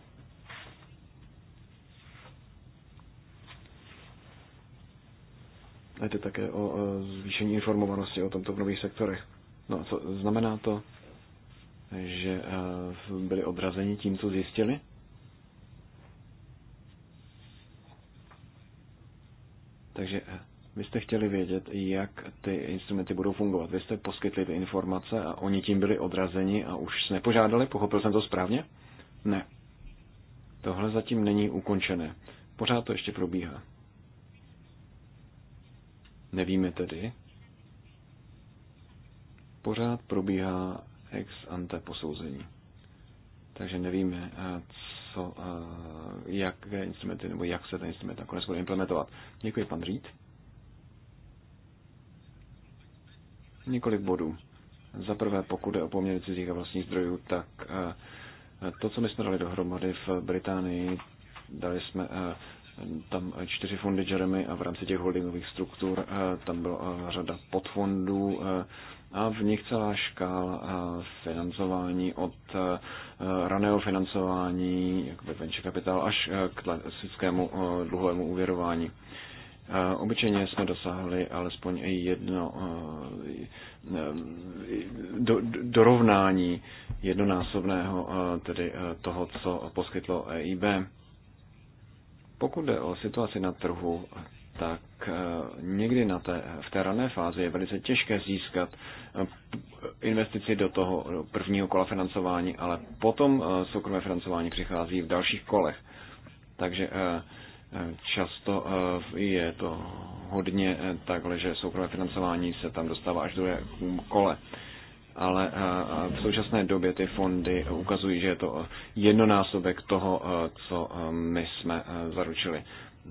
A to také o e, zvýšení informovanosti o tomto v nových sektorech. No a co znamená to, že byli odrazeni tím, co zjistili? Takže eh, vy jste chtěli vědět, jak ty instrumenty budou fungovat. Vy jste poskytli ty informace a oni tím byli odrazeni a už se nepožádali. Pochopil jsem to správně? Ne. Tohle zatím není ukončené. Pořád to ještě probíhá. Nevíme tedy. Pořád probíhá ex ante posouzení. Takže nevíme, eh, co, eh, jaké instrumenty nebo jak se ten instrument nakonec bude implementovat. Děkuji, pan Řít. Několik bodů. Za prvé, pokud je o poměr cizích a vlastních zdrojů, tak eh, to, co my jsme dali dohromady v Británii, dali jsme eh, tam čtyři fondy Jeremy a v rámci těch holdingových struktur tam byla řada podfondů, a v nich celá škála eh, financování od eh, raného financování, jako venture kapitál, až eh, k klasickému dluhovému úvěrování. Obyčejně jsme dosáhli alespoň jedno do, dorovnání jednonásobného tedy toho, co poskytlo EIB. Pokud jde o situaci na trhu, tak eh, někdy na té, v té rané fázi je velice těžké získat eh, investici do toho prvního kola financování, ale potom eh, soukromé financování přichází v dalších kolech. Takže často je to hodně takhle, že soukromé financování se tam dostává až do kole. Ale v současné době ty fondy ukazují, že je to jednonásobek toho, co my jsme zaručili.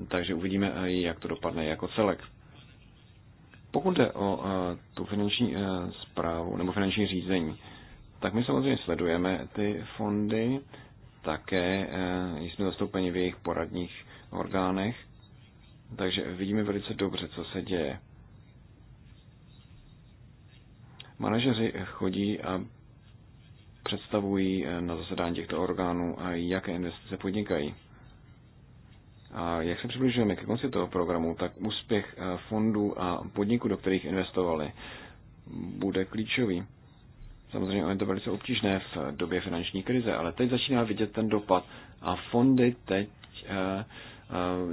Takže uvidíme, eh, jak to dopadne jako celek. Pokud jde o eh, tu finanční eh, zprávu nebo finanční řízení, tak my samozřejmě sledujeme ty fondy, také jsme zastoupeni v jejich poradních orgánech, takže vidíme velice dobře, co se děje. Manažeři chodí a představují na zasedání těchto orgánů, jaké investice podnikají. A jak se přibližujeme ke konci toho programu, tak úspěch eh, fondů a podniků, do kterých investovali, bude klíčový. Samozřejmě je to velice obtížné v eh, době finanční krize, ale teď začíná vidět ten dopad a fondy teď eh,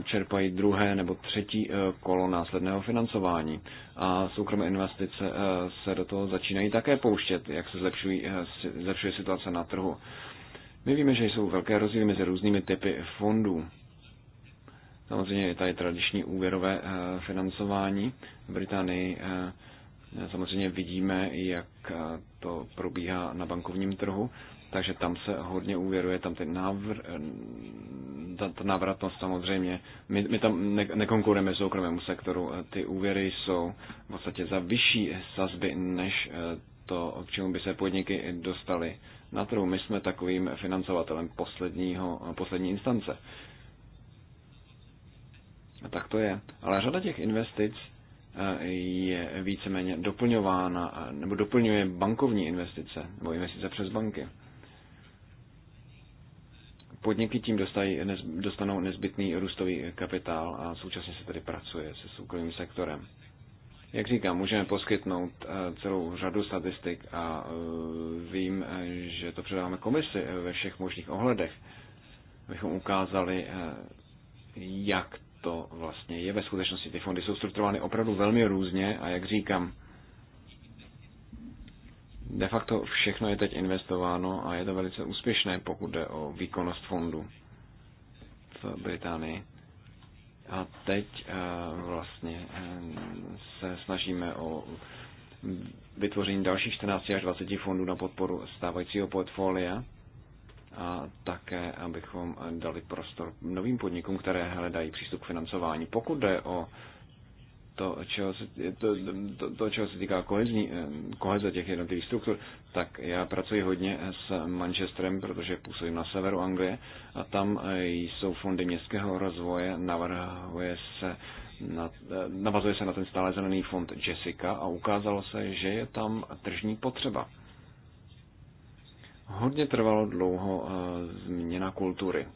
čerpají druhé nebo třetí kolo následného financování a soukromé investice se do toho začínají také pouštět, jak se zlepšují, zlepšuje situace na trhu. My víme, že jsou velké rozdíly mezi různými typy fondů Samozřejmě je tady tradiční úvěrové eh, financování. V Británii eh, samozřejmě vidíme, jak eh, to probíhá na bankovním trhu, takže tam se hodně úvěruje, tam ten návr, ta, ta návratnost samozřejmě. My, my tam ne, nekonkurujeme soukromému sektoru, ty úvěry jsou v podstatě za vyšší sazby, než to, k čemu by se podniky dostaly na trhu. My jsme takovým financovatelem posledního, poslední instance tak to je. Ale řada těch investic eh, je víceméně doplňována, eh, nebo doplňuje bankovní investice, nebo investice přes banky. Podniky tím dostají, dostanou nezbytný růstový kapitál a současně se tedy pracuje se soukromým sektorem. Jak říkám, můžeme poskytnout eh, celou řadu statistik a vím, že to předáváme komisi ve všech možných ohledech, abychom ukázali, jak to vlastně je ve skutečnosti. Ty fondy jsou strukturovány opravdu velmi různě a jak říkám, de facto všechno je teď investováno a je to velice úspěšné, pokud jde o výkonnost fondu v Británii. A teď eh, vlastně eh, se snažíme o vytvoření dalších 14 až 20 fondů na podporu stávajícího portfolia a také, abychom dali prostor novým podnikům, které hledají přístup k financování. Pokud jde o to, čeho se, to, to, to, čeho se týká kohezní, eh, koheze těch jednotlivých struktur, tak já pracuji hodně s Manchesterem, protože působím na severu Anglie a tam eh, jsou fondy městského rozvoje, navrhuje se na, eh, navazuje se na ten stále zelený fond Jessica a ukázalo se, že je tam tržní potřeba Hodně trvalo dlouho eh, změna kultury.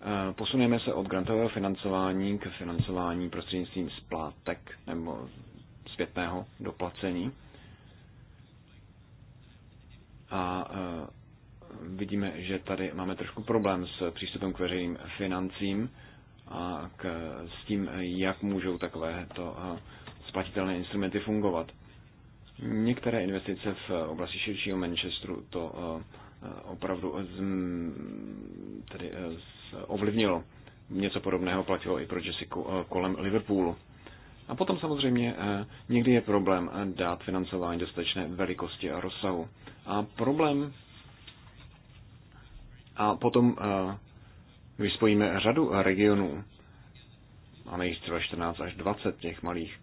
Eh, posuneme se od grantového financování k financování prostřednictvím splátek nebo zpětného doplacení. A eh, vidíme, že tady máme trošku problém s přístupem k veřejným financím a k, s tím, jak můžou takovéto splatitelné instrumenty fungovat. Některé investice v oblasti širšího Manchesteru to eh, eh, opravdu eh, z, tedy z, ovlivnilo. Něco podobného platilo i pro Jessica kolem Liverpoolu. A potom samozřejmě někdy je problém dát financování dostatečné velikosti a rozsahu. A problém a potom, když spojíme řadu regionů, máme jich třeba 14 až 20 těch malých,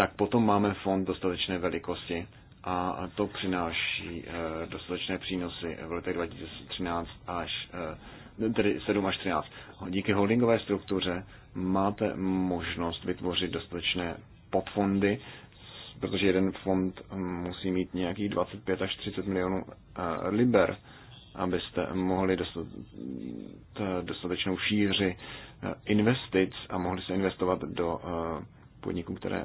tak potom máme fond dostatečné velikosti a to přináší eh, dostatečné přínosy v letech 2013 až eh, tedy 7 až 13. Díky holdingové struktuře máte možnost vytvořit dostatečné podfondy, protože jeden fond musí mít nějakých 25 až 30 milionů eh, liber, abyste mohli dostat dostatečnou šíři investic a mohli se investovat do podniků, které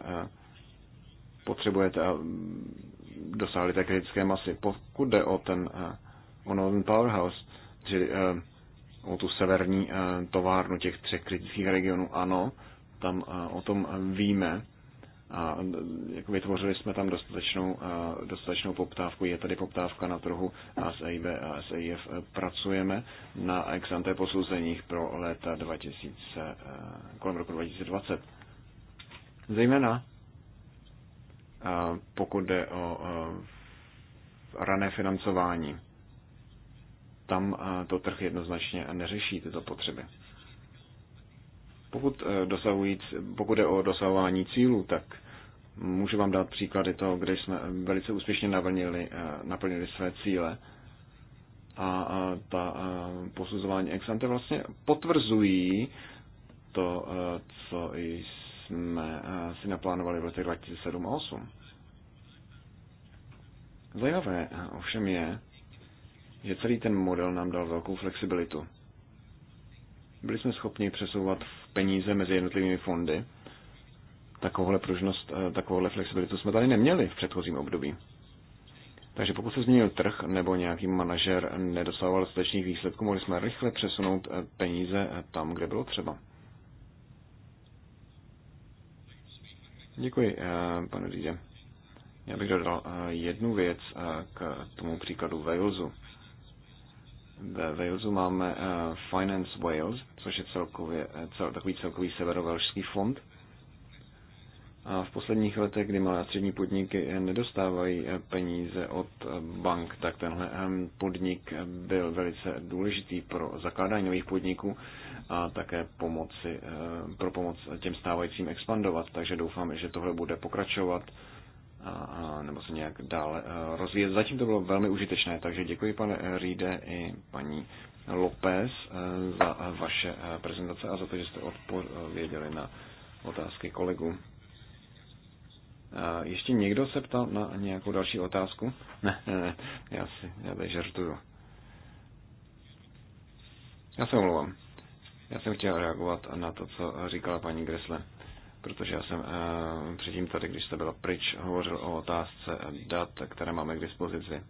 potřebujete a mm, dosáhli té kritické masy. Pokud jde o ten, o Northern Powerhouse, uh, o tu severní továrnu těch třech kritických regionů, ano, tam o tom víme a jako vytvořili jsme tam dostatečnou, dostatečnou poptávku. Je tady poptávka na trhu a s AIB a s EIF e, pracujeme na ex ante posouzeních pro léta 2000, e, kolem roku 2020. Zejména pokud jde o rané financování. Tam to trh jednoznačně neřeší tyto potřeby. Pokud, e, dosahují, pokud jde o dosahování cílů, tak můžu vám dát příklady toho, kde jsme velice úspěšně naplnili, e, naplnili své cíle. A, ta e, posuzování ex ante vlastně potvrzují to, co jsme eh, si naplánovali v letech 2007 a 2008. Zajímavé eh, ovšem je, že celý ten model nám dal velkou flexibilitu. Byli jsme schopni přesouvat peníze mezi jednotlivými fondy. Takovouhle pružnost, eh, takovouhle flexibilitu jsme tady neměli v předchozím období. Takže pokud se změnil trh nebo nějaký manažer nedosahoval dostatečných výsledků, mohli jsme rychle přesunout peníze tam, kde bylo třeba. Děkuji, eh, pane Říže. Já bych dodal eh, jednu věc eh, k tomu příkladu Walesu. Ve Walesu máme Finance Wales, což je celkově, cel, takový celkový severovelšský fond, a v posledních letech, kdy malé a střední podniky nedostávají peníze od bank, tak tenhle podnik byl velice důležitý pro zakládání nových podniků a také pomoci, pro pomoc těm stávajícím expandovat. Takže doufám, že tohle bude pokračovat a, nebo se nějak dále e, rozvíjet. Zatím to bylo velmi užitečné, takže děkuji pane Rýde i paní López e, za vaše e, prezentace a za to, že jste odpověděli na otázky kolegu. Ještě někdo se ptal na nějakou další otázku? Ne, ne, ne, já si já tady žertuju. Já se omlouvám. Já jsem chtěl reagovat na to, co říkala paní Gresle, protože já jsem uh, předtím tady, když jste byla pryč, hovořil o otázce dat, které máme k dispozici.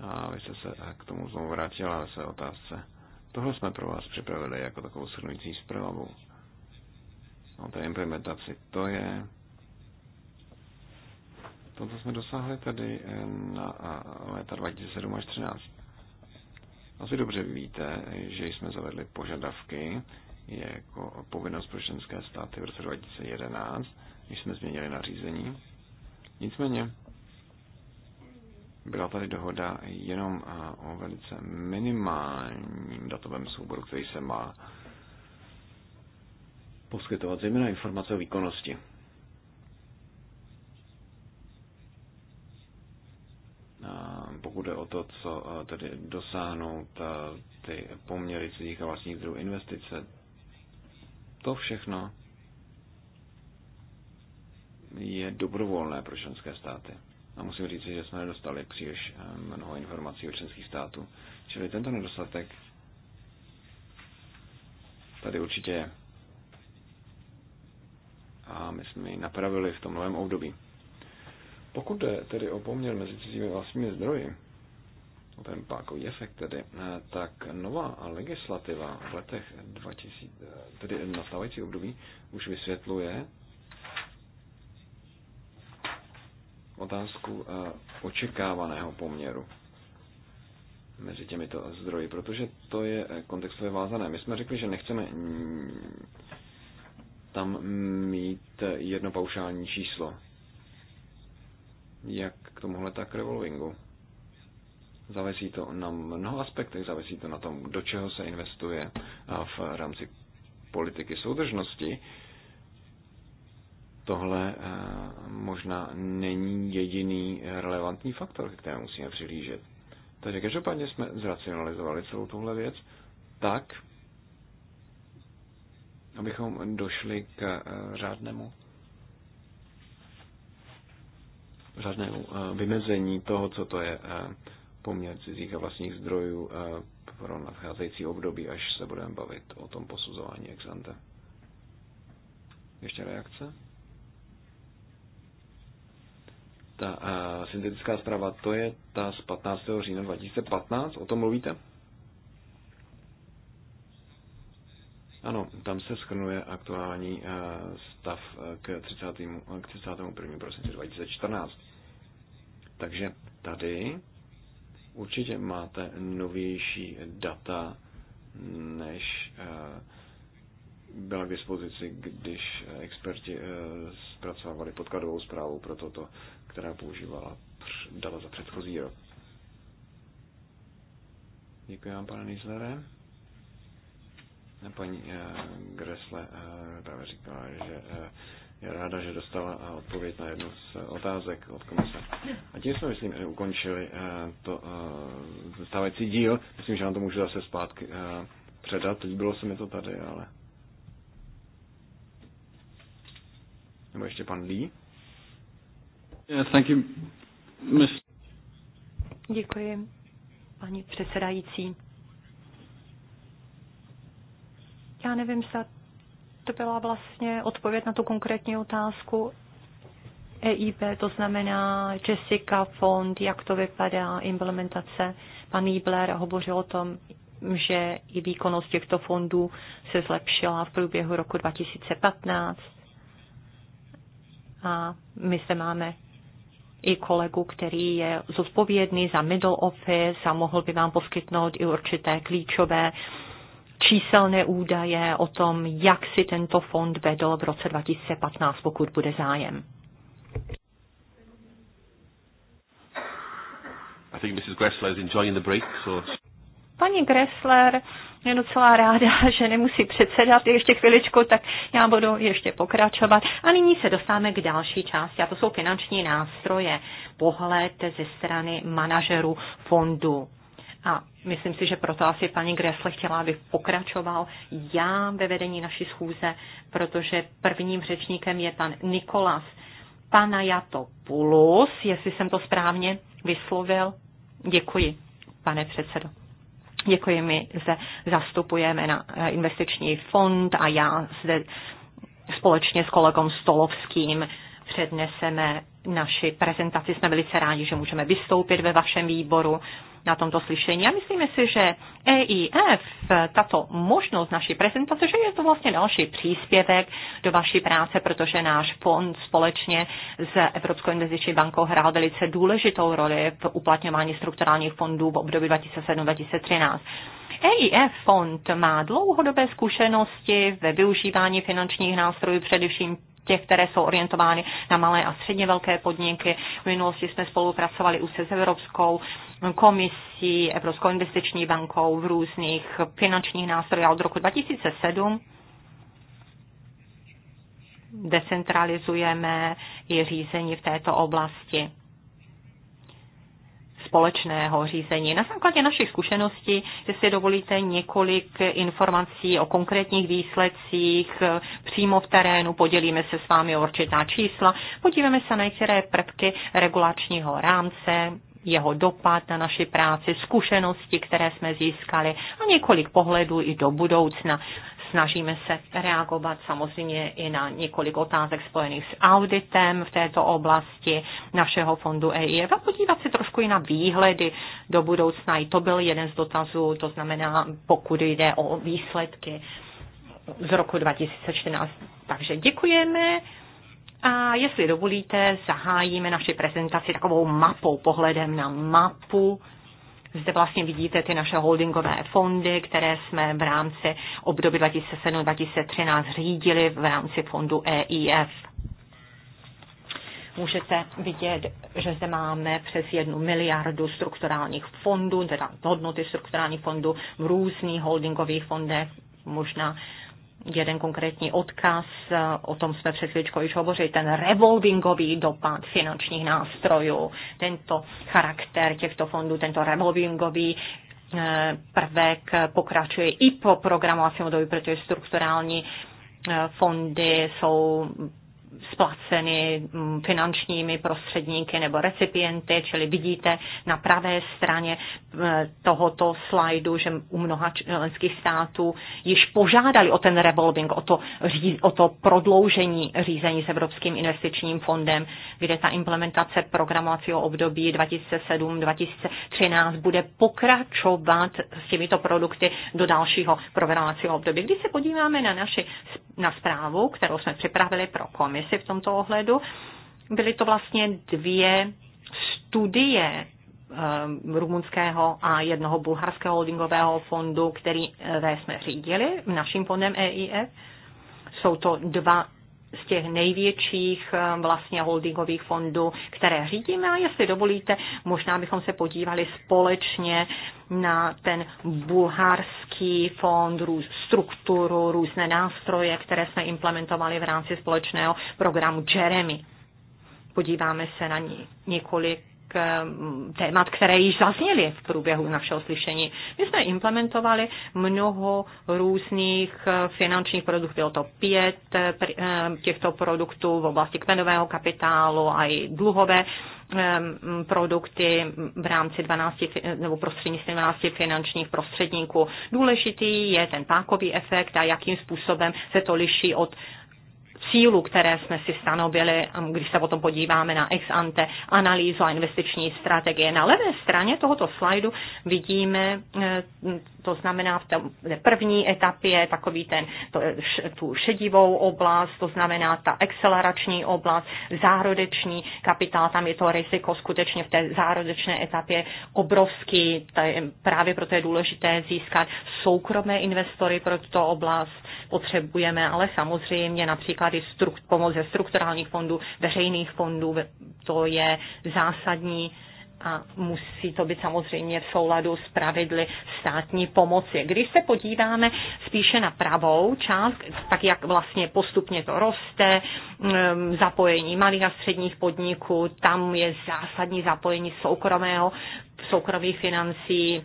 A vy jste se k tomu znovu vrátila ve své otázce. Tohle jsme pro vás připravili jako takovou shrnující zprávu o té implementaci. To je to, co jsme dosáhli tady eh, na eh, léta 2007 až 2013. Asi dobře víte, že jsme zavedli požadavky jako povinnost pro členské státy v roce 2011, když jsme změnili nařízení. Nicméně byla tady dohoda jenom eh, o velice minimálním datovém souboru, který se má poskytovat zejména informace o výkonnosti. pokud je o to, co tedy dosáhnout ty poměry cizích a vlastních druhů investice, to všechno je dobrovolné pro členské státy. A musím říct, že jsme nedostali příliš mnoho informací o členských států. Čili tento nedostatek tady určitě je. A my jsme ji napravili v tom novém období. Pokud jde tedy o poměr mezi cizími vlastními zdroji, o ten pákový efekt tedy, eh, tak nová legislativa v letech 2000, tedy nastávající období, už vysvětluje otázku eh, očekávaného poměru mezi těmito zdroji, protože to je eh, kontextově vázané. My jsme řekli, že nechceme tam mít jedno paušální číslo, jak k tomuhle, tak revolvingu. Závisí to na mnoho aspektech, závisí to na tom, do čeho se investuje a v rámci politiky soudržnosti. Tohle eh, možná není jediný relevantní faktor, který musíme přihlížet. Takže každopádně jsme zracionalizovali celou tuhle věc tak, abychom došli k eh, řádnému řádnému eh, vymezení toho, co to je eh, poměr cizích a vlastních zdrojů eh, pro nadcházející období, až se budeme bavit o tom posuzování ex ante. Ještě reakce? Ta a, syntetická zpráva, to je ta z 15. října 2015, o tom mluvíte? Ano, tam se schrnuje aktuální stav k, 30, k 31. prosinci 2014. Takže tady určitě máte novější data, než eh, byla k dispozici, když experti eh, zpracovávali podkladovou zprávu pro toto, která používala data za předchozí rok. Děkuji vám, pane Nizlere. Paní eh, Gresle právě říkala, že je ráda, že dostala eh, odpověď na jednu z eh, otázek od komise. A tím jsme, myslím, eh, ukončili to stávající díl. Myslím, že vám to můžu zase zpátky předat. Líbilo se mi to tady, ale... Nebo ještě pan Lee? Yeah, thank you. Miss... Děkuji, paní předsedající. Já nevím, zda to byla vlastně odpověď na tu konkrétní otázku EIB, to znamená Jessica Fond, jak to vypadá, implementace. Pan Ibler hovořil o tom, že i výkonnost těchto fondů se zlepšila v průběhu roku 2015. A my se máme i kolegu, který je zodpovědný za middle office a mohl by vám poskytnout i určité klíčové číselné údaje o tom, jak si tento fond vedl v roce 2015, pokud bude zájem. I think Mrs. Gressler is enjoying the break, so... Paní Gressler je docela ráda, [LAUGHS] že nemusí předsedat ještě chviličku, tak já budu ještě pokračovat. A nyní se dostáváme k další části, a to jsou finanční nástroje, pohled ze strany manažerů fondu. A Myslím si, že proto asi paní Gressle chtěla, aby pokračoval já ve vedení naší schůze, protože prvním řečníkem je pan Nikolas Panajatopoulos, jestli jsem to správně vyslovil. Děkuji, pane předsedo. Děkuji, my se zastupujeme na eh, investiční fond a já zde společně s kolegou Stolovským předneseme naši prezentaci. Jsme velice rádi, že můžeme vystoupit ve vašem výboru na tomto slyšení. A myslíme si, že EIF, tato možnost naší prezentace, že je to vlastně další příspěvek do vaší práce, protože náš fond společně s Evropskou investiční bankou hrál velice důležitou roli v uplatňování strukturálních fondů v období 2007-2013. EIF fond má dlouhodobé zkušenosti ve využívání finančních nástrojů, především těch, které jsou orientovány na malé a středně velké podniky. V minulosti jsme spolupracovali už se s Evropskou komisí, Evropskou investiční bankou v různých finančních nástrojích od roku 2007 decentralizujeme i řízení v této oblasti společného řízení. Na základě našich zkušeností, jestli dovolíte několik informací o konkrétních výsledcích eh, přímo v terénu, podělíme se s vámi o určitá čísla, podíváme se na některé prvky regulačního rámce, jeho dopad na naši práci, zkušenosti, které jsme získali a několik pohledů i do budoucna. Snažíme se reagovat samozřejmě i na několik otázek spojených s auditem v této oblasti našeho fondu EIF a podívat se trošku i na výhledy do budoucna. I to byl jeden z dotazů, to znamená, pokud jde o výsledky z roku 2014. Takže děkujeme. A jestli dovolíte, zahájíme naši prezentaci takovou mapou, pohledem na mapu zde vlastně vidíte ty naše holdingové fondy, které jsme v rámci období 2007-2013 řídili v rámci fondu EIF. Můžete vidět, že zde máme přes jednu miliardu strukturálních fondů, teda hodnoty strukturálních fondů v různých holdingových fondech, možná jeden konkrétní odkaz, o tom jsme před chvíličkou již hovořili, ten revolvingový dopad finančních nástrojů, tento charakter těchto fondů, tento revolvingový eh, prvek pokračuje i po programovacím období, protože strukturální eh, fondy jsou splaceny mm, finančními prostředníky nebo recipienty, čili vidíte na pravé straně eh, tohoto slajdu, že u mnoha členských států již požádali o ten revolving, o to, o to prodloužení řízení s Evropským investičním fondem, kde ta implementace programovacího období 2007-2013 bude pokračovat s těmito produkty do dalšího programovacího období. Když se podíváme na naši na zprávu, kterou jsme připravili pro komis komisi v tomto ohledu. Byly to vlastně dvě studie eh, rumunského a jednoho bulharského holdingového fondu, který eh, jsme řídili naším fondem EIF. Jsou to dva z těch největších eh, vlastně holdingových fondů, které řídíme. A jestli dovolíte, možná bychom se podívali společně na ten bulharský fond, růz, strukturu, různé nástroje, které jsme implementovali v rámci společného programu Jeremy. Podíváme se na ní několik Mm, témat, které již zazněly v průběhu našeho slyšení. My jsme implementovali mnoho různých eh, finančních produktů, bylo to pět eh, eh, těchto produktů v oblasti kmenového kapitálu a i dluhové mm, produkty v rámci 12 nebo prostřednictvím 12 finančních prostředníků. Důležitý je ten pákový efekt a jakým způsobem se to liší od cílů, které jsme si stanovili, když se potom podíváme na ex ante analýzu a investiční strategie. Na levé straně tohoto slajdu vidíme, eh, to znamená v té první etapě takový ten, to, tu šedivou oblast, to znamená ta akcelerační oblast, zárodeční kapitál, tam je to riziko skutečně v té zárodečné etapě obrovský, právě proto je důležité získat soukromé investory pro tuto oblast, potřebujeme, ale samozřejmě například i strukt, pomoc ze strukturálních fondů, veřejných fondů, to je zásadní a musí to být samozřejmě v souladu s pravidly státní pomoci. Když se podíváme spíše na pravou část, tak jak vlastně postupně to roste, mm, zapojení malých a středních podniků, tam je zásadní zapojení soukromého, soukromých financí,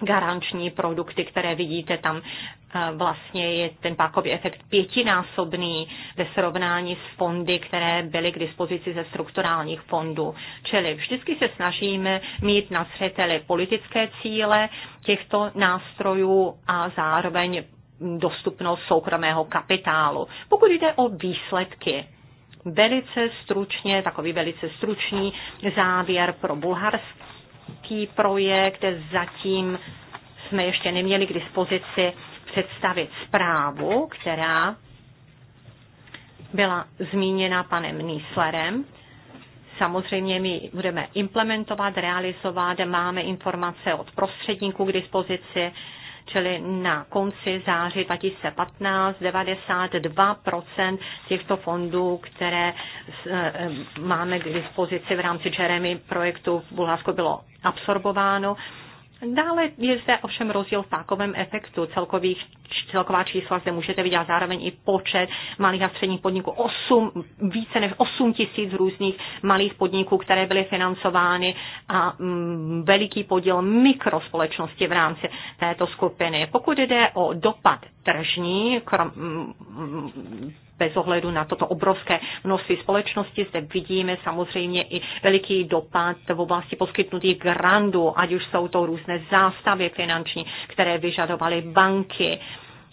garanční produkty, které vidíte tam vlastně je ten pákový efekt pětinásobný ve srovnání s fondy, které byly k dispozici ze strukturálních fondů. Čili vždycky se snažíme mít na zřeteli politické cíle těchto nástrojů a zároveň dostupnost soukromého kapitálu. Pokud jde o výsledky, velice stručně, takový velice stručný závěr pro bulharský projekt, zatím jsme ještě neměli k dispozici představit zprávu, která byla zmíněna panem Nýslerem. Samozřejmě my budeme implementovat, realizovat, máme informace od prostředníků k dispozici, čili na konci září 2015 92% těchto fondů, které eh, máme k dispozici v rámci Jeremy projektu v Bulharsku bylo absorbováno. Dále je zde ovšem rozdíl v takovém efektu. Celkových, celková čísla zde můžete vidět zároveň i počet malých a středních podniků. 8, více než 8 tisíc různých malých podniků, které byly financovány a mm, veliký podíl mikrospolečnosti v rámci této skupiny. Pokud jde o dopad tržní, krom, mm, bez ohledu na toto obrovské množství společnosti. Zde vidíme samozřejmě i veliký dopad v oblasti poskytnutých grandů, ať už jsou to různé zástavy finanční, které vyžadovaly banky.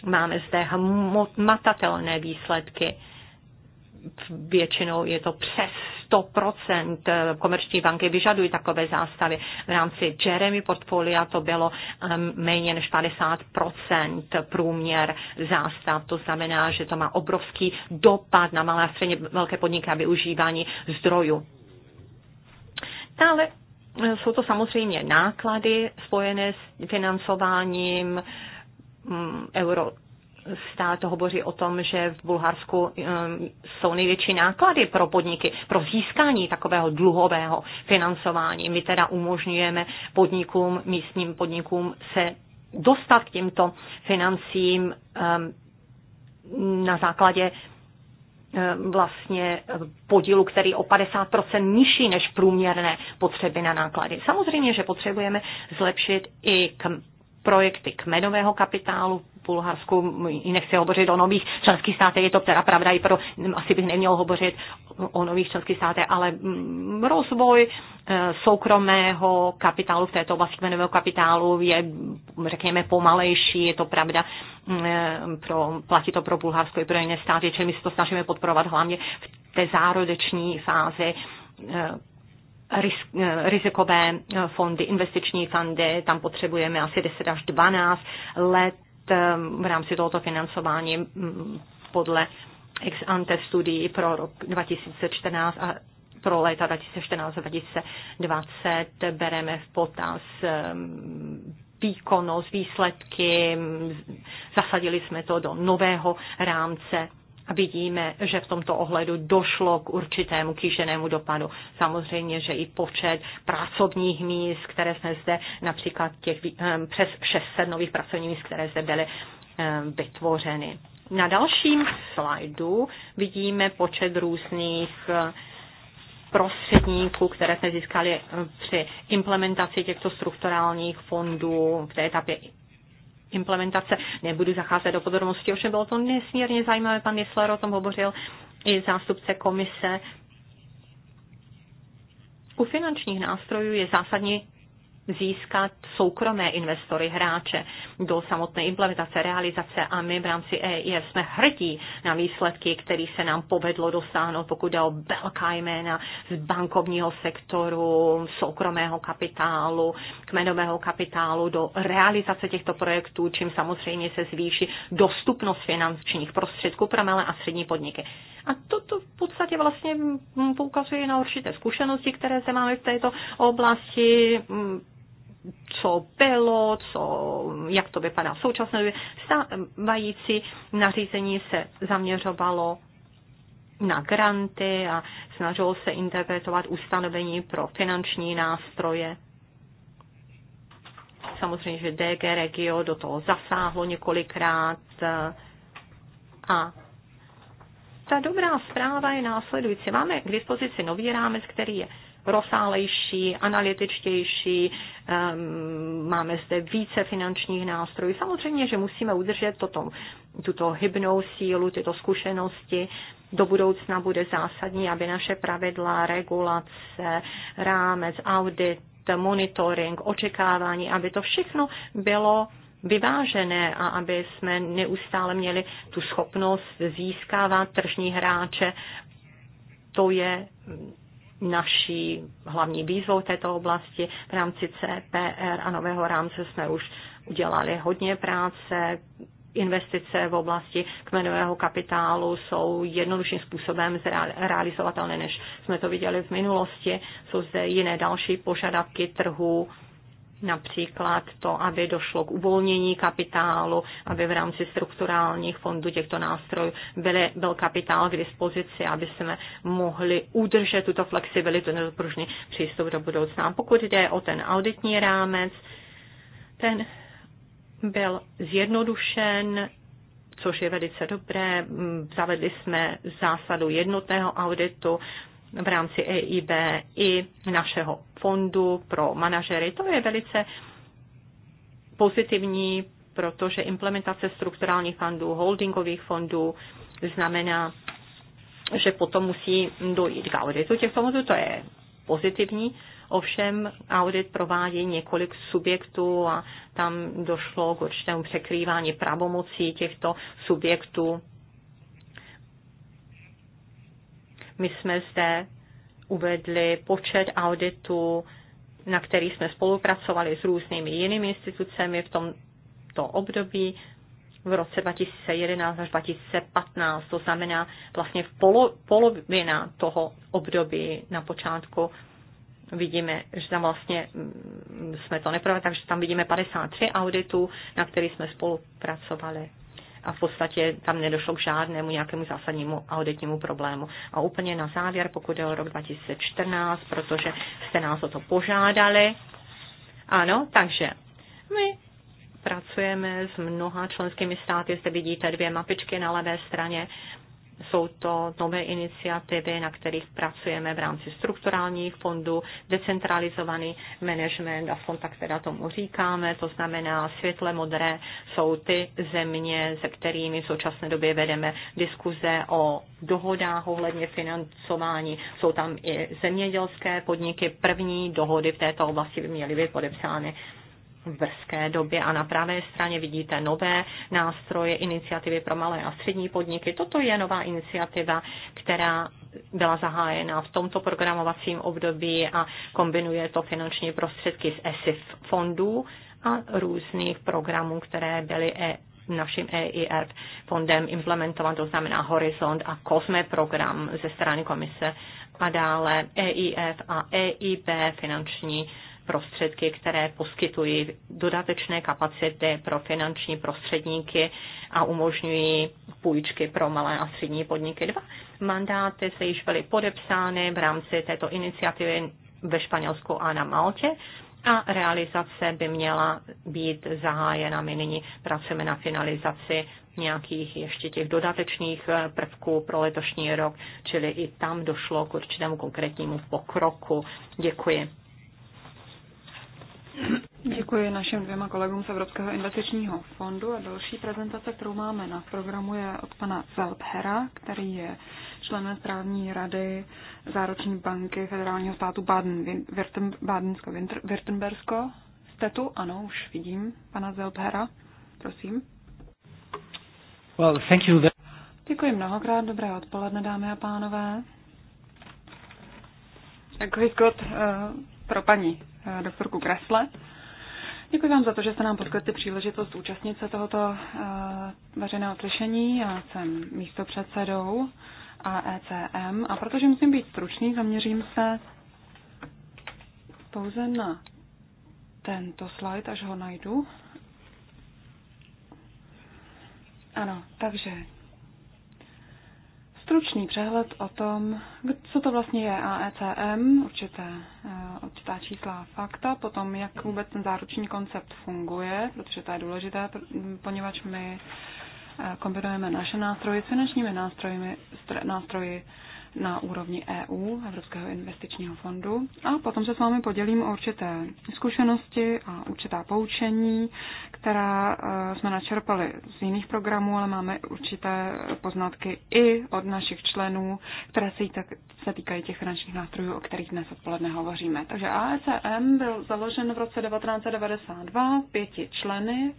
Máme zde hmatatelné výsledky většinou je to přes 100% eh, komerční banky vyžadují takové zástavy. V rámci Jeremy portfolia to bylo ehm, méně než 50% průměr zástav. To znamená, že to má obrovský dopad na malé a středně velké podniky a využívání zdrojů. Dále eh, jsou to samozřejmě náklady spojené s financováním mm, euro Stále to hovoří o tom, že v Bulharsku um, jsou největší náklady pro podniky, pro získání takového dluhového financování. My teda umožňujeme podnikům, místním podnikům se dostat k těmto financím um, na základě um, vlastně podílu, který o 50% nižší než průměrné potřeby na náklady. Samozřejmě, že potřebujeme zlepšit i projekty kmenového kapitálu v Bulharsku. Nechci hovořit o nových členských státech, je to teda pravda i pro, asi bych neměl hovořit o nových členských státech, ale mm, rozvoj e, soukromého kapitálu v této oblasti kmenového kapitálu je, řekněme, pomalejší, je to pravda, mm, e, pro, platí to pro Bulharsko i pro jiné státy, čili my se to snažíme podporovat hlavně v té zárodeční fázi e, Eh, rizikové eh, fondy, investiční fondy, tam potřebujeme asi 10 až 12 let eh, v rámci tohoto financování mm, podle ex ante studií pro rok 2014 a pro léta 2014 a 2020 bereme v potaz výkonnost, výsledky, zasadili jsme to do nového rámce vidíme, že v tomto ohledu došlo k určitému kýženému dopadu. Samozřejmě, že i počet pracovních míst, které jsme zde, například těch eh, přes 600 nových pracovních míst, které zde byly eh, vytvořeny. Na dalším slajdu vidíme počet různých eh, prostředníků, které jsme získali při implementaci těchto strukturálních fondů v té etapě implementace. Nebudu zacházet do podrobnosti. ovšem bylo to nesmírně zajímavé. Pan Nisler o tom hovořil i zástupce komise. U finančních nástrojů je zásadní získat soukromé investory, hráče do samotné implementace, realizace a my v rámci EIF jsme hrdí na výsledky, které se nám povedlo dosáhnout, pokud jde o velká jména z bankovního sektoru, soukromého kapitálu, kmenového kapitálu do realizace těchto projektů, čím samozřejmě se zvýší dostupnost finančních prostředků pro malé a střední podniky. A toto v podstatě vlastně poukazuje na určité zkušenosti, které se máme v této oblasti co bylo, co, jak to vypadá v současné době. Stávající nařízení se zaměřovalo na granty a snažilo se interpretovat ustanovení pro finanční nástroje. Samozřejmě, že DG Regio do toho zasáhlo několikrát eh, a ta dobrá zpráva je následující. Máme k dispozici nový rámec, který je rozsálejší, analytičtější, ehm, máme zde více finančních nástrojů. Samozřejmě, že musíme udržet toto, tuto hybnou sílu, tyto zkušenosti. Do budoucna bude zásadní, aby naše pravidla, regulace, rámec, audit, monitoring, očekávání, aby to všechno bylo vyvážené a aby jsme neustále měli tu schopnost získávat tržní hráče. To je naší hlavní výzvou této oblasti. V rámci CPR a nového rámce jsme už udělali hodně práce, investice v oblasti kmenového kapitálu jsou jednodušším způsobem realizovatelné, než jsme to viděli v minulosti. Jsou zde jiné další požadavky trhu, například to, aby došlo k uvolnění kapitálu, aby v rámci strukturálních fondů těchto nástrojů byly, byl kapitál k dispozici, aby jsme mohli udržet tuto flexibilitu nebo pružný přístup do budoucna. Pokud jde o ten auditní rámec, ten byl zjednodušen, což je velice dobré. Zavedli jsme zásadu jednotného auditu, v rámci EIB i našeho fondu pro manažery. To je velice pozitivní, protože implementace strukturálních fondů, holdingových fondů znamená, že potom musí dojít k auditu těch fondů. To je pozitivní. Ovšem audit provádí několik subjektů a tam došlo k určitému překrývání pravomocí těchto subjektů My jsme zde uvedli počet auditů, na který jsme spolupracovali s různými jinými institucemi v tomto období v roce 2011 až 2015, to znamená vlastně v polo, polovina toho období na počátku vidíme, že tam vlastně mm, jsme to neprovedli, takže tam vidíme 53 auditů, na který jsme spolupracovali a v podstatě tam nedošlo k žádnému nějakému zásadnímu auditnímu problému. A úplně na závěr, pokud je o rok 2014, protože jste nás o to požádali. Ano, takže my pracujeme s mnoha členskými státy. Zde vidíte dvě mapičky na levé straně. Jsou to nové iniciativy, na kterých pracujeme v rámci strukturálních fondů, decentralizovaný management, aspoň tak teda tomu říkáme, to znamená světle modré jsou ty země, se kterými v současné době vedeme diskuze o dohodách ohledně financování. Jsou tam i zemědělské podniky. První dohody v této oblasti by měly být podepsány v brzké době a na pravé straně vidíte nové nástroje, iniciativy pro malé a střední podniky. Toto je nová iniciativa, která byla zahájena v tomto programovacím období a kombinuje to finanční prostředky z ESIF fondů a různých programů, které byly e naším EIF fondem implementovat, to znamená Horizont a COSME program ze strany komise a dále EIF a EIP finanční prostředky, které poskytují dodatečné kapacity pro finanční prostředníky a umožňují půjčky pro malé a střední podniky. Dva mandáty se již byly podepsány v rámci této iniciativy ve Španělsku a na Maltě a realizace by měla být zahájena. My nyní pracujeme na finalizaci nějakých ještě těch dodatečných eh, prvků pro letošní rok, čili i tam došlo k určitému konkrétnímu pokroku. Děkuji. Děkuji našim dvěma kolegům z Evropského investičního fondu a další prezentace, kterou máme na programu, je od pana Zelphera, který je členem správní rady zároční banky federálního státu Baden-Württembersko. Jste tu? Ano, už vidím pana Zelphera. Prosím. Well, thank you. Děkuji mnohokrát, dobré odpoledne, dámy a pánové. Děkuji, Scott, eh, pro paní Eh, doktorku Kresle. Děkuji vám za to, že jste nám poskytli příležitost účastnit se tohoto eh, veřejného slyšení. Já jsem místo předsedou a ECM a protože musím být stručný, zaměřím se pouze na tento slide, až ho najdu. Ano, takže stručný přehled o tom, co to vlastně je AECM, určité, eh, určitá čísla a fakta, potom jak vůbec ten záruční koncept funguje, protože to je důležité, poněvadž my eh, kombinujeme naše nástroje s finančními nástroji, nástroji na úrovni EU, Evropského investičního fondu. A potom se s vámi podělím o určité zkušenosti a určitá poučení, která e, jsme načerpali z jiných programů, ale máme určité poznatky i od našich členů, které se, tak, se týkají těch finančních nástrojů, o kterých dnes odpoledne hovoříme. Takže ASM e byl založen v roce 1992 pěti členy.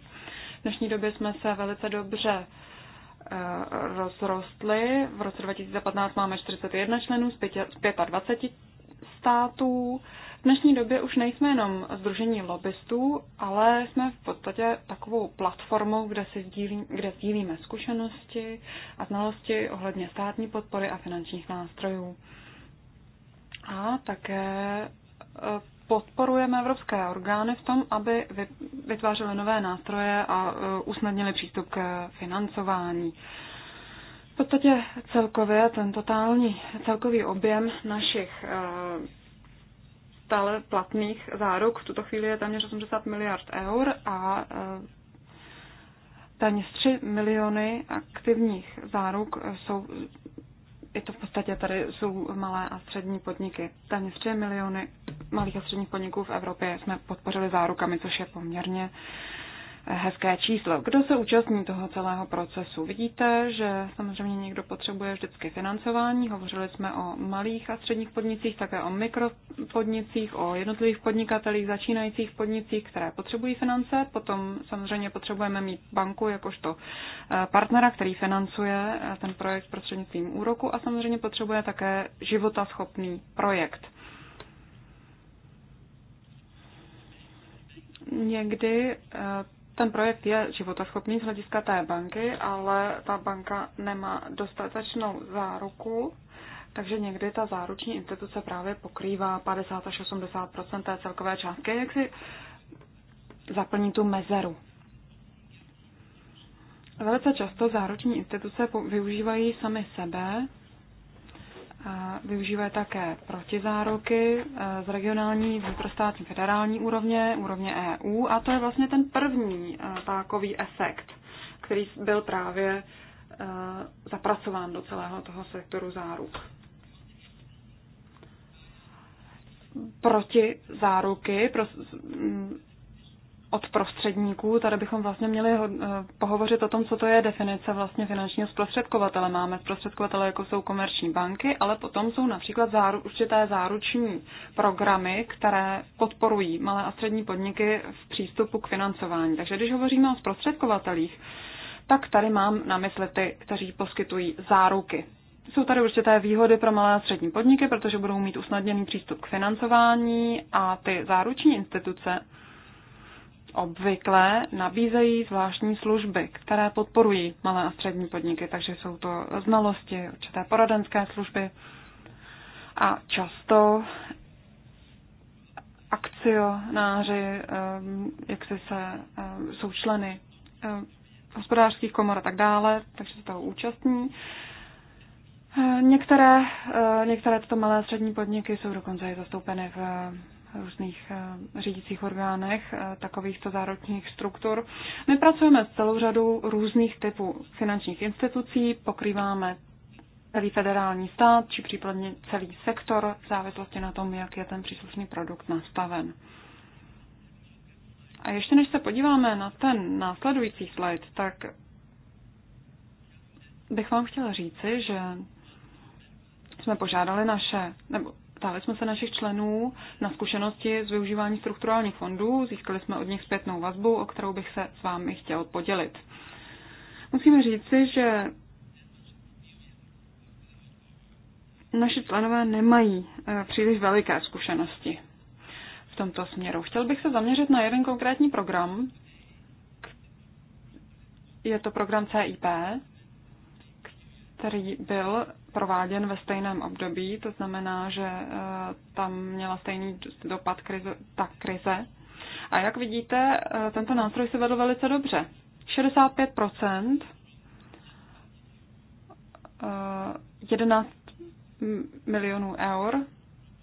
V dnešní době jsme se velice dobře Eh, rozrostly. V roce 2015 máme 41 členů z 25 států. V dnešní době už nejsme jenom združení lobbystů, ale jsme v podstatě takovou platformou, kde, si sdílí, kde sdílíme zkušenosti a znalosti ohledně státní podpory a finančních nástrojů. A také eh, podporujeme evropské orgány v tom, aby vytvářely nové nástroje a e, usnadnili přístup k financování. V podstatě celkově ten totální, celkový objem našich e, stále platných záruk v tuto chvíli je téměř 80 miliard eur a e, téměř 3 miliony aktivních záruk jsou je to v podstatě tady jsou malé a střední podniky. Téměř 3 miliony malých a středních podniků v Evropě jsme podpořili zárukami, což je poměrně hezké číslo. Kdo se účastní toho celého procesu? Vidíte, že samozřejmě někdo potřebuje vždycky financování. Hovořili jsme o malých a středních podnicích, také o mikropodnicích, o jednotlivých podnikatelích, začínajících podnicích, které potřebují finance. Potom samozřejmě potřebujeme mít banku jakožto eh, partnera, který financuje eh, ten projekt prostřednictvím úroku a samozřejmě potřebuje také životaschopný projekt. Někdy eh, ten projekt je životoschopný z hlediska té banky, ale ta banka nemá dostatečnou záruku, takže někdy ta záruční instituce právě pokrývá 50 až 80 té celkové částky, jak si zaplní tu mezeru. Velice často záruční instituce využívají sami sebe využívají také protizáruky e, z regionální, vnitrostátní, federální úrovně, úrovně EU a to je vlastně ten první e, pákový efekt, který byl právě e, zapracován do celého toho sektoru záruk. Proti záruky od prostředníků. Tady bychom vlastně měli eh, pohovořit o tom, co to je definice vlastně finančního zprostředkovatele. Máme zprostředkovatele, jako jsou komerční banky, ale potom jsou například záru, určité záruční programy, které podporují malé a střední podniky v přístupu k financování. Takže když hovoříme o zprostředkovatelích, tak tady mám na mysli ty, kteří poskytují záruky. Jsou tady určité výhody pro malé a střední podniky, protože budou mít usnadněný přístup k financování a ty záruční instituce obvykle nabízejí zvláštní služby, které podporují malé a střední podniky, takže jsou to znalosti, určité poradenské služby a často akcionáři, eh, jak se, se eh, jsou členy eh, hospodářských komor a tak dále, takže se toho účastní. Některé, některé tyto malé a střední podniky jsou dokonce i zastoupeny v různých eh, řídících orgánech eh, takovýchto záročních struktur. My pracujeme s celou řadou různých typů finančních institucí, pokrýváme celý federální stát či případně celý sektor v závislosti na tom, jak je ten příslušný produkt nastaven. A ještě než se podíváme na ten následující slide, tak bych vám chtěla říci, že jsme požádali naše, nebo Ptali jsme se našich členů na zkušenosti s využívání strukturálních fondů, získali jsme od nich zpětnou vazbu, o kterou bych se s vámi chtěl podělit. Musíme říci, že naši členové nemají eh, příliš veliké zkušenosti v tomto směru. Chtěl bych se zaměřit na jeden konkrétní program. Je to program CIP, který byl prováděn ve stejném období, to znamená, že eh, tam měla stejný dopad krize, ta krize. A jak vidíte, eh, tento nástroj se vedl velice dobře. 65 11 eh, milionů eur,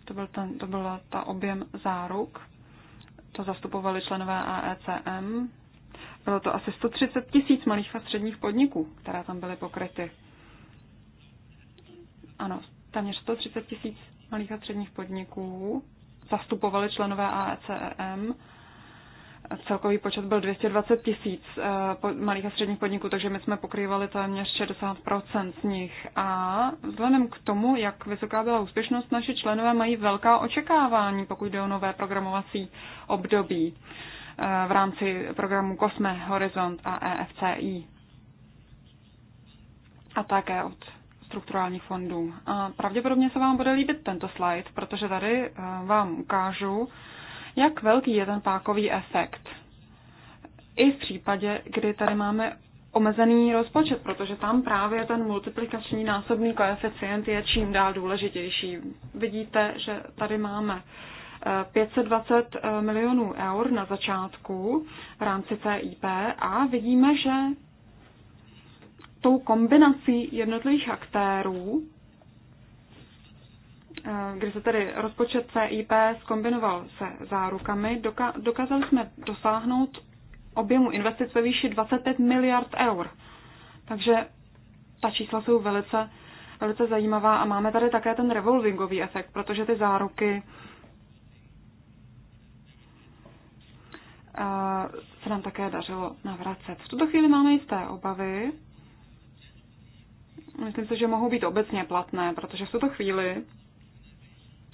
to byl, ten, to byl ta objem záruk, to zastupovali členové AECM, bylo to asi 130 tisíc malých a středních podniků, které tam byly pokryty ano, téměř 130 tisíc malých a středních podniků zastupovali členové AECEM. Celkový počet byl 220 tisíc eh, malých a středních podniků, takže my jsme pokrývali téměř 60 z nich. A vzhledem k tomu, jak vysoká byla úspěšnost, naši členové mají velká očekávání, pokud jde o nové programovací období eh, v rámci programu COSME, Horizont a EFCI. A také od strukturálních fondů. A pravděpodobně se vám bude líbit tento slide, protože tady eh, vám ukážu, jak velký je ten pákový efekt. I v případě, kdy tady máme omezený rozpočet, protože tam právě ten multiplikační násobný koeficient je čím dál důležitější. Vidíte, že tady máme 520 eh, eh, milionů eur na začátku v rámci CIP a vidíme, že tou kombinací jednotlivých aktérů, eh, kdy se tedy rozpočet CIP skombinoval se zárukami, dokázali jsme dosáhnout objemu investic ve výši 25 miliard eur. Takže ta čísla jsou velice, velice zajímavá a máme tady také ten revolvingový efekt, protože ty záruky eh, se nám také dařilo navracet. V tuto chvíli máme jisté obavy, myslím si, že mohou být obecně platné, protože v tuto chvíli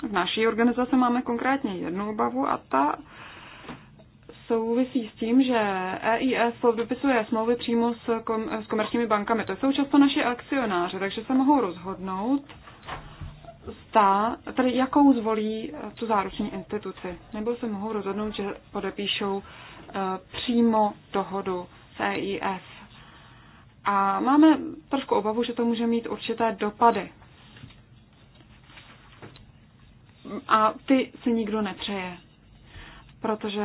v naší organizaci máme konkrétně jednu obavu a ta souvisí s tím, že EIS podepisuje smlouvy přímo s, kom, s komerčními bankami. To jsou často naši akcionáři, takže se mohou rozhodnout, zda, tedy jakou zvolí tu záruční instituci. Nebo se mohou rozhodnout, že podepíšou eh, přímo dohodu s EIS. A máme trošku obavu, že to může mít určité dopady. A ty si nikdo nepřeje, protože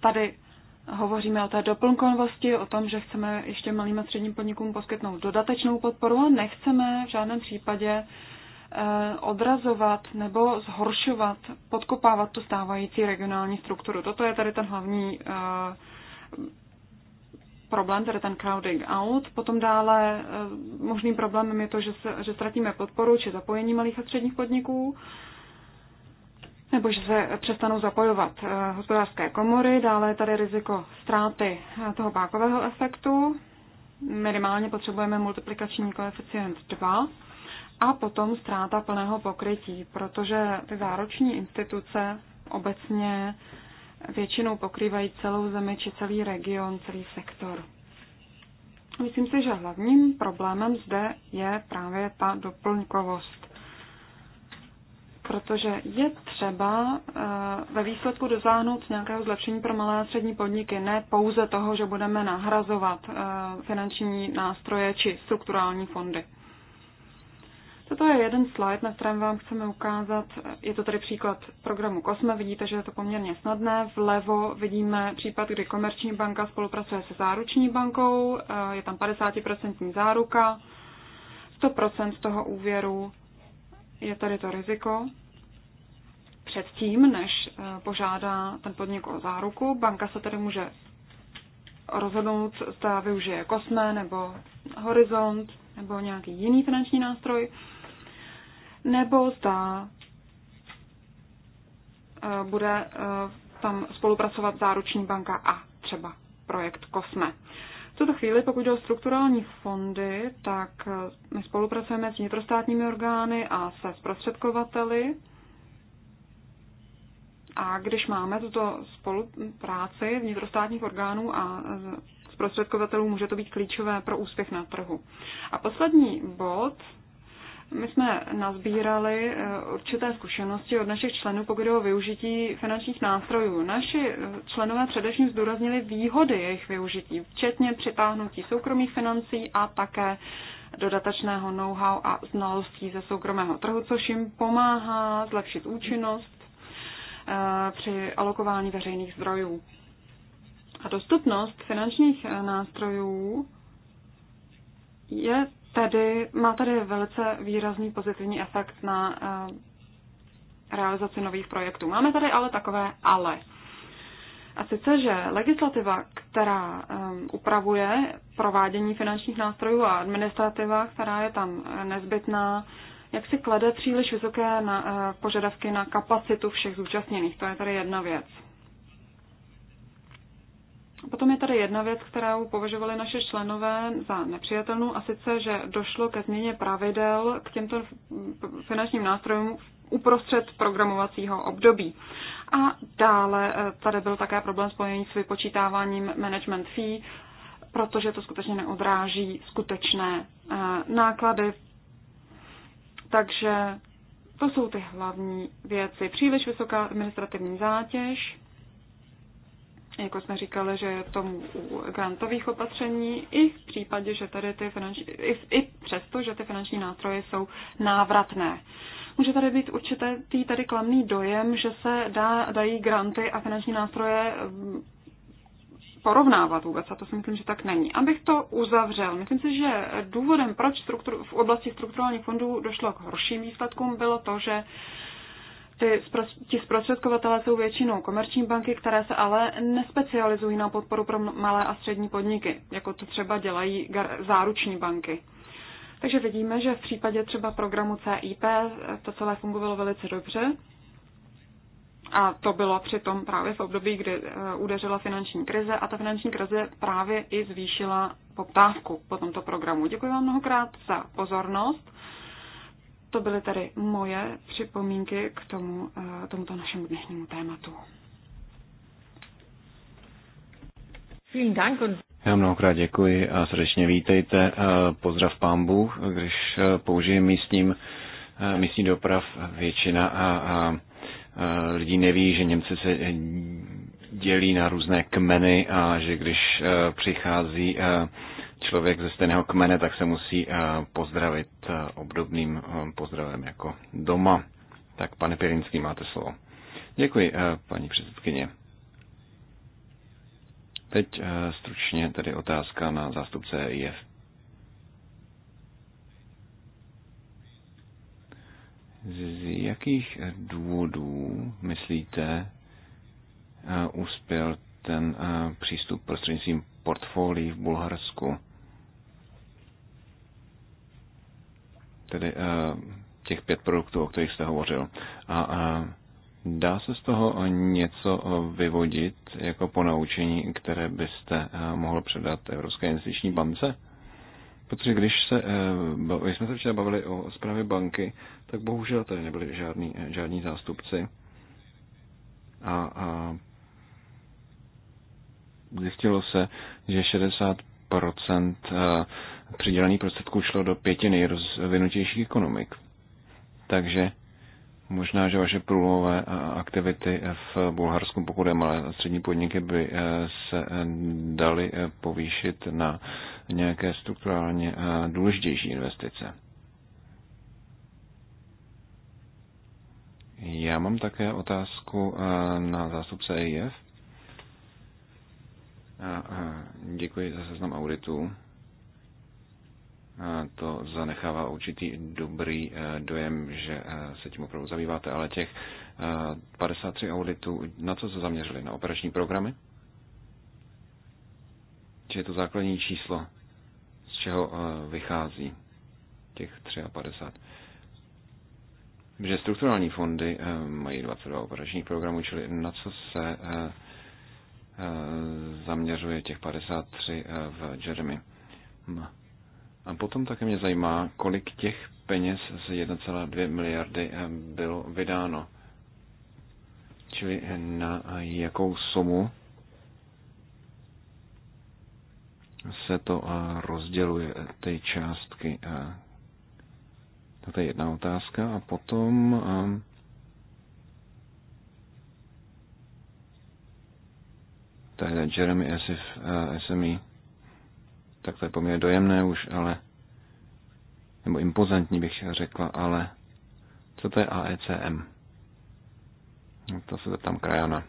tady hovoříme o té doplnkovosti, o tom, že chceme ještě malým a středním podnikům poskytnout dodatečnou podporu a nechceme v žádném případě eh, odrazovat nebo zhoršovat, podkopávat tu stávající regionální strukturu. Toto je tady ten hlavní eh, problém, tedy ten crowding out. Potom dále e, možným problémem je to, že, se, že ztratíme podporu či zapojení malých a středních podniků, nebo že se přestanou zapojovat e, hospodářské komory. Dále je tady riziko ztráty e, toho bákového efektu. Minimálně potřebujeme multiplikační koeficient 2 a potom ztráta plného pokrytí, protože ty zároční instituce obecně většinou pokrývají celou zemi či celý region, celý sektor. Myslím si, že hlavním problémem zde je právě ta doplňkovost. Protože je třeba eh, ve výsledku dosáhnout nějakého zlepšení pro malé a střední podniky, ne pouze toho, že budeme nahrazovat eh, finanční nástroje či strukturální fondy. Toto je jeden slide, na kterém vám chceme ukázat, je to tady příklad programu Kosme. vidíte, že je to poměrně snadné. Vlevo vidíme případ, kdy komerční banka spolupracuje se záruční bankou, je tam 50% záruka, 100% z toho úvěru je tady to riziko. Předtím, než eh, požádá ten podnik o záruku, banka se tedy může rozhodnout, zda využije kosme nebo horizont nebo nějaký jiný finanční nástroj nebo zda eh, bude eh, tam spolupracovat záruční banka a třeba projekt COSME. V tuto chvíli, pokud jde o strukturální fondy, tak eh, my spolupracujeme s vnitrostátními orgány a se zprostředkovateli. A když máme tuto spolupráci vnitrostátních orgánů a zprostředkovatelů, může to být klíčové pro úspěch na trhu. A poslední bod, my jsme nazbírali eh, určité zkušenosti od našich členů, pokud o využití finančních nástrojů. Naši eh, členové především zdůraznili výhody jejich využití, včetně přitáhnutí soukromých financí a také dodatečného know-how a znalostí ze soukromého trhu, což jim pomáhá zlepšit účinnost eh, při alokování veřejných zdrojů. A dostupnost finančních nástrojů je tady, má tady velice výrazný pozitivní efekt na eh, realizaci nových projektů. Máme tady ale takové ale. A sice, že legislativa, která um, upravuje provádění finančních nástrojů a administrativa, která je tam eh, nezbytná, jak si klade příliš vysoké na, uh, požadavky na kapacitu všech zúčastněných. To je tady jedna věc. Potom je tady jedna věc, kterou považovali naše členové za nepřijatelnou, a sice, že došlo ke změně pravidel k těmto finančním nástrojům uprostřed programovacího období. A dále eh, tady byl také problém spojený s vypočítáváním management fee, protože to skutečně neodráží skutečné eh, náklady. Takže to jsou ty hlavní věci. Příliš vysoká administrativní zátěž, jako jsme říkali, že je tomu u grantových opatření, i v případě, že tady ty finanční, i, i přesto, že ty finanční nástroje jsou návratné. Může tady být určitý tady klamný dojem, že se dá, dají granty a finanční nástroje mm, porovnávat vůbec, a to si myslím, že tak není. Abych to uzavřel, myslím si, že důvodem, proč struktur, v oblasti strukturálních fondů došlo k horším výsledkům, bylo to, že uh, ty, ti zprostředkovatele jsou většinou komerční banky, které se ale nespecializují na podporu pro malé a střední podniky, jako to třeba dělají záruční banky. Takže vidíme, že v případě třeba programu CIP to celé fungovalo velice dobře. A to bylo přitom právě v období, kdy eh, udeřila finanční krize a ta finanční krize právě i zvýšila poptávku po tomto programu. Děkuji vám mnohokrát za pozornost. To byly tady moje připomínky k tomu, eh, tomuto našemu dnešnímu tématu. já mnohokrát děkuji a srdečně vítejte. Eh, pozdrav pán Bůh, když eh, použijím místním, místní doprav většina a, a lidí neví, že Němci se dělí na různé kmeny a že když přichází člověk ze stejného kmene, tak se musí eh, pozdravit eh, obdobným eh, pozdravem jako doma. Tak pane Pěrinský, máte slovo. Děkuji, paní předsedkyně. Teď stručně tedy otázka na zástupce IF. Z jakých důvodů, myslíte, uspěl ten přístup prostřednictvím portfolií v Bulharsku? tedy eh, těch pět produktů, o kterých jste hovořil. A eh, dá se z toho něco vyvodit jako ponaučení, které byste eh, mohl předat Evropské investiční bance? Protože když se, když jsme se včera bavili o zprávě banky, tak bohužel tady nebyli žádní, žádní zástupci. A, a zjistilo se, že 60% Přidělený prostředků šlo do pěti nejrozvinutějších ekonomik. Takže možná, že vaše průlové eh, aktivity v Bulharsku, pokud je malé a střední podniky, by eh, se eh, daly povýšit na nějaké strukturálně důležitější investice. Já mám také otázku na zástupce EIF. děkuji za seznam auditů to zanechává určitý dobrý eh, dojem, že eh, se tím opravdu zabýváte, ale těch 53 eh, auditů, na co se zaměřili? Na operační programy? Či je to základní číslo, z čeho vychází těch 53? Že strukturální fondy mají 22 operačních programů, čili na co se zaměřuje těch 53 v Jeremy? Hm. A potom také mě zajímá, kolik těch peněz z 1,2 miliardy eh, bylo vydáno. Čili na jakou sumu se to eh, rozděluje ty částky. Eh? To je jedna otázka. A potom tady je Jeremy Esif, SME tak to je poměrně dojemné už, ale nebo impozantní bych řekla, ale co to je AECM? No, to se zeptám Krajana.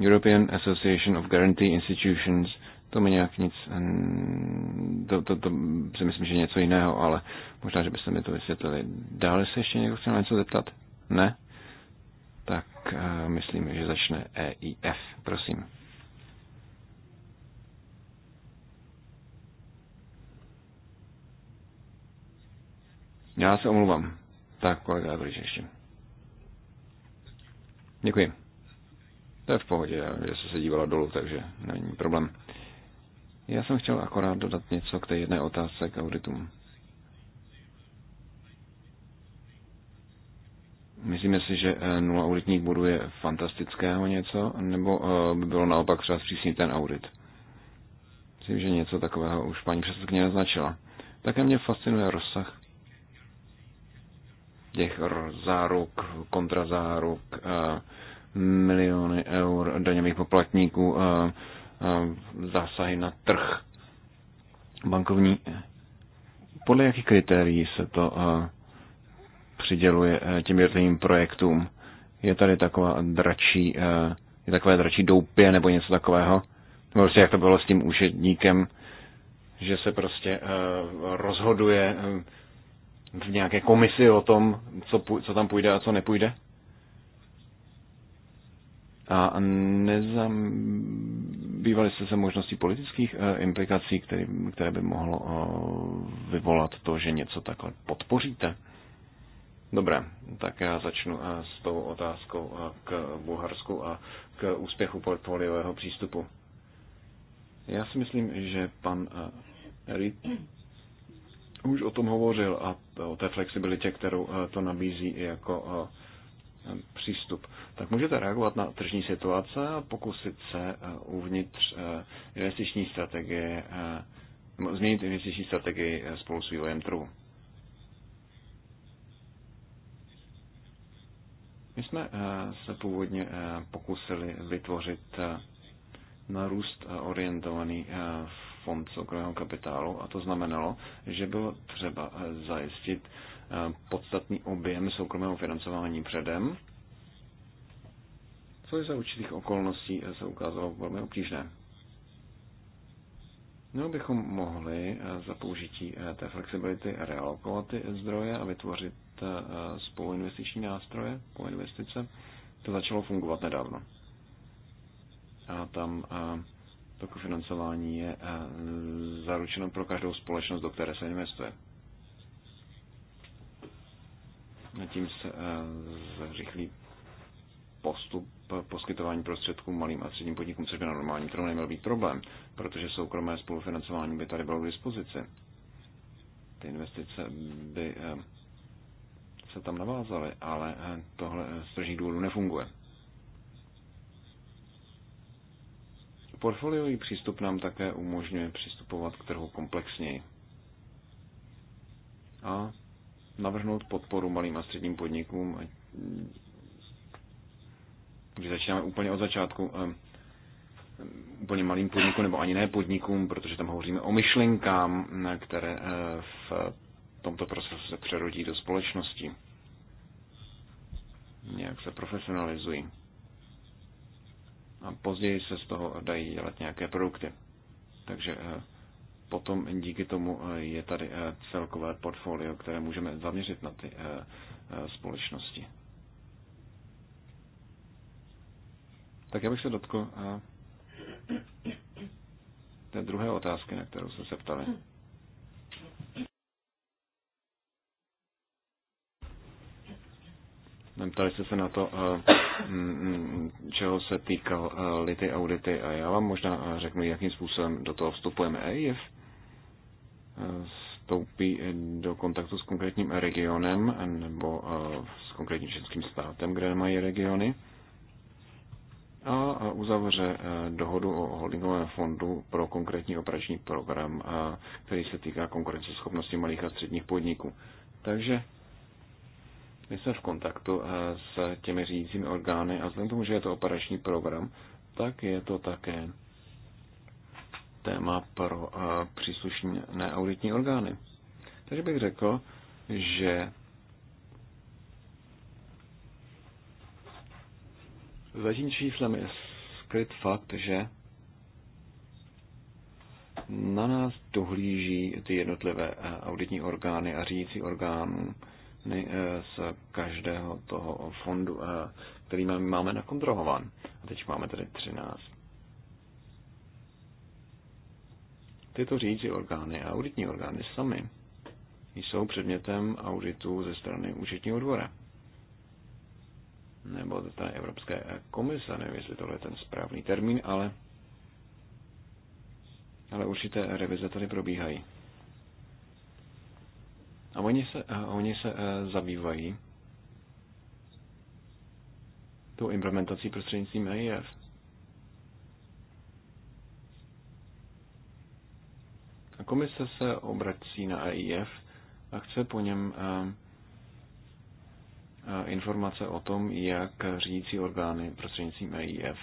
European Association of Guarantee Institutions, to mi nějak nic, to, to, to si myslím, že něco jiného, ale možná, že byste mi to vysvětlili. Dále se ještě někdo chce na něco zeptat? Ne? Tak uh, myslím, že začne EIF, prosím. Já se omluvám. Tak, kolega Adrič ještě. Děkuji. To je v pohodě, že se se dívala dolů, takže není problém. Já jsem chtěl akorát dodat něco k té jedné otázce k auditům. Myslíme si, že eh, nula auditních bodů je fantastického něco, nebo eh, by bylo naopak třeba zpřísnit ten audit? Myslím, že něco takového už paní předsedkyně naznačila. Také mě fascinuje rozsah těch záruk, kontrazáruk, eh, miliony eur daňových poplatníků, eh, eh, zásahy na trh bankovní. Podle jakých kritérií se to přiděluje těm jednotlivým projektům? Je tady taková dračí, je takové dračí doupě nebo něco takového? Nebo prostě jak to bylo s tím úředníkem, že se prostě rozhoduje v nějaké komisi o tom, co, co tam půjde a co nepůjde? A nezabývali jste se možností politických eh, implikací, které, které by mohlo eh, vyvolat to, že něco takhle podpoříte? Dobré, tak já začnu eh, s tou otázkou k Bulharsku a k úspěchu portfoliového přístupu. Já si myslím, že pan Rit už o tom hovořil a o té flexibilitě, kterou eh, to nabízí jako eh, přístup. Tak můžete reagovat na tržní situace a pokusit se eh, uvnitř investiční strategie, změnit investiční strategii spolu s vývojem trhu. My jsme se původně pokusili vytvořit narůst orientovaný fond soukromého kapitálu a to znamenalo, že bylo třeba eh, zajistit eh, podstatný objem soukromého financování předem, což za určitých okolností eh, se ukázalo velmi obtížné. No, bychom mohli za použití té flexibility realokovat ty zdroje a vytvořit spoluinvestiční nástroje, spoluinvestice. To začalo fungovat nedávno. A tam Toto kofinancování je eh, zaručeno pro každou společnost, do které se investuje. A tím se eh, zrychlí postup poskytování prostředků malým a středním podnikům, což by na normální trhu neměl být problém, protože soukromé spolufinancování by tady bylo k dispozici. Ty investice by eh, se tam navázaly, ale tohle z tržních důvodů nefunguje. Portfoliový přístup nám také umožňuje přistupovat k trhu komplexněji a navrhnout podporu malým a středním podnikům. Když začínáme úplně od začátku, eh, úplně malým podnikům, nebo ani ne podnikům, protože tam hovoříme o myšlenkám, které eh, v tomto procesu se přerodí do společnosti. Nějak se profesionalizují a později se z toho dají dělat nějaké produkty. Takže eh, potom díky tomu eh, je tady eh, celkové portfolio, které můžeme zaměřit na ty společnosti. Tak já bych se dotkl té druhé otázky, na kterou jste se ptali. Ptali jste se na to, eh, mm, mm, čeho se týkal eh, lity audity a já vám možná eh, řeknu, jakým způsobem do toho vstupujeme. EIF vstoupí do kontaktu s konkrétním regionem nebo s konkrétním českým státem, kde mají regiony a uzavře dohodu o holdingovém fondu pro konkrétní operační program, který se týká konkurenceschopnosti malých a středních podniků. Takže my jsme v kontaktu eh, s těmi řídícími orgány a vzhledem k tomu, že je to operační program, tak je to také téma pro eh, příslušné auditní orgány. Takže bych řekl, že za tím číslem je skryt fakt, že na nás dohlíží ty jednotlivé eh, auditní orgány a řídící orgány Eh, z každého toho fondu, eh, který máme nakontrolován. A teď máme tady 13. Tyto řídící orgány a auditní orgány sami jsou předmětem auditu ze strany účetního dvora. Nebo ze strany Evropské komise, nevím, jestli tohle je ten správný termín, ale, ale určité revize tady probíhají. A oni se, uh, oni se eh, zabývají tou implementací prostřednictvím EIF. A komise se obrací na EIF a chce po něm eh, informace o tom, jak řídící orgány prostřednictvím EIF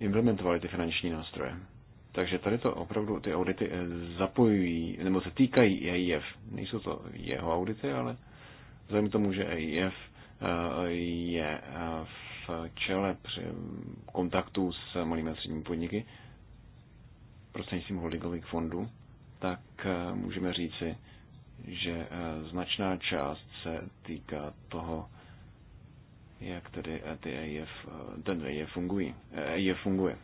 implementovaly ty finanční nástroje. Takže tady to opravdu ty audity eh, zapojují, nebo se týkají EIF. Nejsou to jeho audity, ale vzhledem k tomu, že EIF eh, je eh, v čele při kontaktu s malými a středními podniky prostřednictvím holdingových fondů, tak můžeme říci, že značná část se týká toho, jak tedy ty EIF, ten EIF fungují, EIF funguje.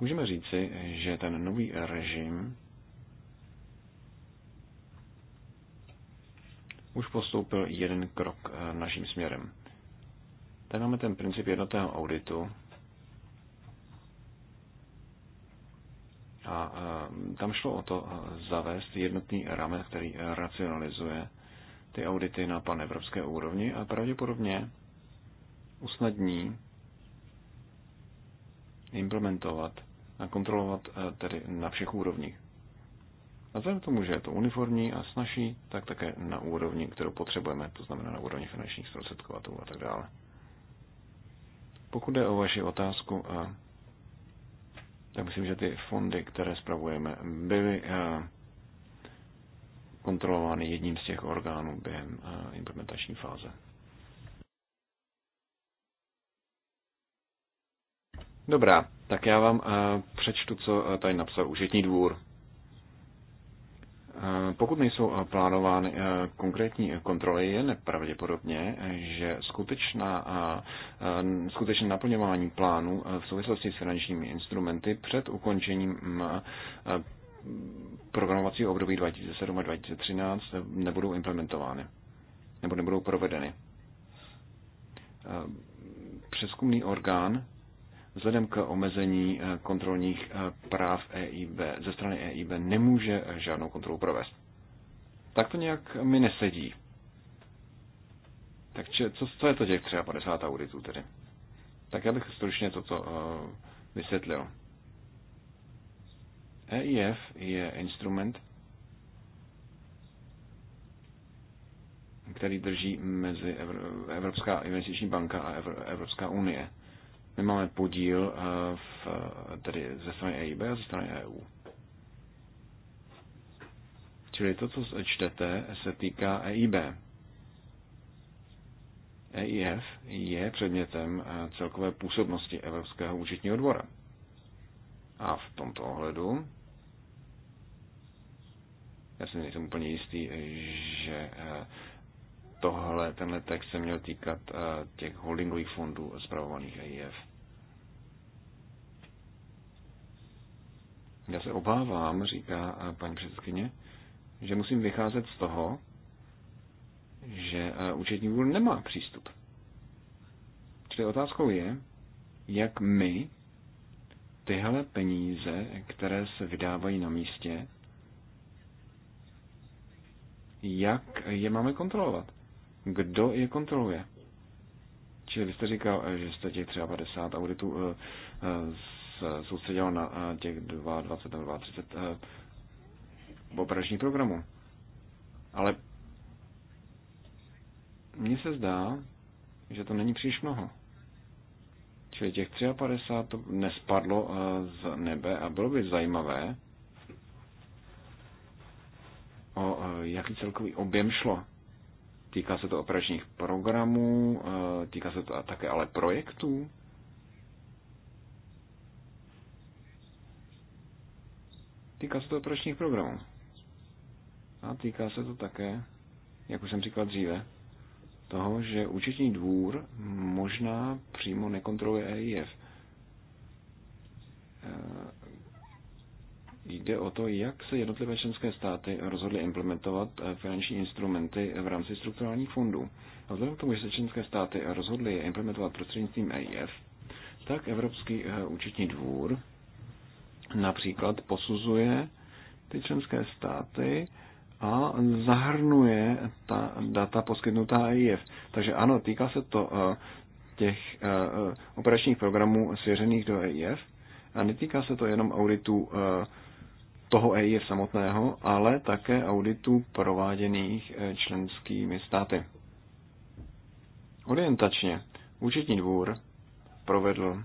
Můžeme říci, že ten nový režim už postoupil jeden krok eh, naším směrem. Tady máme ten princip jednotného auditu. A eh, tam šlo o to eh, zavést jednotný rámec, který racionalizuje ty audity na panevropské úrovni a pravděpodobně usnadní implementovat kontrolovat eh, tedy na všech úrovních. A vzhledem k tomu, že je to uniformní a snaží, tak také na úrovni, kterou potřebujeme, to znamená na úrovni finančních zprostředkovatelů a tak dále. Pokud jde o vaši otázku, eh, tak myslím, že ty fondy, které spravujeme, byly eh, kontrolovány jedním z těch orgánů během implementační fáze. Dobrá, tak já vám eh, přečtu, co eh, tady napsal Užitní dvůr. Eh, pokud nejsou plánovány konkrétní kontroly, je nepravděpodobně, že skutečná, skutečné naplňování plánu v souvislosti s finančními instrumenty před ukončením mm, programovacího období 2007 a 2013 nebudou implementovány nebo nebudou provedeny. Přeskumný orgán Vzhledem k omezení eh, kontrolních eh, práv EIB ze strany EIB nemůže eh, žádnou kontrolu provést. Tak to nějak mi nesedí. Takže co, co je to těch 53 auditů tedy? Tak já bych stručně toto uh, vysvětlil. EIF je instrument, který drží mezi Evropská investiční banka a Evropská unie. My máme podíl eh, v, eh, tedy ze strany EIB a ze strany EU. Čili to, co čtete, se týká EIB. EIF je předmětem eh, celkové působnosti Evropského účetního dvora. A v tomto ohledu já si nejsem úplně jistý, že tohle, tenhle text se měl týkat těch holdingových fondů zpravovaných EIF. Já se obávám, říká eh, paní předsedkyně, že musím vycházet z toho, že eh, účetní dvůr nemá přístup. Čili otázkou je, jak my tyhle peníze, které se vydávají na místě, jak je máme kontrolovat? Kdo je kontroluje? Čili vy jste říkal, eh, že jste těch třeba 50 auditů soustředila na eh, těch 22 nebo 32 eh, operačních programu, Ale mně se zdá, že to není příliš mnoho. Čili těch 53 to nespadlo eh, z nebe a bylo by zajímavé, o jaký celkový objem šlo. Týká se to operačních programů, týká se to také ale projektů. Týká se to operačních programů. A týká se to také, jak už jsem říkal dříve, toho, že účetní dvůr možná přímo nekontroluje EIF. E, jde o to, jak se jednotlivé členské státy rozhodly implementovat e, finanční instrumenty v rámci strukturálních fondů. A vzhledem k tomu, že se členské státy rozhodly implementovat prostřednictvím EIF, tak Evropský e, účetní dvůr například posuzuje ty členské státy a zahrnuje ta data poskytnutá EIF. Takže ano, týká se to eh, těch eh, operačních programů svěřených do EIF a netýká se to jenom auditu eh, toho EIF samotného, ale také auditu prováděných členskými státy. Orientačně účetní dvůr provedl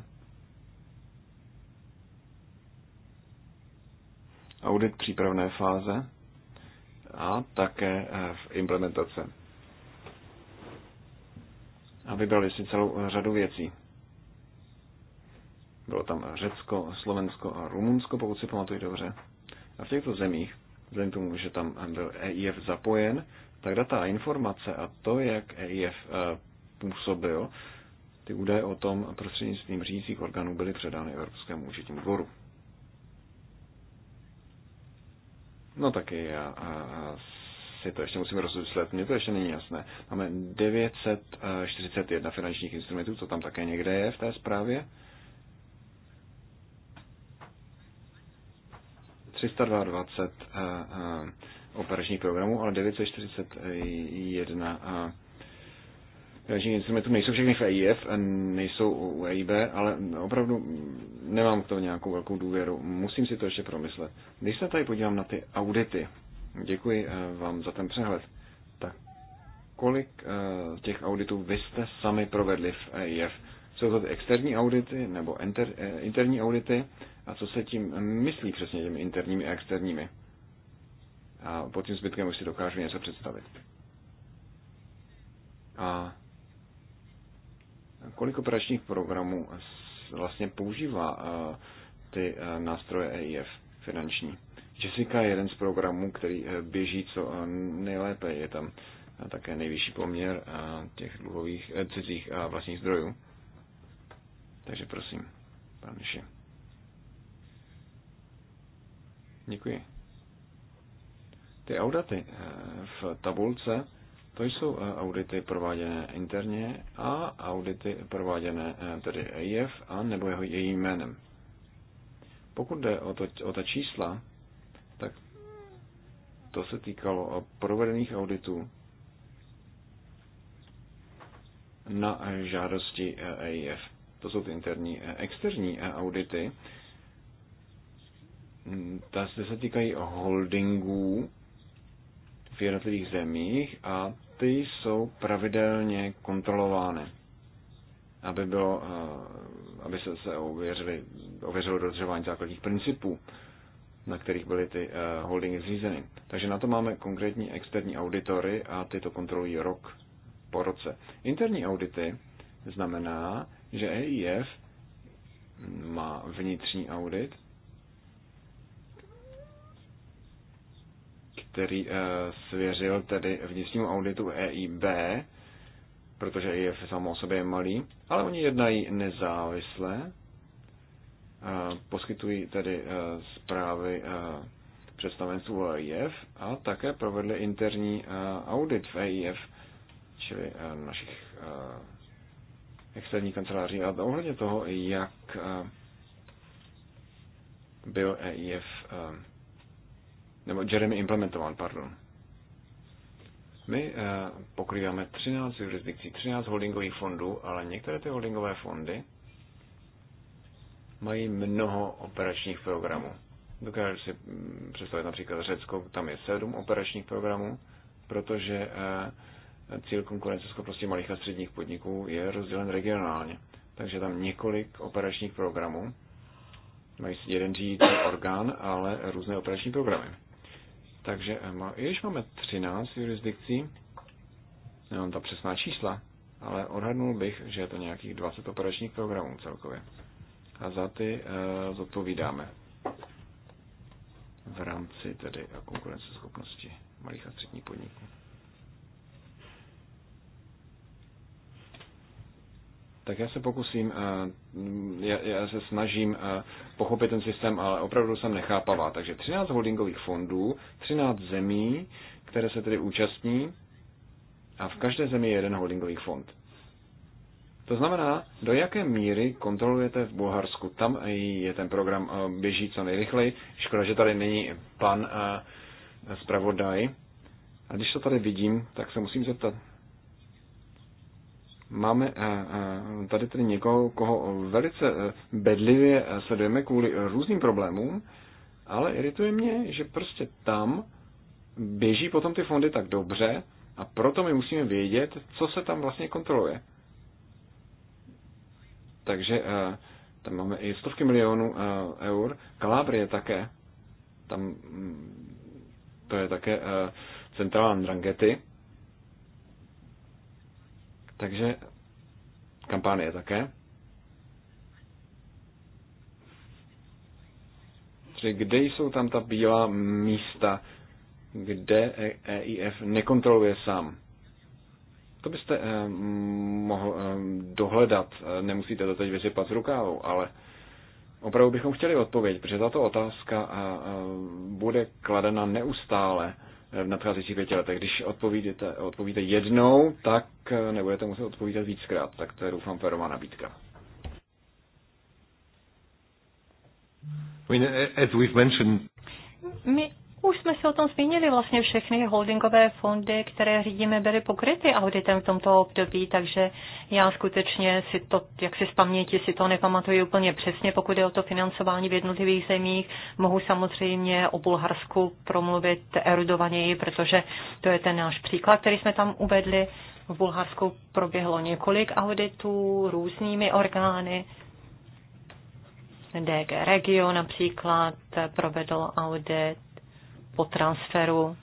audit přípravné fáze a také eh, v implementace. A vybrali si celou řadu věcí. Bylo tam Řecko, Slovensko a Rumunsko, pokud si pamatuju dobře. A v těchto zemích, vzhledem k tomu, že tam byl EIF zapojen, tak data a informace a to, jak EIF eh, působil, ty údaje o tom prostřednictvím řídících orgánů byly předány Evropskému účetnímu dvoru. No taky já a, si to ještě musím rozmyslet, mně to ještě není jasné. Máme 941 finančních instrumentů, to tam také někde je v té zprávě. 322 operačních programů, ale 941 finančních instrumentů nejsou všechny v EIF, nejsou u EIB, ale opravdu nemám k tomu nějakou velkou důvěru. Musím si to ještě promyslet. Když se tady podívám na ty audity, děkuji eh, vám za ten přehled, tak kolik eh, těch auditů vy jste sami provedli v EIF? Jsou to ty externí audity nebo inter, eh, interní audity? A co se tím myslí přesně těmi interními a externími? A pod tím zbytkem už si dokážu něco představit. A Kolik operačních programů vlastně používá eh, ty eh, nástroje EIF finanční? Jessica je jeden z programů, který eh, běží co nejlépe. Je tam také nejvyšší poměr těch dluhových, cizích a vlastních zdrojů. Takže prosím, pan Miši. Děkuji. Ty audaty v tabulce to jsou eh, audity prováděné interně a audity prováděné eh, tedy EIF a nebo jeho jejím jménem. Pokud jde o, to, o ta čísla, tak to se týkalo eh, provedených auditů na žádosti EIF. E to jsou ty interní externí audity. Mm, ta se týkají holdingů v jednotlivých zemích a ty jsou pravidelně kontrolovány, aby, bylo, eh, aby se, se ověřili, ověřilo dodržování základních principů, na kterých byly ty eh, holdingy zřízeny. Takže na to máme konkrétní externí auditory a ty to kontrolují rok po roce. Interní audity znamená, že EIF má vnitřní audit který eh, svěřil tedy vnitřnímu auditu EIB, protože EIF samo o sobě je malý, ale oni jednají nezávisle, eh, poskytují tedy eh, zprávy představenstvu EIF a také provedli interní audit v EIF, čili našich externích kanceláří. A ohledně toho, jak byl EIF nebo Jeremy implementován, pardon. My eh, pokrýváme 13 jurisdikcí, 13 holdingových fondů, ale některé ty holdingové fondy mají mnoho operačních programů. Dokážu si mm, představit například Řecko, tam je 7 operačních programů, protože eh, cíl konkurenceschopnosti malých a středních podniků je rozdělen regionálně. Takže tam několik operačních programů, mají jeden řídící orgán, ale různé operační programy. Takže již eh, máme 13 jurisdikcí, nemám ta přesná čísla, ale odhadnul bych, že je to nějakých 20 operačních programů celkově. A za ty e, zodpovídáme v rámci tedy konkurenceschopnosti malých a středních podniků. Tak já se pokusím, eh, já, já se snažím eh, pochopit ten systém, ale opravdu jsem nechápavá. Takže 13 holdingových fondů, 13 zemí, které se tedy účastní a v každé zemi je jeden holdingový fond. To znamená, do jaké míry kontrolujete v Bulharsku? Tam je ten program eh, běží co nejrychleji. Škoda, že tady není pan zpravodaj. A když to tady vidím, tak se musím zeptat, Máme eh, eh, tady tedy někoho, koho velice eh, bedlivě sledujeme kvůli různým problémům, ale irituje mě, že prostě tam běží potom ty fondy tak dobře a proto my musíme vědět, co se tam vlastně kontroluje. Takže tam máme i stovky milionů eur. Kalábrie také. Tam mm, to je také centrální drangety. Takže je také. Čili kde jsou tam ta bílá místa, kde EIF e nekontroluje sám? To byste eh, mohl eh, dohledat, eh, nemusíte to teď vysypat z rukávu, ale opravdu bychom chtěli odpověď, protože tato otázka eh, eh bude kladena neustále. Eh, v nadcházejících pěti letech. Když odpovíte, odpovíte jednou, tak eh, nebudete muset odpovídat víckrát. Tak to je, doufám, férová nabídka. My, už jsme se o tom zmínili, vlastně všechny holdingové fondy, které řídíme, byly pokryty auditem v tomto období, takže já skutečně si to, jak si z paměti, si to nepamatuju úplně přesně, pokud je o to financování v jednotlivých zemích. Mohu samozřejmě o Bulharsku promluvit erudovaněji, protože to je ten náš příklad, který jsme tam uvedli. V Bulharsku proběhlo několik auditů různými orgány. DG Regio například provedl audit po transferu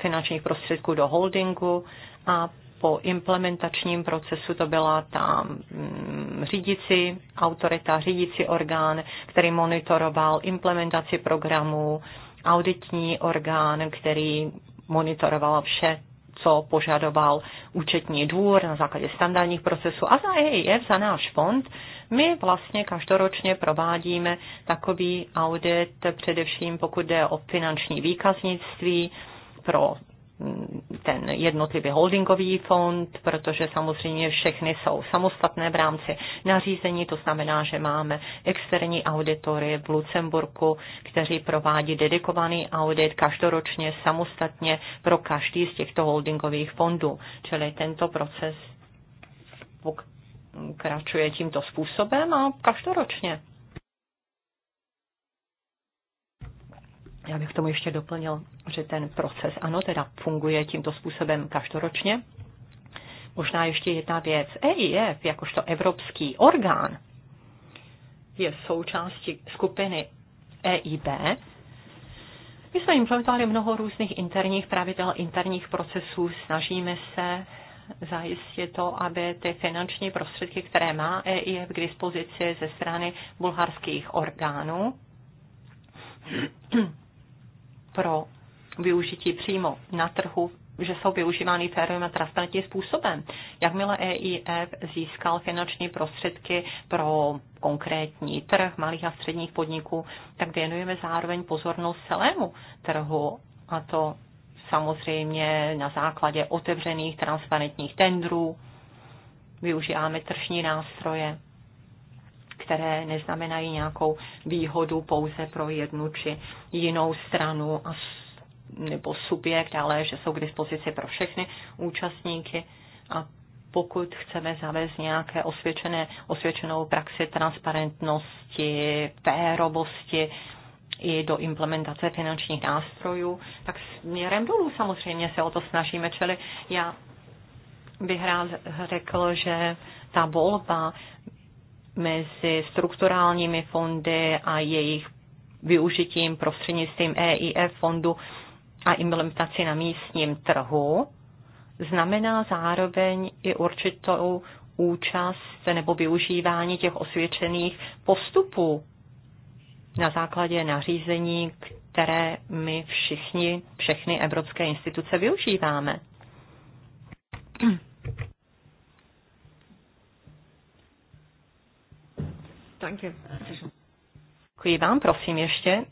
finančních prostředků do holdingu a po implementačním procesu to byla ta mm, řídící autorita, řídící orgán, který monitoroval implementaci programu, auditní orgán, který monitoroval vše co požadoval účetní dvůr na základě standardních procesů. A za EIF, za náš fond, my vlastně každoročně provádíme takový audit, především pokud jde o finanční výkaznictví pro ten jednotlivý holdingový fond, protože samozřejmě všechny jsou samostatné v rámci nařízení, to znamená, že máme externí auditory v Lucemburku, kteří provádí dedikovaný audit každoročně samostatně pro každý z těchto holdingových fondů. Čili tento proces pokračuje tímto způsobem a každoročně. Já bych tomu ještě doplnil, že ten proces, ano, teda funguje tímto způsobem každoročně. Možná ještě jedna věc. EIF, jakožto evropský orgán, je součástí skupiny EIB. My jsme implementovali mnoho různých interních pravidel, interních procesů. Snažíme se zajistit to, aby ty finanční prostředky, které má EIF k dispozici ze strany bulharských orgánů, pro využití přímo na trhu, že jsou využívány férovým a transparentním způsobem. Jakmile EIF získal finanční prostředky pro konkrétní trh malých a středních podniků, tak věnujeme zároveň pozornost celému trhu a to samozřejmě na základě otevřených transparentních tendrů, využíváme tržní nástroje které neznamenají nějakou výhodu pouze pro jednu či jinou stranu a nebo subjekt, ale že jsou k dispozici pro všechny účastníky. A pokud chceme zavést nějaké osvědčené, osvědčenou praxi transparentnosti, férovosti i do implementace finančních nástrojů, tak směrem dolů samozřejmě se o to snažíme. Čili já bych rád řekl, že ta volba mezi strukturálními fondy a jejich využitím prostřednictvím EIF fondu a implementaci na místním trhu, znamená zároveň i určitou účast nebo využívání těch osvědčených postupů na základě nařízení, které my všichni, všechny evropské instituce využíváme. Danke. Děkuji vám, prosím ještě.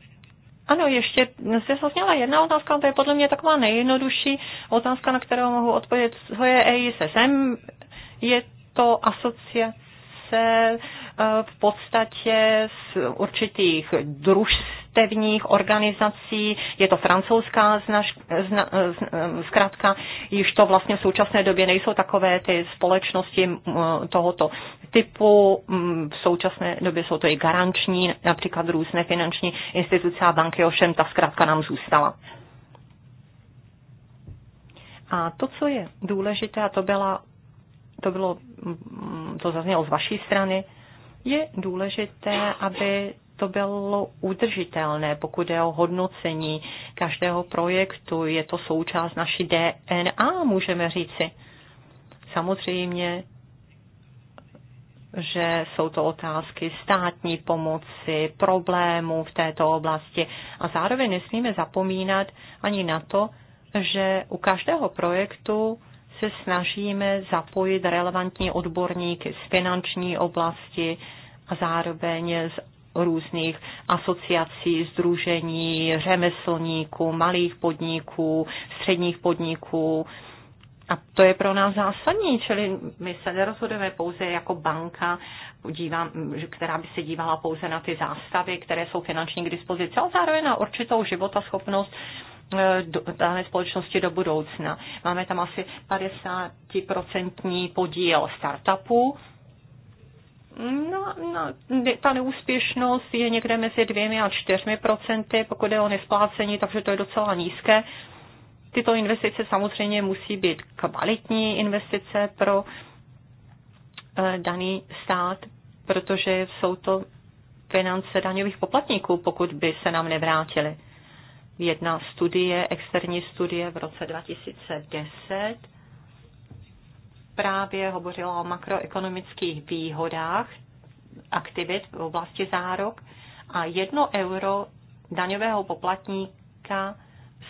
Ano, ještě se zazněla jedna otázka, to je podle mě taková nejjednodušší otázka, na kterou mohu odpovědět, co je EISSM. Je to asociace Eh, v podstatě z určitých družstevních organizací. Je to francouzská znaž, zna, z, eh, zkrátka, již to vlastně v současné době nejsou takové ty společnosti eh, tohoto typu. V současné době jsou to i garanční, například různé finanční instituce a banky, ovšem ta zkrátka nám zůstala. A to, co je důležité, a to, byla, to bylo, to zaznělo z vaší strany, je důležité, aby to bylo udržitelné, pokud je o hodnocení každého projektu. Je to součást naší DNA, můžeme říci. Samozřejmě, že jsou to otázky státní pomoci, problémů v této oblasti. A zároveň nesmíme zapomínat ani na to, že u každého projektu se snažíme zapojit relevantní odborníky z finanční oblasti a zároveň z různých asociací, združení, řemeslníků, malých podniků, středních podniků. A to je pro nás zásadní, čili my se nerozhodujeme pouze jako banka, dívám, která by se dívala pouze na ty zástavy, které jsou finanční k dispozici, ale zároveň na určitou životaschopnost Eh, dané společnosti do budoucna. Máme tam asi 50% podíl startupů, No, no, ta neúspěšnost je někde mezi dvěmi a čtyřmi procenty, pokud je o nesplácení, takže to je docela nízké. Tyto investice samozřejmě musí být kvalitní investice pro eh, daný stát, protože jsou to finance daňových poplatníků, pokud by se nám nevrátily jedna studie, externí studie v roce 2010 právě hovořila o makroekonomických výhodách aktivit v oblasti zárok a jedno euro daňového poplatníka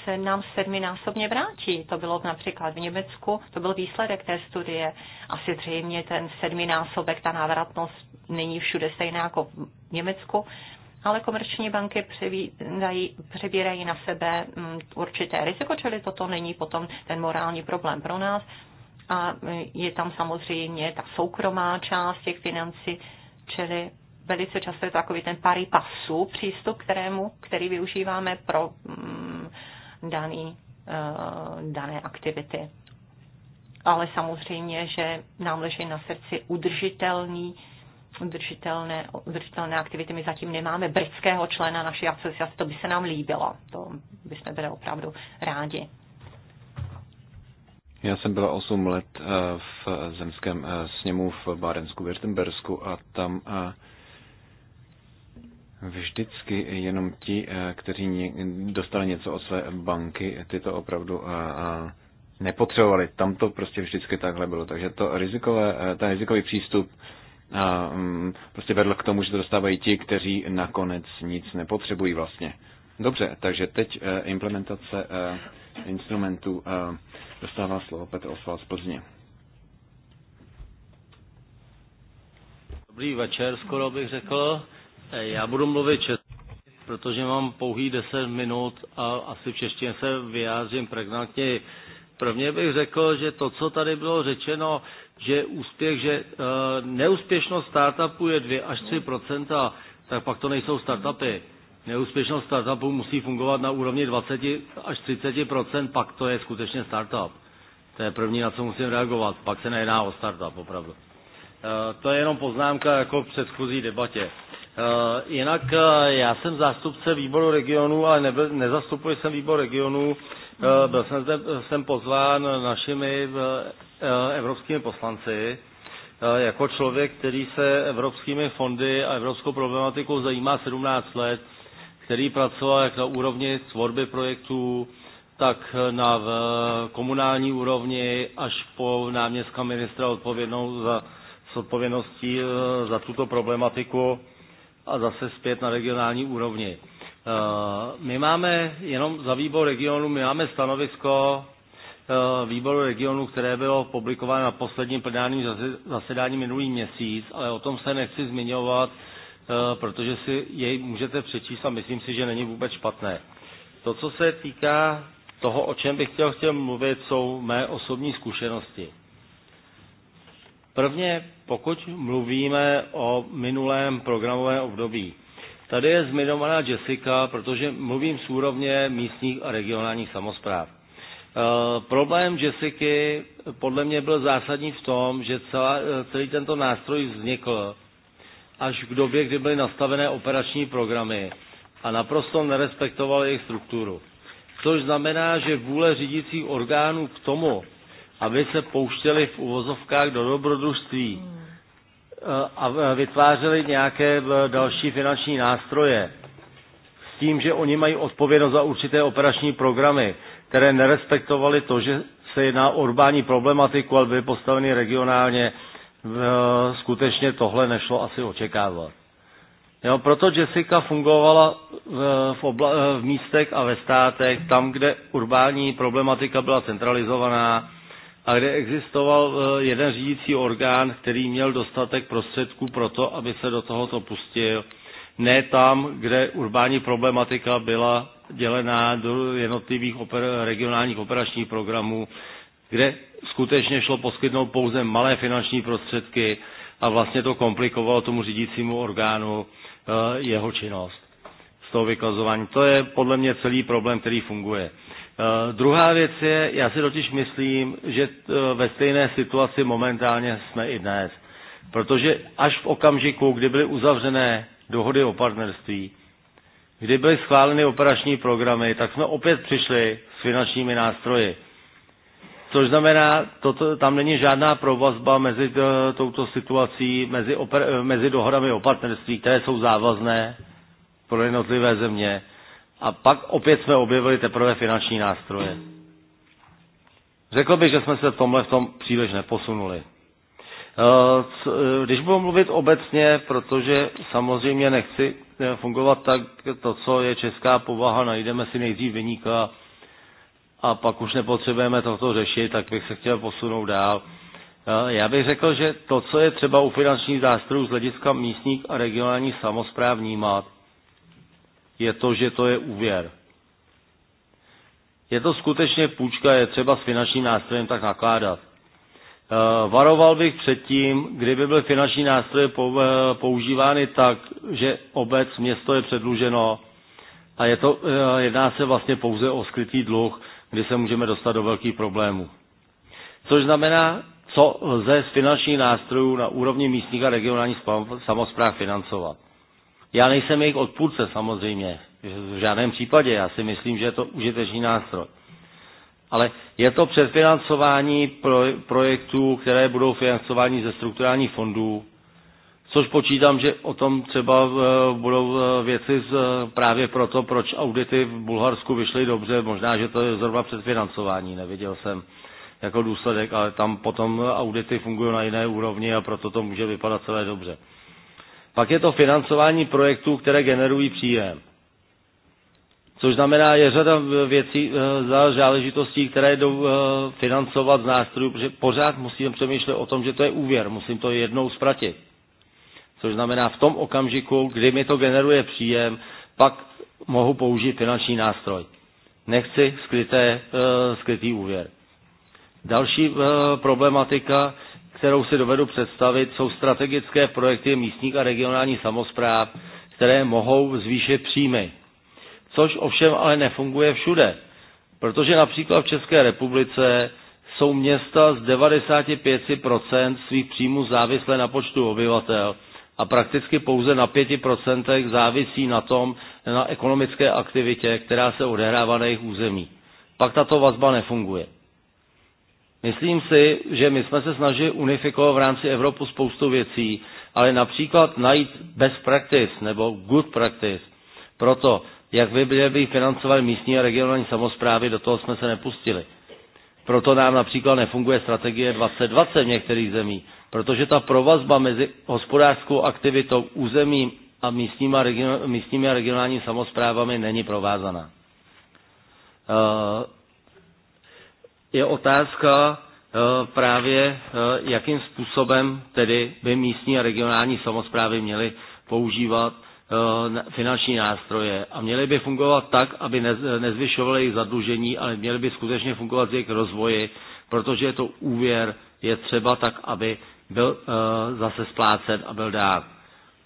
se nám sedminásobně vrátí. To bylo například v Německu, to byl výsledek té studie. Asi zřejmě ten sedminásobek, ta návratnost není všude stejná jako v Německu, ale komerční banky přebírají na sebe mm, určité riziko, čili toto není potom ten morální problém pro nás. A mm, je tam samozřejmě ta soukromá část těch financí, čili velice často je to takový ten pari pasu přístup, kterému, který využíváme pro mm, daný, eh, dané aktivity. Ale samozřejmě, že nám leží na srdci udržitelný uh, udržitelné, udržitelné aktivity. My zatím nemáme britského člena naší asociace, to by se nám líbilo. To bychom byli opravdu rádi. Já jsem byla 8 let eh, v zemském eh, sněmu v Bárensku, Württembersku a tam eh, vždycky jenom ti, kteří dostali něco od své banky, ty to opravdu nepotřebovali. Tam to prostě vždycky takhle bylo. Takže to rizikové, ten rizikový přístup Mm, prostě vedl k tomu, že to dostávají ti, kteří nakonec nic nepotřebují vlastně. Dobře, takže teď eh, implementace eh, instrumentů eh, dostává slovo Petr Osval z Plzně. Dobrý večer, skoro bych řekl. Já budu mluvit česky, protože mám pouhý 10 minut a asi v češtině se vyjádřím pregnantně. Prvně bych řekl, že to, co tady bylo řečeno, že, úspěch, že eh, neúspěšnost startupu je 2 až 3 no. tak pak to nejsou startupy. Neúspěšnost startupu musí fungovat na úrovni 20 až 30 pak to je skutečně startup. To je první, na co musím reagovat. Pak se nejedná o startup, opravdu. Eh, to je jenom poznámka jako v předchozí debatě. Eh, jinak já jsem zástupce výboru regionu, ale nebyl, nezastupuji jsem výbor regionu. Byl jsem, zde, jsem pozván našimi Eh, evropskými poslanci. Eh, jako člověk, který se evropskými fondy a evropskou problematikou zajímá 17 let, který pracoval jak na úrovni tvorby projektů, tak na komunální úrovni až po náměstka ministra odpovědnou za, s odpovědností eh, za tuto problematiku a zase zpět na regionální úrovni. My máme jenom za výbor regionu, my máme stanovisko Eh, výboru regionu, které bylo publikováno na posledním plenárním zasedání minulý měsíc, ale o tom se nechci zmiňovat, eh, protože si jej můžete přečíst a myslím si, že není vůbec špatné. To, co se týká toho, o čem bych chtěl, chtěl mluvit, jsou mé osobní zkušenosti. Prvně, pokud mluvíme o minulém programovém období, tady je zmiňovaná Jessica, protože mluvím z úrovně místních a regionálních samozpráv. Eh, problém Jessica podle mě byl zásadní v tom, že celá, eh, celý tento nástroj vznikl až v době, kdy byly nastavené operační programy a naprosto nerespektoval jejich strukturu. Což znamená, že vůle řídících orgánů k tomu, aby se pouštěli v uvozovkách do dobrodružství hmm. eh, a vytvářeli nějaké další finanční nástroje s tím, že oni mají odpovědnost za určité operační programy, které nerespektovaly to, že se jedná o urbání problematiku, ale byly postaveny regionálně, skutečně tohle nešlo asi očekávat. Jo, proto Jessica fungovala v, v, obla, v místech a ve státech, tam, kde urbání problematika byla centralizovaná a kde existoval eh, jeden řídící orgán, který měl dostatek prostředků pro to, aby se do tohoto pustil, ne tam, kde urbání problematika byla dělená do jednotlivých oper, regionálních operačních programů, kde skutečně šlo poskytnout pouze malé finanční prostředky a vlastně to komplikovalo tomu řídícímu orgánu eh, jeho činnost z toho vykazování. To je podle mě celý problém, který funguje. Eh, druhá věc je, já si totiž myslím, že eh, ve stejné situaci momentálně jsme i dnes. Protože až v okamžiku, kdy byly uzavřené dohody o partnerství, kdy byly schváleny operační programy, tak jsme opět přišli s finančními nástroji. Což znamená, toto, tam není žádná provazba mezi t, eh, touto situací, mezi, oper, eh, mezi dohodami o partnerství, které jsou závazné pro jednotlivé země. A pak opět jsme objevili teprve finanční nástroje. Řekl bych, že jsme se v tomhle v tom příliš neposunuli. Eh, eh, když budu mluvit obecně, protože samozřejmě nechci eh, fungovat tak, to, co je česká povaha, najdeme si nejdřív vyníka a pak už nepotřebujeme toto řešit, tak bych se chtěl posunout dál. Já bych řekl, že to, co je třeba u finančních zástrojů z hlediska místních a regionálních samozpráv vnímat, je to, že to je úvěr. Je to skutečně půjčka, je třeba s finančním nástrojem tak nakládat. Eh, varoval bych před tím, kdyby byly finanční nástroje eh, používány tak, že obec, město je předluženo a je to, eh, jedná se vlastně pouze o skrytý dluh, kdy se můžeme dostat do velkých problémů. Což znamená, co lze z finančních nástrojů na úrovni místních a regionálních samozpráv financovat. Já nejsem jejich odpůrce samozřejmě, v žádném případě. Já si myslím, že je to užitečný nástroj ale je to předfinancování pro, projektů, které budou financovány ze strukturálních fondů, což počítám, že o tom třeba eh, budou eh, věci z, eh, právě proto, proč audity v Bulharsku vyšly dobře, možná, že to je zrovna předfinancování, neviděl jsem jako důsledek, ale tam potom audity fungují na jiné úrovni a proto to může vypadat celé dobře. Pak je to financování projektů, které generují příjem což znamená, je řada věcí, eh, záležitostí, které jdou eh, financovat z nástrojů, protože pořád musíme přemýšlet o tom, že to je úvěr, musím to jednou zpratit. Což znamená, v tom okamžiku, kdy mi to generuje příjem, pak mohu použít finanční nástroj. Nechci skryté, eh, skrytý úvěr. Další problematika, kterou si dovedu představit, jsou strategické projekty místních a regionálních samozpráv, které mohou zvýšit příjmy což ovšem ale nefunguje všude. Protože například v České republice jsou města z 95% svých příjmů závislé na počtu obyvatel a prakticky pouze na 5% závisí na tom, na ekonomické aktivitě, která se odehrává na jejich území. Pak tato vazba nefunguje. Myslím si, že my jsme se snažili unifikovat v rámci Evropu spoustu věcí, ale například najít best practice nebo good practice proto, jak by, by financovali místní a regionální samozprávy, do toho jsme se nepustili. Proto nám například nefunguje strategie 2020 v některých zemí, protože ta provazba mezi hospodářskou aktivitou územím a místními a, místními a regionálními samozprávami není provázaná. Eh, je otázka eh, právě, eh, jakým způsobem tedy by místní a regionální samozprávy měly používat Eh, finanční nástroje a měly by fungovat tak, aby nezvyšovaly jejich zadlužení, ale měly by skutečně fungovat z jejich rozvoji, protože je to úvěr, je třeba tak, aby byl eh, zase splácen a byl dán.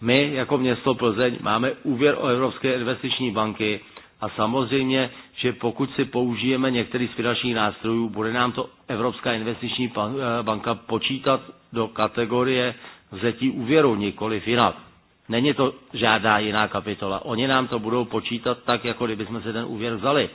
My jako město Plzeň máme úvěr o Evropské investiční banky a samozřejmě, že pokud si použijeme některý z finančních nástrojů, bude nám to Evropská investiční eh, banka počítat do kategorie vzetí úvěru, nikoli jinak. Není to žádná jiná kapitola. Oni nám to budou počítat tak, jako kdyby jsme si ten úvěr vzali.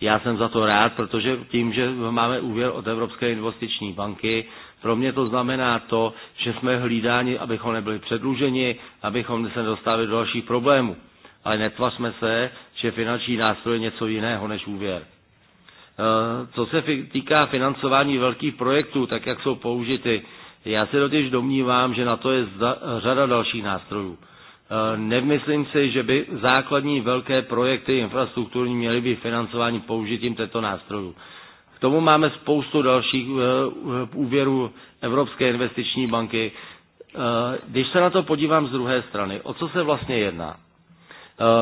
Já jsem za to rád, protože tím, že máme úvěr od Evropské investiční banky, pro mě to znamená to, že jsme hlídáni, abychom nebyli předluženi, abychom se nedostali do dalších problémů. Ale netvařme se, že finanční nástroj je něco jiného než úvěr. E, co se týká financování velkých projektů, tak jak jsou použity, já se totiž domnívám, že na to je řada dalších nástrojů. E, nemyslím si, že by základní velké projekty infrastrukturní měly být financovány použitím této nástrojů. K tomu máme spoustu dalších e, e, úvěrů Evropské investiční banky. Když se na to podívám z druhé strany, o co se vlastně jedná?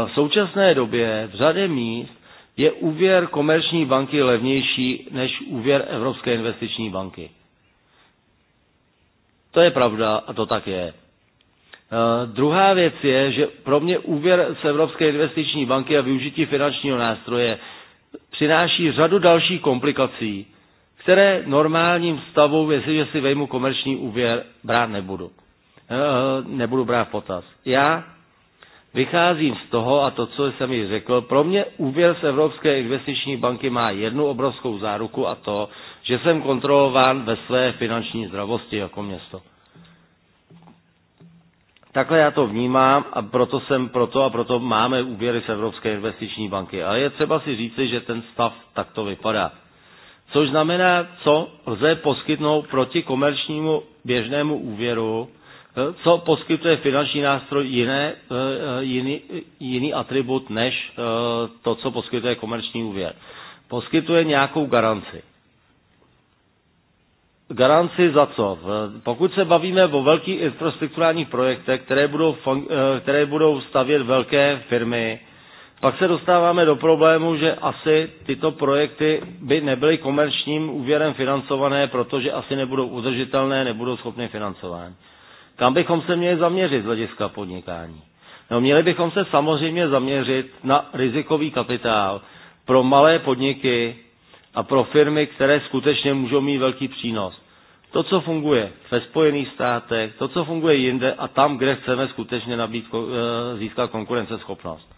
V současné době v řadě míst je úvěr komerční banky levnější než úvěr Evropské investiční banky. To je pravda a to tak je. Uh, druhá věc je, že pro mě úvěr z Evropské investiční banky a využití finančního nástroje přináší řadu dalších komplikací, které normálním stavu, jestliže si vejmu komerční úvěr, brát nebudu. Uh, nebudu brát potaz. Já vycházím z toho, a to, co jsem ji řekl, pro mě úvěr z Evropské investiční banky má jednu obrovskou záruku a to, že jsem kontrolován ve své finanční zdravosti jako město. Takhle já to vnímám a proto jsem proto a proto máme úvěry z Evropské investiční banky. Ale je třeba si říci, že ten stav takto vypadá. Což znamená, co lze poskytnout proti komerčnímu běžnému úvěru, eh, co poskytuje finanční nástroj jiné, eh, eh, jiný, jiný atribut než to, co poskytuje komerční úvěr. Poskytuje nějakou garanci. Garanci za co? Pokud se bavíme o velkých infrastrukturálních projektech, které budou, eh, které budou stavět velké firmy, pak se dostáváme do problému, že asi tyto projekty by nebyly komerčním úvěrem financované, protože asi nebudou udržitelné, nebudou schopny financování. Kam bychom se měli zaměřit z hlediska podnikání? No, měli bychom se samozřejmě zaměřit na rizikový kapitál pro malé podniky, a pro firmy, které skutečně můžou mít velký přínos. To, co funguje ve Spojených státech, to, co funguje jinde a tam, kde chceme skutečně nabít, eh, získat konkurenceschopnost.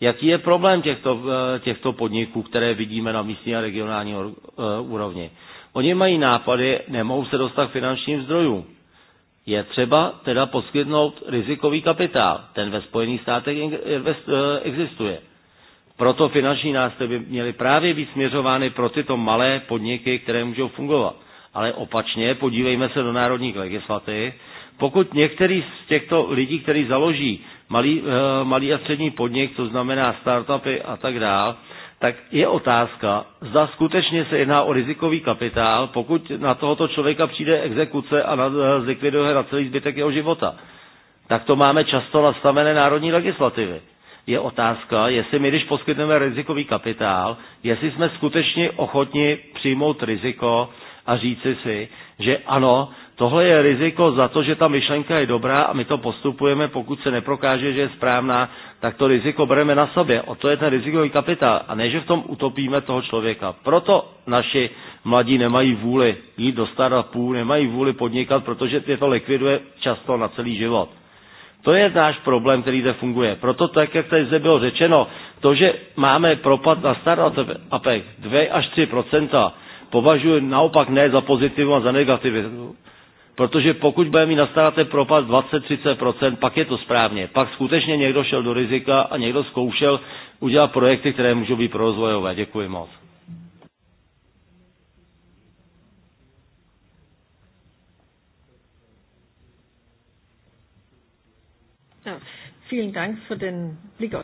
Jaký je problém těchto, eh, těchto podniků, které vidíme na místní a regionální eh, úrovni? Oni mají nápady, nemohou se dostat k finančním zdrojům. Je třeba teda poskytnout rizikový kapitál. Ten ve Spojených státech existuje. Proto finanční nástroje by měly právě být směřovány pro tyto malé podniky, které můžou fungovat. Ale opačně, podívejme se do národních legislativ. Pokud některý z těchto lidí, který založí malý, eh, malý a střední podnik, to znamená startupy a tak dál, tak je otázka, zda skutečně se jedná o rizikový kapitál, pokud na tohoto člověka přijde exekuce a eh, zlikviduje na celý zbytek jeho života. Tak to máme často nastavené národní legislativy je otázka, jestli my, když poskytneme rizikový kapitál, jestli jsme skutečně ochotni přijmout riziko a říci si, že ano, tohle je riziko za to, že ta myšlenka je dobrá a my to postupujeme, pokud se neprokáže, že je správná, tak to riziko bereme na sobě. O to je ten rizikový kapitál. A ne, že v tom utopíme toho člověka. Proto naši mladí nemají vůli jít do startupů, nemají vůli podnikat, protože je to likviduje často na celý život. To je náš problém, který zde funguje. Proto tak, jak tady zde bylo řečeno, to, že máme propad na startupech 2 až 3 považuji naopak ne za pozitivu a za negativitu. Protože pokud budeme mít na startupech propad 20-30%, pak je to správně. Pak skutečně někdo šel do rizika a někdo zkoušel udělat projekty, které můžou být rozvojové. Děkuji moc. Vielen Dank für den Blick.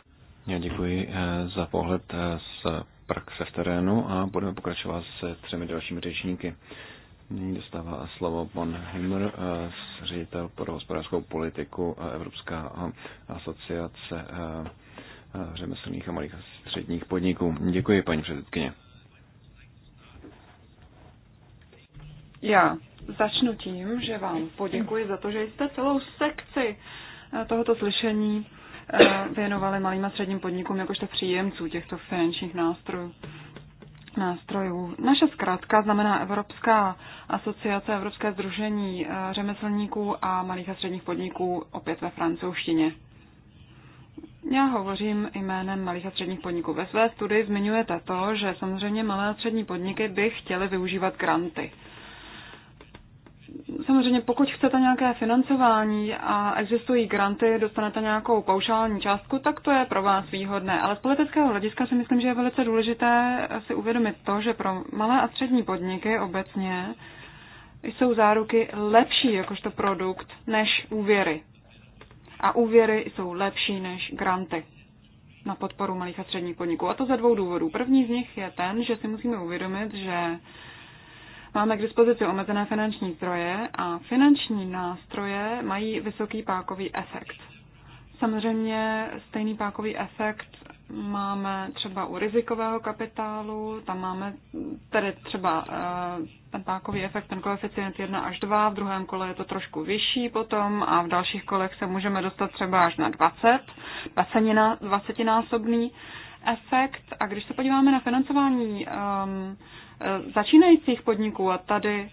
Já děkuji eh, za pohled eh, z praxe v terénu a budeme pokračovat se třemi dalšími řečníky. Nyní dostává slovo pan Himmer, eh, ředitel pro hospodářskou politiku a Evropská asociace řemeslných a malých a středních podniků. Děkuji, paní předsedkyně. Já začnu tím, že vám poděkuji za to, že jste celou sekci tohoto slyšení eh, věnovali malým a středním podnikům jakožto příjemců těchto finančních nástrojů. Nástrojů. Naše zkrátka znamená Evropská asociace, Evropské združení eh, řemeslníků a malých a středních podniků opět ve francouzštině. Já hovořím jménem malých a středních podniků. Ve své studii zmiňujete to, že samozřejmě malé a střední podniky by chtěly využívat granty samozřejmě pokud chcete nějaké financování a existují granty, dostanete nějakou paušální částku, tak to je pro vás výhodné. Ale z politického hlediska si myslím, že je velice důležité si uvědomit to, že pro malé a střední podniky obecně jsou záruky lepší jakožto produkt než úvěry. A úvěry jsou lepší než granty na podporu malých a středních podniků. A to ze dvou důvodů. První z nich je ten, že si musíme uvědomit, že Máme k dispozici omezené finanční zdroje a finanční nástroje mají vysoký pákový efekt. Samozřejmě stejný pákový efekt máme třeba u rizikového kapitálu, tam máme tedy třeba eh, ten pákový efekt, ten koeficient 1 až 2, v druhém kole je to trošku vyšší potom a v dalších kolech se můžeme dostat třeba až na 20, 20 násobný efekt. A když se podíváme na financování um, Eh, začínajících podniků a tady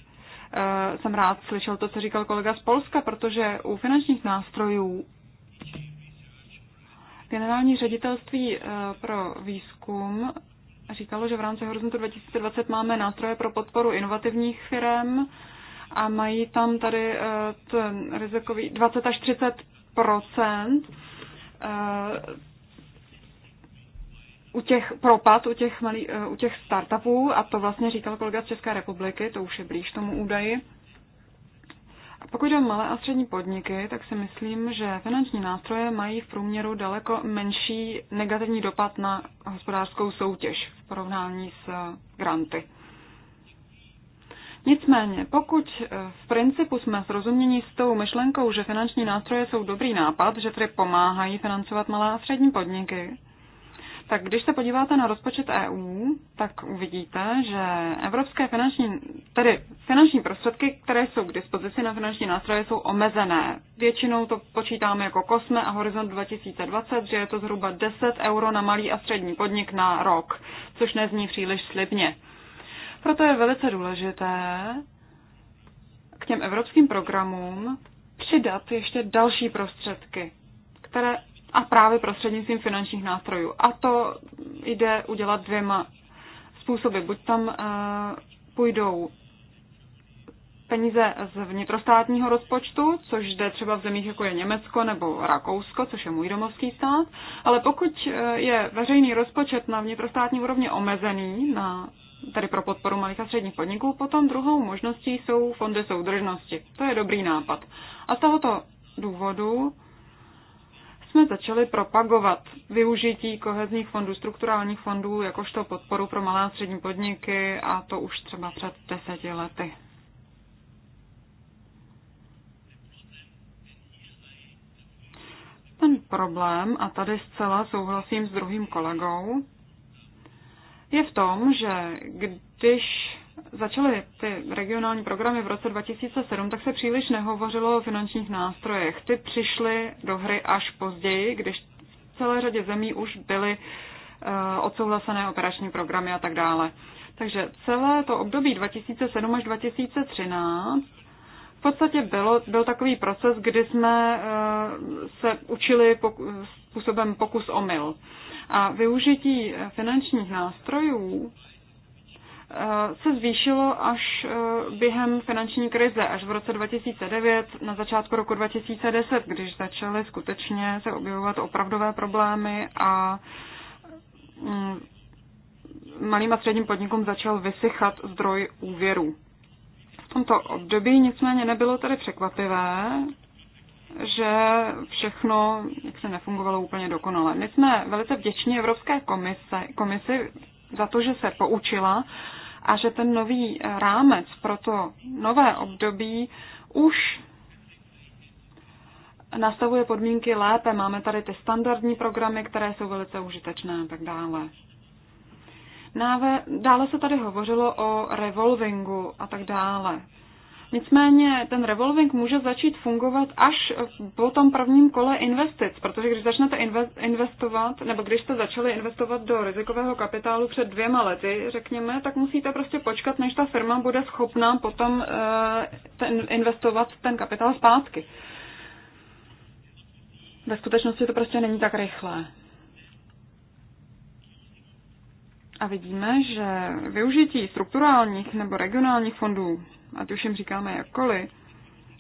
eh, jsem rád slyšel to, co říkal kolega z Polska, protože u finančních nástrojů generální ředitelství eh, pro výzkum říkalo, že v rámci Horizontu 2020 máme nástroje pro podporu inovativních firm a mají tam tady ten rizikový 20 až 30 procent u těch propad, u těch, malý, eh, u těch startupů, a to vlastně říkal kolega z České republiky, to už je blíž tomu údaji. A pokud jde o malé a střední podniky, tak si myslím, že finanční nástroje mají v průměru daleko menší negativní dopad na hospodářskou soutěž v porovnání s eh, granty. Nicméně, pokud eh, v principu jsme srozuměni s tou myšlenkou, že finanční nástroje jsou dobrý nápad, že tedy pomáhají financovat malé a střední podniky, tak když se podíváte na rozpočet EU, tak uvidíte, že evropské finanční, tedy finanční prostředky, které jsou k dispozici na finanční nástroje, jsou omezené. Většinou to počítáme jako kosme a horizont 2020, že je to zhruba 10 euro na malý a střední podnik na rok, což nezní příliš slibně. Proto je velice důležité k těm evropským programům přidat ještě další prostředky, které a právě prostřednictvím finančních nástrojů. A to jde udělat dvěma způsoby. Buď tam uh, půjdou peníze z vnitrostátního rozpočtu, což jde třeba v zemích jako je Německo nebo Rakousko, což je můj domovský stát, ale pokud eh, je veřejný rozpočet na vnitrostátní úrovni omezený na tedy pro podporu malých a středních podniků, potom druhou možností jsou fondy soudržnosti. To je dobrý nápad. A z tohoto důvodu jsme začali propagovat využití kohezních fondů, strukturálních fondů, jakožto podporu pro malé a střední podniky a to už třeba před deseti lety. Ten problém, a tady zcela souhlasím s druhým kolegou, je v tom, že když začaly ty regionální programy v roce 2007, tak se příliš nehovořilo o finančních nástrojech. Ty přišly do hry až později, když v celé řadě zemí už byly eh, odsouhlasené operační programy a tak dále. Takže celé to období 2007 až 2013 v podstatě bylo, byl takový proces, kdy jsme eh, se učili poku, způsobem pokus omyl. A využití eh, finančních nástrojů se zvýšilo až eh, během finanční krize, až v roce 2009, na začátku roku 2010, když začaly skutečně se objevovat opravdové problémy a mm, malým a středním podnikům začal vysychat zdroj úvěrů. V tomto období nicméně nebylo tedy překvapivé, že všechno jak se nefungovalo úplně dokonale. My jsme velice vděční Evropské komise, komisi za to, že se poučila a že ten nový rámec pro to nové období už nastavuje podmínky lépe. Máme tady ty standardní programy, které jsou velice užitečné a tak dále. dále se tady hovořilo o revolvingu a tak dále. Nicméně ten revolving může začít fungovat až po tom prvním kole investic, protože když začnete investovat, nebo když jste začali investovat do rizikového kapitálu před dvěma lety, řekněme, tak musíte prostě počkat, než ta firma bude schopná potom eh, ten, investovat ten kapitál zpátky. Ve skutečnosti to prostě není tak rychlé. A vidíme, že využití strukturálních nebo regionálních fondů ať už jim říkáme jakkoliv,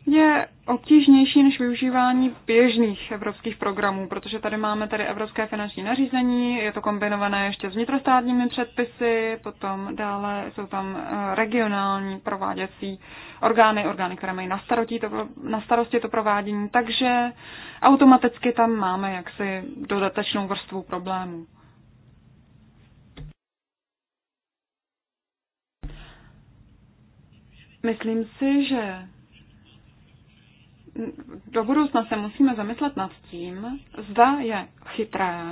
je obtížnější než využívání běžných evropských programů, protože tady máme tady evropské finanční nařízení, je to kombinované ještě s vnitrostátními předpisy, potom dále jsou tam eh, regionální prováděcí orgány, orgány, které mají na, starotí to, na starosti to provádění, takže automaticky tam máme jaksi dodatečnou vrstvu problémů. Myslím si, že do budoucna se musíme zamyslet nad tím, zda je chytré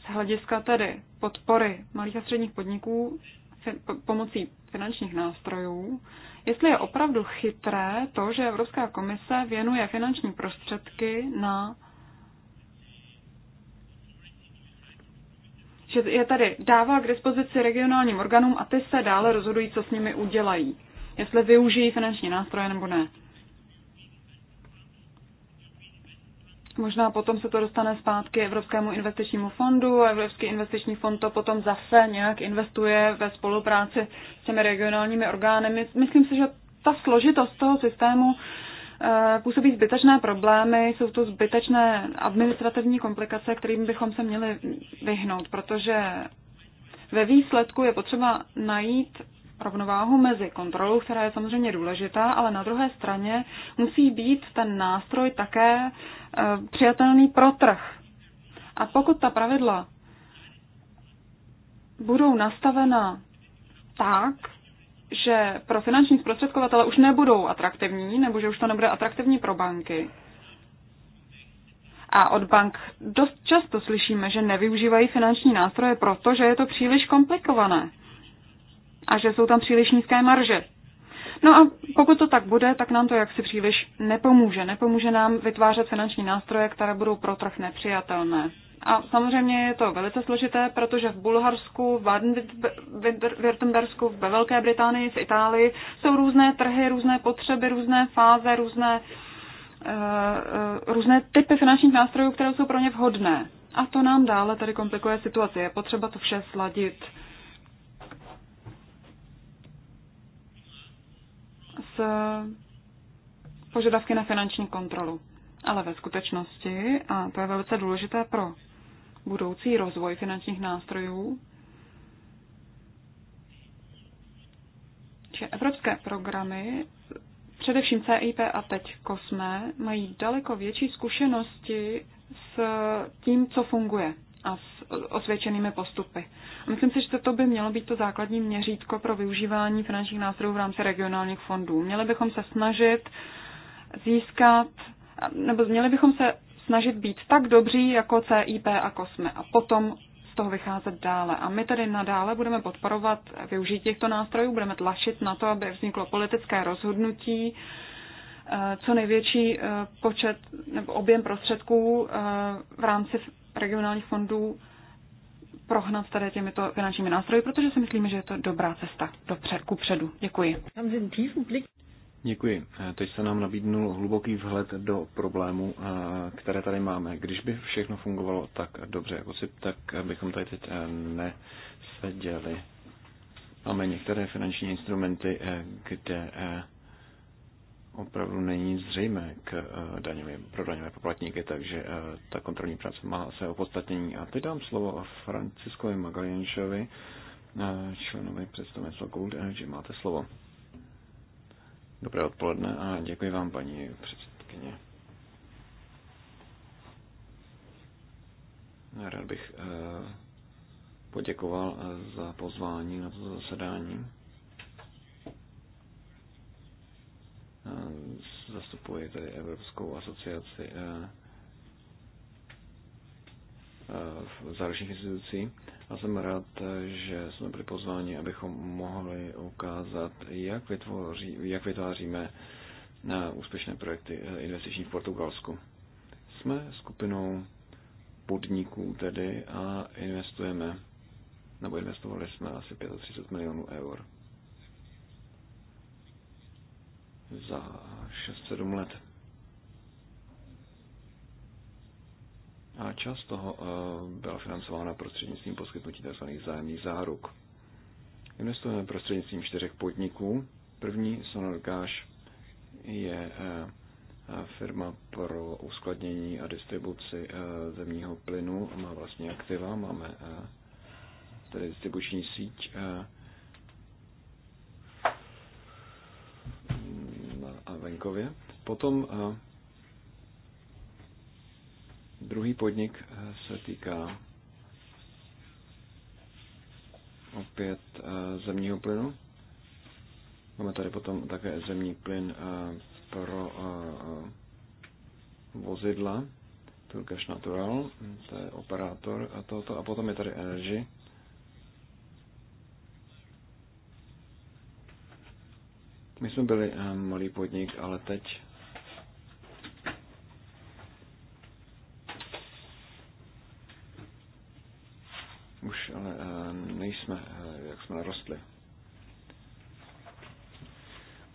z hlediska tedy podpory malých a středních podniků pomocí finančních nástrojů, jestli je opravdu chytré to, že Evropská komise věnuje finanční prostředky na že je tady dává k dispozici regionálním orgánům a ty se dále rozhodují, co s nimi udělají. Jestli využijí finanční nástroje nebo ne. Možná potom se to dostane zpátky Evropskému investičnímu fondu a Evropský investiční fond to potom zase nějak investuje ve spolupráci s těmi regionálními orgány. Myslím si, že ta složitost toho systému Eh, působí zbytečné problémy, jsou to zbytečné administrativní komplikace, kterým bychom se měli vyhnout, protože ve výsledku je potřeba najít rovnováhu mezi kontrolou, která je samozřejmě důležitá, ale na druhé straně musí být ten nástroj také eh, přijatelný pro trh. A pokud ta pravidla budou nastavena tak, že pro finanční zprostředkovatele už nebudou atraktivní, nebo že už to nebude atraktivní pro banky. A od bank dost často slyšíme, že nevyužívají finanční nástroje, protože je to příliš komplikované a že jsou tam příliš nízké marže. No a pokud to tak bude, tak nám to jaksi příliš nepomůže. Nepomůže nám vytvářet finanční nástroje, které budou pro trh nepřijatelné. A samozřejmě je to velice složité, protože v Bulharsku, v Baden-Württembersku, ve Velké Británii, v Itálii jsou různé trhy, různé potřeby, různé fáze, různé, eh, eh, různé typy finančních nástrojů, které jsou pro ně vhodné. A to nám dále tady komplikuje situaci. Je potřeba to vše sladit s požadavky na finanční kontrolu. Ale ve skutečnosti, a to je velice důležité pro budoucí rozvoj finančních nástrojů, že evropské programy, především CIP a teď COSME, mají daleko větší zkušenosti s tím, co funguje a s osvědčenými postupy. A myslím si, že to by mělo být to základní měřítko pro využívání finančních nástrojů v rámci regionálních fondů. Měli bychom se snažit získat, nebo měli bychom se snažit být tak dobří jako CIP a COSME a potom z toho vycházet dále. A my tedy nadále budeme podporovat využití těchto nástrojů, budeme tlačit na to, aby vzniklo politické rozhodnutí, eh, co největší eh, počet nebo objem prostředků eh, v rámci regionálních fondů prohnat tady těmito finančními nástroji, protože si myslíme, že je to dobrá cesta do před, ku předu. Děkuji. Děkuji. Eh, teď se nám nabídnul hluboký vhled do problémů, eh, které tady máme. Když by všechno fungovalo tak dobře jako si, tak bychom tady teď eh, neseděli. Máme některé finanční instrumenty, kde opravdu není zřejmé k daňově, pro daňové poplatníky, takže ta kontrolní práce má své opodstatnění. A teď dám slovo Franciskovi Magalienšovi, členovi představenstva Gold Energy. Máte slovo. Dobré odpoledne a děkuji vám, paní předsedkyně. Rád bych eh, poděkoval eh, za pozvání na toto zasedání. Eh, zastupuji tedy Evropskou asociaci zahraničních institucí a jsem rád, že jsme byli pozváni, abychom mohli ukázat, jak, vytvoří, jak vytváříme eh, úspěšné projekty eh, investiční v Portugalsku. Jsme skupinou podniků tedy a investujeme, nebo investovali jsme asi 35 milionů eur za 6-7 let. a část toho eh, byla financována prostřednictvím poskytnutí tzv. zájemných záruk. Investujeme prostřednictvím čtyřech podniků. První, Sonorgáš, je eh, firma pro uskladnění a distribuci eh, zemního plynu. Má vlastně aktiva, máme tedy distribuční síť na venkově. Potom Druhý podnik eh, se týká opět eh, zemního plynu. Máme tady potom také zemní plyn eh, pro vozidla, Turkish Natural, to je operátor a toto. A potom je tady Energy. My jsme byli malý podnik, ale teď Už ale eh, nejsme, eh, jak jsme narostli.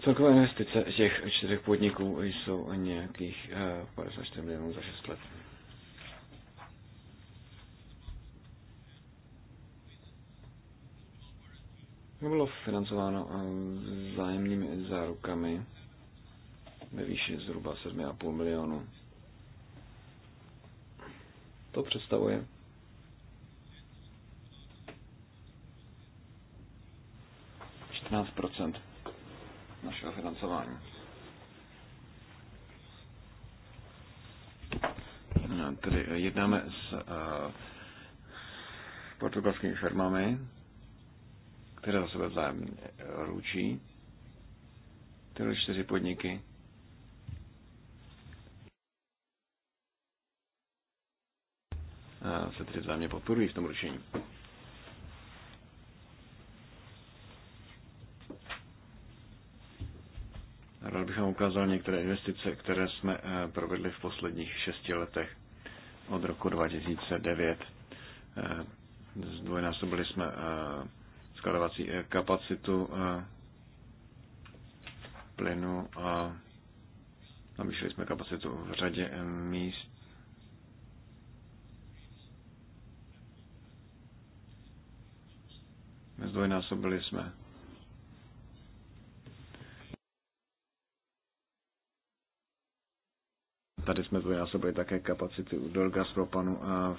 Celkové investice těch čtyřech podniků jsou nějakých 54 eh, milionů za 6 let. Bylo financováno zájemnými zárukami ve výši zhruba 7,5 milionů. To představuje 15 našeho financování. No, tedy jednáme s eh, portugalskými firmami, které za sebe vzájemně eh, ručí. Tyhle čtyři podniky eh, se tedy vzájemně podporují v tom ručení. Rád bych vám ukázal některé investice, které jsme eh, provedli v posledních šesti letech od roku 2009. Eh, zdvojnásobili jsme eh, skladovací kapacitu plynu a navýšili jsme kapacitu v řadě míst. Zdvojnásobili jsme Tady jsme zdvojnásobili také kapacity u a v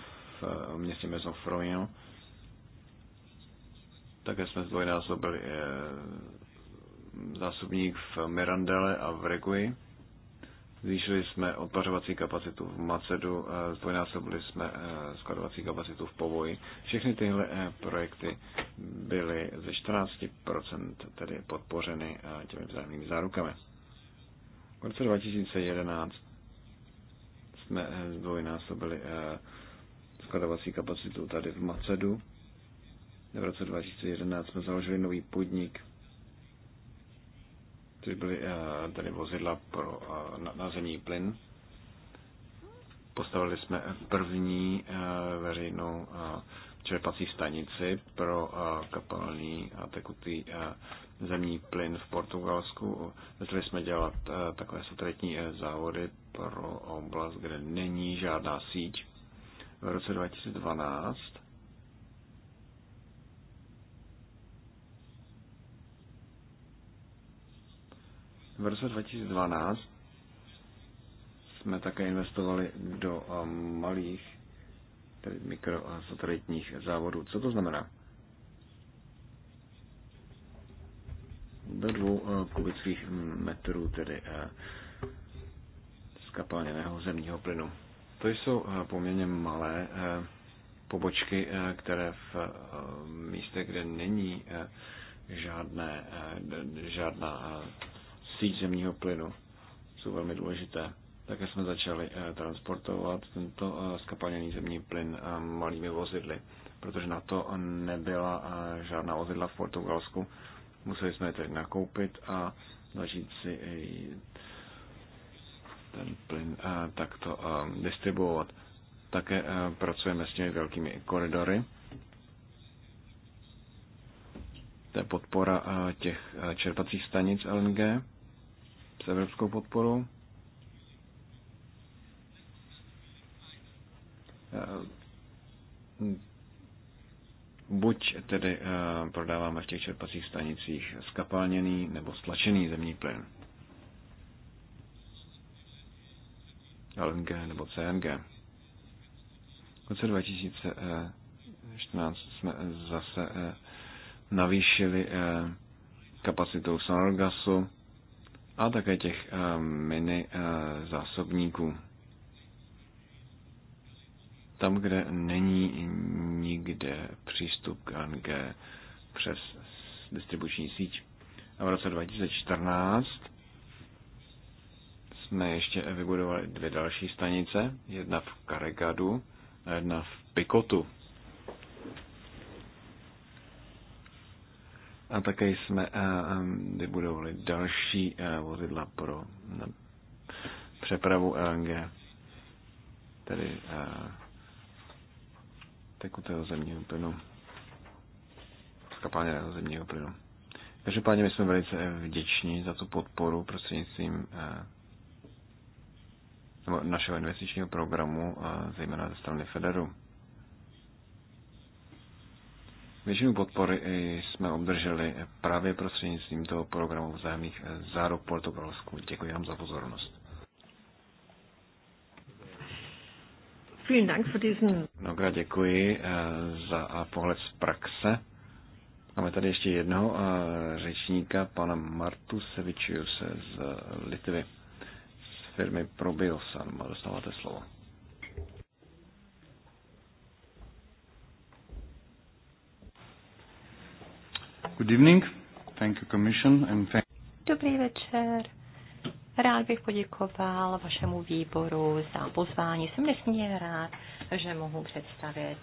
eh, městě Mezofrojo. Také jsme zdvojnásobili eh, zásobník v Mirandele a v Regui. Zvýšili jsme odpařovací kapacitu v Macedu, eh, zdvojnásobili jsme skladovací kapacitu v Povoji. Všechny tyhle projekty byly ze 14% tedy podpořeny těmi vzájemnými zárukami. V roce 2011 jsme eh, zdvojnásobili eh, skladovací kapacitu tady v Macedu. V roce 2011 jsme založili nový podnik, což byly eh, tady vozidla pro nazemní plyn. Postavili jsme první veřejnou čerpací stanici pro eh, kapalný a tekutý eh, zemní plyn v Portugalsku. Začali jsme dělat eh, takové satelitní závody pro oblast, kde není žádná síť. V roce 2012 V roce 2012 jsme také investovali do malých tedy mikrosatelitních závodů. Co to znamená? Do dvou eh, kubických metrů tedy eh, skapalněného zemního plynu. To jsou eh, poměrně malé pobočky, které v místě, kde není žádné, žádná síť zemního plynu, jsou velmi důležité. Také jsme začali eh, transportovat tento skapalněný eh, zemní plyn eh, malými vozidly, protože na to nebyla žádná vozidla v Portugalsku. Museli jsme je tedy nakoupit a začít si ten plyn takto distribuovat. Také pracujeme s těmi velkými koridory. To je podpora těch čerpacích stanic LNG s evropskou podporou. Eh, buď tedy eh, prodáváme v těch čerpacích stanicích skapalněný nebo stlačený zemní plyn. LNG nebo CNG. V roce 2014 jsme zase eh, navýšili kapacitu Sonorgasu a také těch mini zásobníků tam, kde není nikde přístup k ANG přes distribuční síť. A v roce 2014 jsme ještě vybudovali dvě další stanice, jedna v Karegadu a jedna v Pikotu. A také jsme vybudovali další vozidla pro přepravu LNG, tedy tekutého zemního plynu, skapáněného zemního plynu. Každopádně my jsme velice vděční za tu podporu prostřednictvím eh, našeho investičního programu, eh, zejména ze strany Federu. Většinu podpory jsme obdrželi právě prostřednictvím toho programu vzájemných eh, záruk Portugalsku. Děkuji vám za pozornost. Vielen Dank für diesen... Mnohokrát děkuji eh, za eh, pohled z praxe. Máme tady ještě jednoho eh, řečníka, pana Martu Sevičiuse z Litvy, z firmy Probiosan. Dostáváte slovo. Good evening. Thank you, Commission, and thank Dobrý večer. Rád bych poděkoval vašemu výboru za pozvání. Jsem nesmírně rád, že mohu představit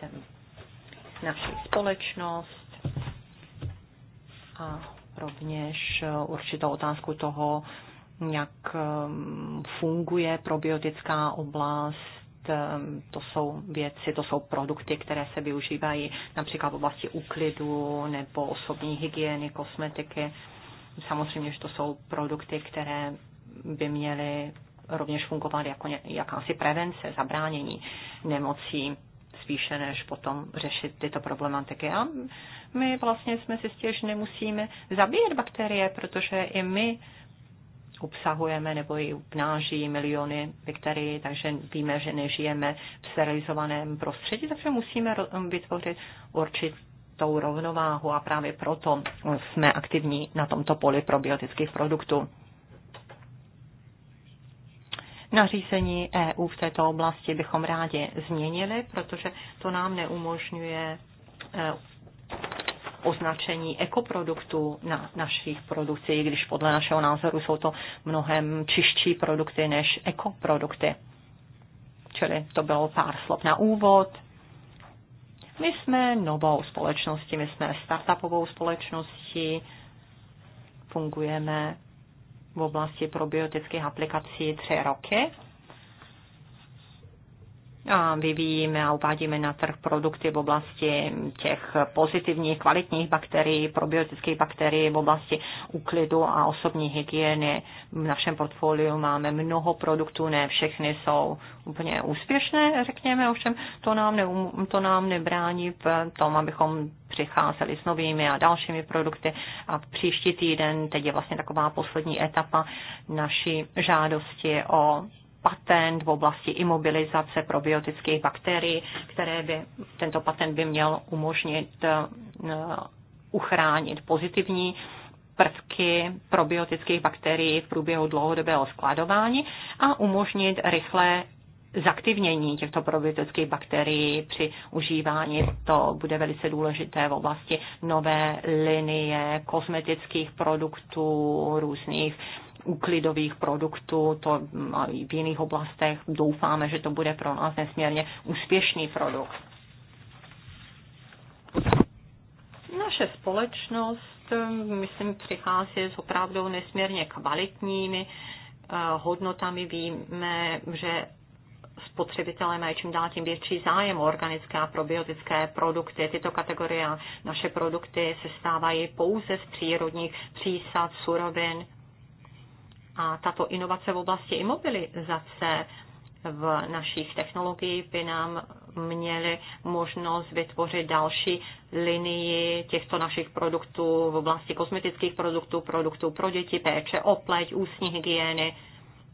naši společnost a rovněž určitou otázku toho, jak um, funguje probiotická oblast, um, to jsou věci, to jsou produkty, které se využívají například v oblasti uklidu, nebo osobní hygieny, kosmetiky. Samozřejmě, že to jsou produkty, které by měly rovněž fungovat jako jakási prevence, zabránění nemocí spíše než potom řešit tyto problematiky. A my vlastně jsme si stěž nemusíme zabíjet bakterie, protože i my obsahujeme nebo i obnáží miliony bakterií, takže víme, že nežijeme v sterilizovaném prostředí, takže musíme vytvořit určitou rovnováhu a právě proto jsme aktivní na tomto poli probiotických produktů nařízení EU v této oblasti bychom rádi změnili, protože to nám neumožňuje e, označení ekoproduktů na našich produkcích, když podle našeho názoru jsou to mnohem čistší produkty než ekoprodukty. Čili to bylo pár slov na úvod. My jsme novou společností, my jsme startupovou společností, fungujeme v oblasti probiotických aplikací tři roky a vyvíjíme a uvádíme na trh produkty v oblasti těch pozitivních, kvalitních bakterií, probiotických bakterií, v oblasti úklidu a osobní hygieny. V našem portfoliu máme mnoho produktů, ne všechny jsou úplně úspěšné, řekněme, ovšem to nám, ne, to nám nebrání v tom, abychom přicházeli s novými a dalšími produkty a příští týden, teď je vlastně taková poslední etapa naší žádosti o patent v oblasti imobilizace probiotických bakterií, které by, tento patent by měl umožnit eh, uchránit pozitivní prvky probiotických bakterií v průběhu dlouhodobého skladování a umožnit rychlé zaktivnění těchto probiotických bakterií při užívání. To bude velice důležité v oblasti nové linie kosmetických produktů, různých úklidových produktů, to i v jiných oblastech. Doufáme, že to bude pro nás nesmírně úspěšný produkt. Naše společnost, myslím, přichází s opravdu nesmírně kvalitními eh, hodnotami. Víme, že spotřebitelé mají čím dál tím větší zájem o organické a probiotické produkty. Tyto kategorie a naše produkty se stávají pouze z přírodních přísad, surovin a tato inovace v oblasti imobilizace v našich technologií by nám měly možnost vytvořit další linii těchto našich produktů v oblasti kosmetických produktů, produktů pro děti, péče o pleť, ústní hygieny.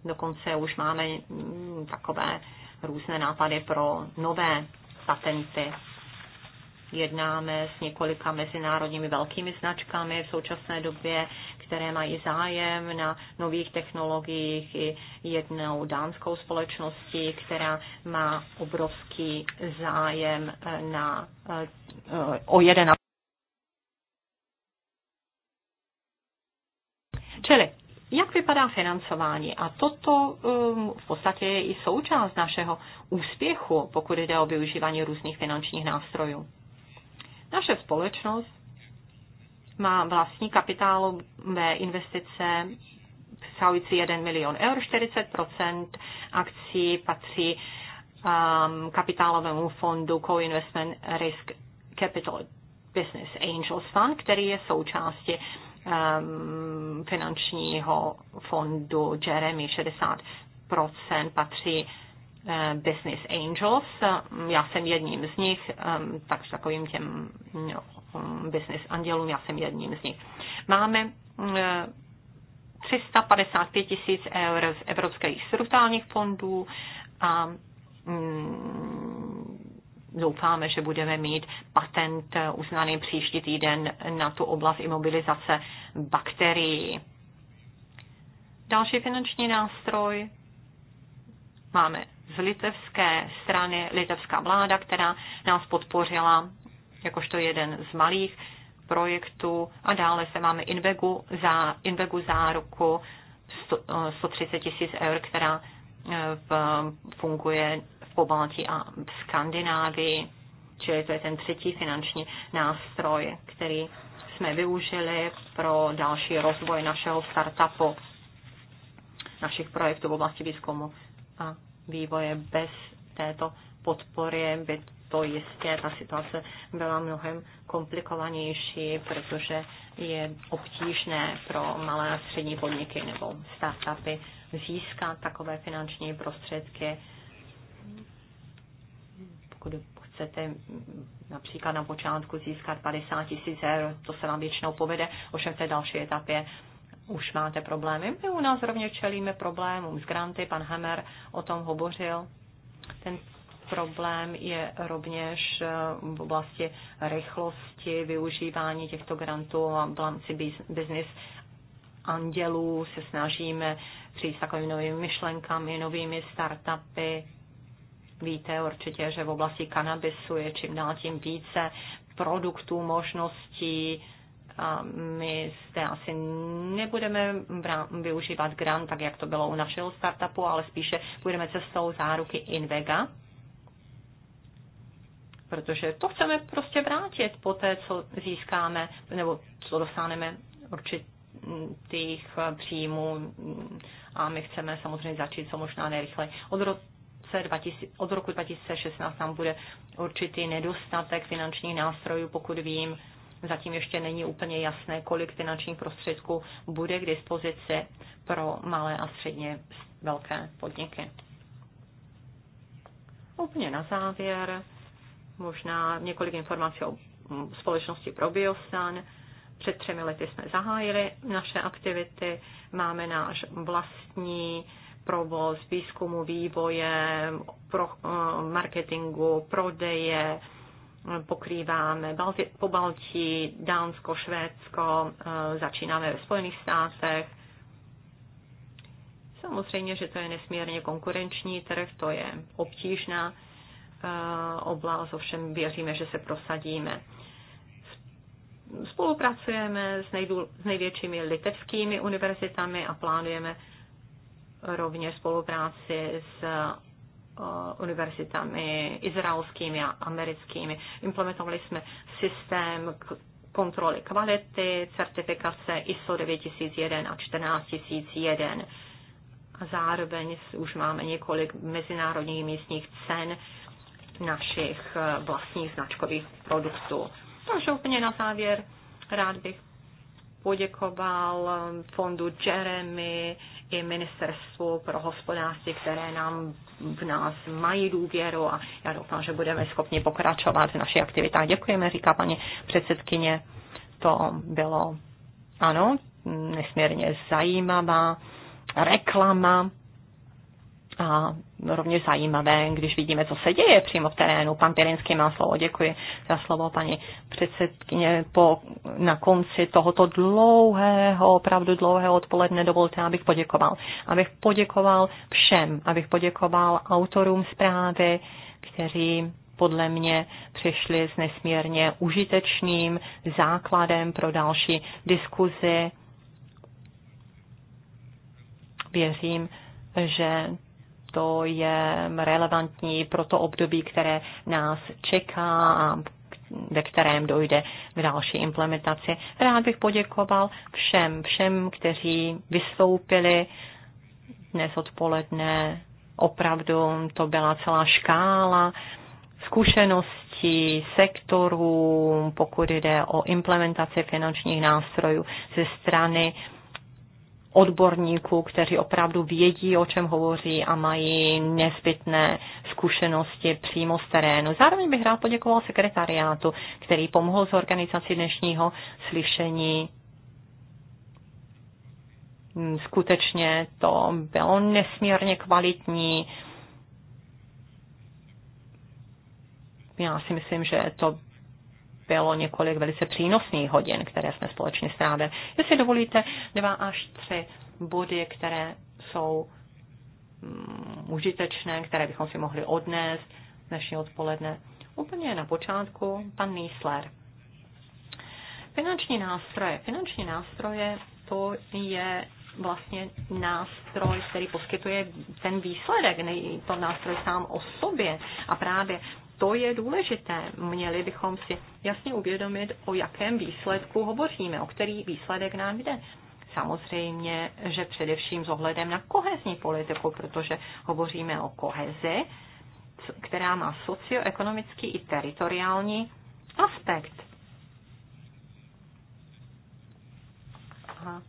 Dokonce už máme mm, takové různé nápady pro nové patenty. Jednáme s několika mezinárodními velkými značkami v současné době, které mají zájem na nových technologiích i jednou dánskou společností, která má obrovský zájem na, eh, o jeden Čili jak vypadá financování? A toto um, v podstatě je i součást našeho úspěchu, pokud jde o využívání různých finančních nástrojů. Naše společnost má vlastní kapitálové investice přesahující 1 milion eur, 40 akcí patří um, kapitálovému fondu Co-Investment Risk Capital Business Angels Fund, který je součástí um, finančního fondu Jeremy 60 patří Eh, business angels. Eh, já jsem jedním z nich, eh, takže takovým těm mm, business andělům, já jsem jedním z nich. Máme 355 tisíc eur z evropských strukturálních fondů a mm, doufáme, že budeme mít patent uznaný příští týden na tu oblast imobilizace bakterií. Další finanční nástroj máme z litevské strany, litevská vláda, která nás podpořila jakožto jeden z malých projektů a dále se máme Invegu, za, Invegu záruku 130 eh, tisíc eur, která eh, v, funguje v Pobaltí a v Skandinávii, čili to je ten třetí finanční nástroj, který jsme využili pro další rozvoj našeho startupu, našich projektů v oblasti výzkumu a vývoje. Bez této podpory by to jistě ta situace byla mnohem komplikovanější, protože je obtížné pro malé a střední podniky nebo startupy získat takové finanční prostředky. Pokud chcete například na počátku získat 50 tisíc eur, to se vám většinou povede, ovšem v té další etapě už máte problémy. My u nás rovněž čelíme problémům s granty, pan Hammer o tom hovořil. Ten problém je rovněž eh, v oblasti rychlosti využívání těchto grantů a v rámci business andělů se snažíme přijít s takovými novými myšlenkami, novými startupy. Víte určitě, že v oblasti kanabisu je čím dál tím více produktů, možností, my zde asi nebudeme využívat grant, tak jak to bylo u našeho startupu, ale spíše budeme cestou záruky Invega, protože to chceme prostě vrátit po té, co získáme nebo co dosáhneme určitých příjmů a my chceme samozřejmě začít co možná nejrychleji. Od roku od roku 2016 tam bude určitý nedostatek finančních nástrojů, pokud vím, Zatím ještě není úplně jasné, kolik finančních prostředků bude k dispozici pro malé a středně velké podniky. Úplně na závěr možná několik informací o mm, společnosti Probiosan. Před třemi lety jsme zahájili naše aktivity, máme náš vlastní provoz výzkumu, vývoje, pro, mm, marketingu, prodeje, pokrýváme Balti, po Balti, Dánsko, Švédsko, e, začínáme ve Spojených státech. Samozřejmě, že to je nesmírně konkurenční trh, to je obtížná e, oblast, ovšem věříme, že se prosadíme. Spolupracujeme s, nejdůl, s největšími litevskými univerzitami a plánujeme rovněž spolupráci s Eh, univerzitami izraelskými a americkými. Implementovali jsme systém kontroly kvality, certifikace ISO 9001 a 14001. A zároveň už máme několik mezinárodních místních cen našich eh, vlastních značkových produktů. Takže úplně na závěr rád bych poděkoval eh, fondu Jeremy i ministerstvu pro hospodářství, které nám v nás mají důvěru a já doufám, že budeme schopni pokračovat v našich aktivitách. Děkujeme, říká paní předsedkyně. To bylo, ano, nesmírně zajímavá reklama a rovněž zajímavé, když vidíme, co se děje přímo v terénu. Pan Pirinský má slovo, děkuji za slovo, paní předsedkyně. Po, na konci tohoto dlouhého, opravdu dlouhého odpoledne dovolte, abych poděkoval. Abych poděkoval všem, abych poděkoval autorům zprávy, kteří podle mě přišli s nesmírně užitečným základem pro další diskuzi. Věřím, že to je relevantní pro to období, které nás čeká a ve kterém dojde k další implementaci. Rád bych poděkoval všem, všem, kteří vystoupili dnes odpoledne. Opravdu to byla celá škála zkušeností, sektorů, pokud jde o implementaci finančních nástrojů ze strany odborníků, kteří opravdu vědí, o čem hovoří a mají nezbytné zkušenosti přímo z terénu. Zároveň bych rád poděkoval sekretariátu, který pomohl s organizací dnešního slyšení. Hmm, skutečně to bylo nesmírně kvalitní. Já si myslím, že to bylo několik velice přínosných hodin, které jsme společně strávili. Jestli dovolíte, dva až tři body, které jsou mm, užitečné, které bychom si mohli odnést dnešní odpoledne. Úplně na počátku pan Nýsler. Finanční nástroje. Finanční nástroje to je vlastně nástroj, který poskytuje ten výsledek, není to nástroj sám o sobě. A právě to je důležité. Měli bychom si jasně uvědomit, o jakém výsledku hovoříme, o který výsledek nám jde. Samozřejmě, že především s ohledem na kohezní politiku, protože hovoříme o kohezi, která má socioekonomický i teritoriální aspekt. A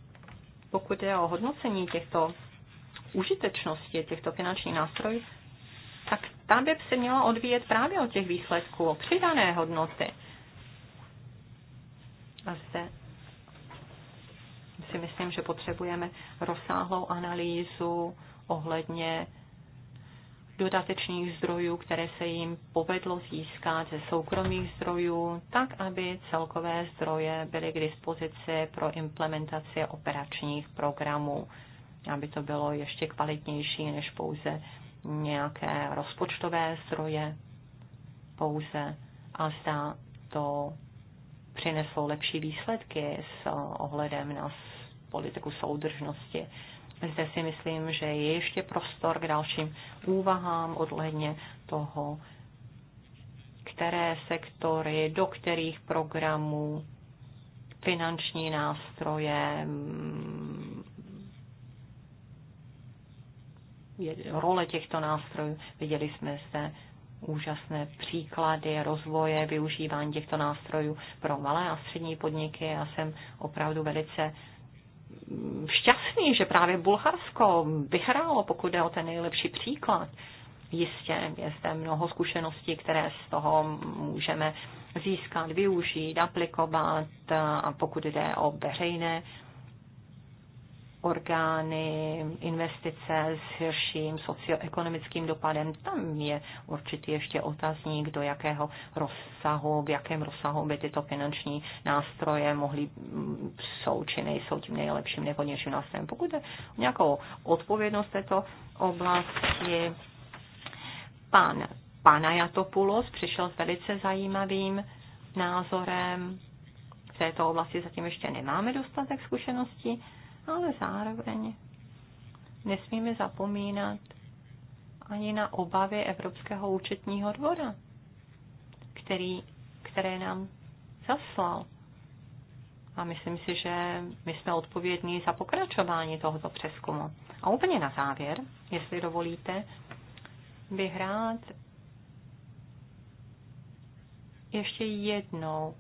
pokud je o hodnocení těchto užitečnosti těchto finančních nástrojů, tak ta by se měla odvíjet právě od těch výsledků, o přidané hodnoty. A zde si myslím, že potřebujeme rozsáhlou analýzu ohledně dodatečných zdrojů, které se jim povedlo získat ze soukromých zdrojů, tak aby celkové zdroje byly k dispozici pro implementaci operačních programů, aby to bylo ještě kvalitnější než pouze nějaké rozpočtové zdroje pouze a zda to přineslo lepší výsledky s ohledem na politiku soudržnosti. Zde si myslím, že je ještě prostor k dalším úvahám odhledně toho, které sektory, do kterých programů, finanční nástroje, role těchto nástrojů. Viděli jsme zde úžasné příklady rozvoje využívání těchto nástrojů pro malé a střední podniky Já jsem opravdu velice šťastný, že právě Bulharsko vyhrálo, pokud jde o ten nejlepší příklad. Jistě je zde mnoho zkušeností, které z toho můžeme získat, využít, aplikovat a pokud jde o veřejné orgány, investice s širším socioekonomickým dopadem. Tam je určitě ještě otazník, do jakého rozsahu, k jakém rozsahu by tyto finanční nástroje mohly mm, jsou či nejsou tím nejlepším nejvhodnějším nástrojem. Pokud je nějakou odpovědnost této oblasti, pan Panajatopoulos přišel s velice zajímavým názorem. V této oblasti zatím ještě nemáme dostatek zkušeností ale zároveň nesmíme zapomínat ani na obavy Evropského účetního dvora, který, které nám zaslal. A myslím si, že my jsme odpovědní za pokračování tohoto přeskumu. A úplně na závěr, jestli dovolíte, bych rád ještě jednou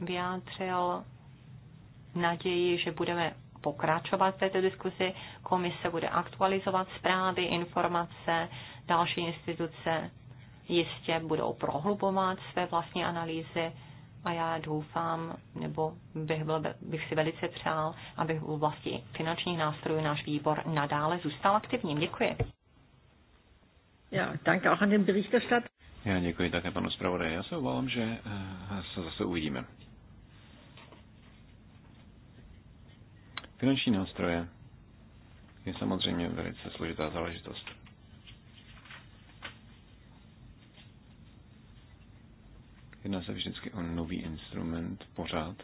vyjádřil naději, že budeme pokračovat v této diskuzi. Komise bude aktualizovat zprávy, informace, další instituce jistě budou prohlubovat své vlastní analýzy a já doufám, nebo bych, byl, bych si velice přál, abych v oblasti finančních nástrojů náš výbor nadále zůstal aktivním. Děkuji. Já, danke auch an den Berichterstatter. Já děkuji také panu zpravodaji. Já se obávám, že eh, se zase uvidíme. Finanční nástroje je samozřejmě velice složitá záležitost. Jedná se vždycky o nový instrument pořád,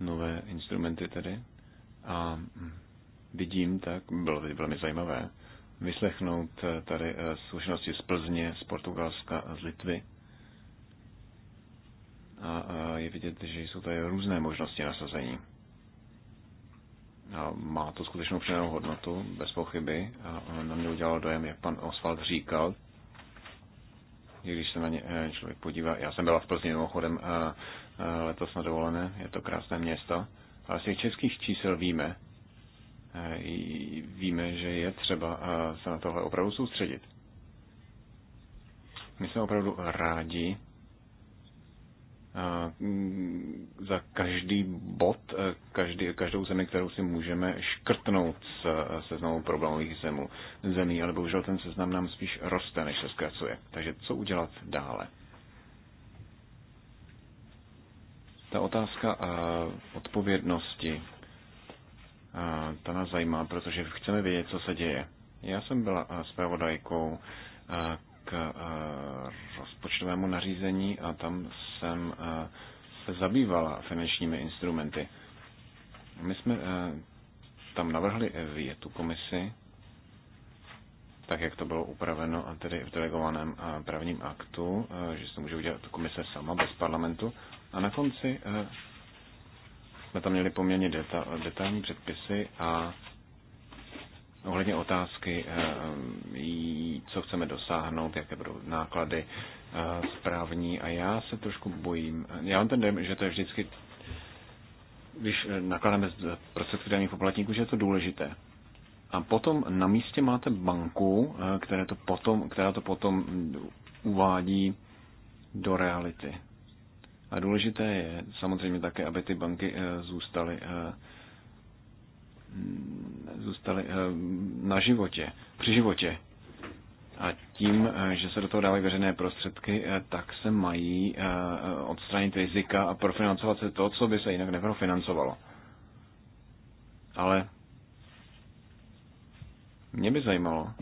nové instrumenty tedy. A vidím, tak bylo by velmi zajímavé vyslechnout tady eh, zkušenosti z Plzně, z Portugalska a z Litvy. A eh, je vidět, že jsou tady různé možnosti nasazení a má to skutečnou přenou hodnotu, bez pochyby. A na mě udělalo dojem, jak pan Oswald říkal, když se na ně eh, člověk podívá. Já jsem byla v Plzni mimochodem eh, eh, letos na dovolené, je to krásné město. Ale z těch českých čísel víme, víme, že je třeba se na tohle opravdu soustředit. My jsme opravdu rádi, Mm, za každý bod, e, každý, každou zemi, kterou si můžeme škrtnout z e, seznamu problémových zemů, zemí, ale bohužel ten seznam nám spíš roste, než se zkracuje. Takže co udělat dále? Ta otázka e, odpovědnosti, ta nás zajímá, protože chceme vědět, co se děje. Já jsem byla zpravodajkou Eh, rozpočtovému nařízení a tam jsem eh, se zabývala finančními instrumenty. My jsme eh, tam navrhli větu komisi, tak jak to bylo upraveno a tedy v delegovaném právním aktu, že se to může udělat komise sama bez parlamentu. A na konci jsme tam měli poměrně detailní předpisy a ohledně otázky, eh, co chceme dosáhnout, jaké budou náklady eh, správní a já se trošku bojím. Já mám ten dojem, že to je vždycky, když eh, nakládáme z prostředky daných poplatníků, že je to důležité. A potom na místě máte banku, které to potom, která to potom uvádí do reality. A důležité je samozřejmě také, aby ty banky zůstaly zůstali eh, na životě, při životě. A tím, eh, že se do toho dávají veřejné prostředky, eh, tak se mají odstranit rizika a profinancovat se to, co by se jinak neprofinancovalo. Ale mě by zajímalo,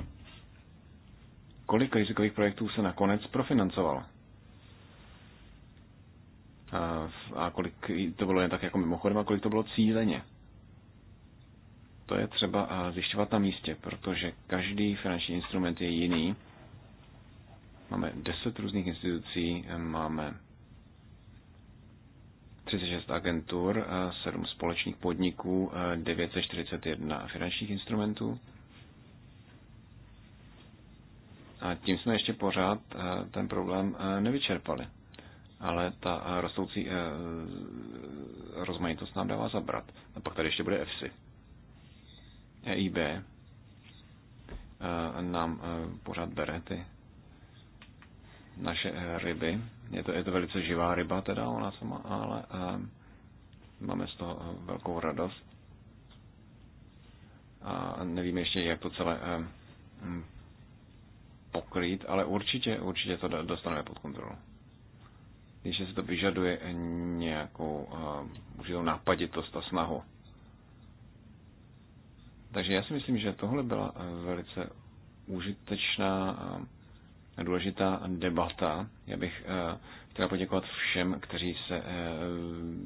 kolik rizikových projektů se nakonec profinancovalo. A kolik to bylo jen tak jako mimochodem a kolik to bylo cíleně to je třeba eh, zjišťovat na místě, protože každý finanční instrument je jiný. Máme 10 různých institucí, eh, máme 36 agentur, 7 eh, společných podniků, 941 finančních instrumentů. A tím jsme ještě pořád ten problém nevyčerpali. Ale ta rostoucí rozmanitost nám dává zabrat. A pak tady ještě bude EFSI. EIB eh, nám eh, pořád bere ty naše eh, ryby. Je to, je to velice živá ryba teda ona sama, ale máme z toho velkou radost. A nevíme ještě, jak to celé mm, pokrýt, ale určitě, určitě to dostaneme pod kontrolu. Když se to vyžaduje nějakou uh, určitou nápaditost a snahu. Takže já si myslím, že tohle byla eh, velice užitečná a důležitá debata. Já bych eh, chtěla poděkovat všem, kteří se eh,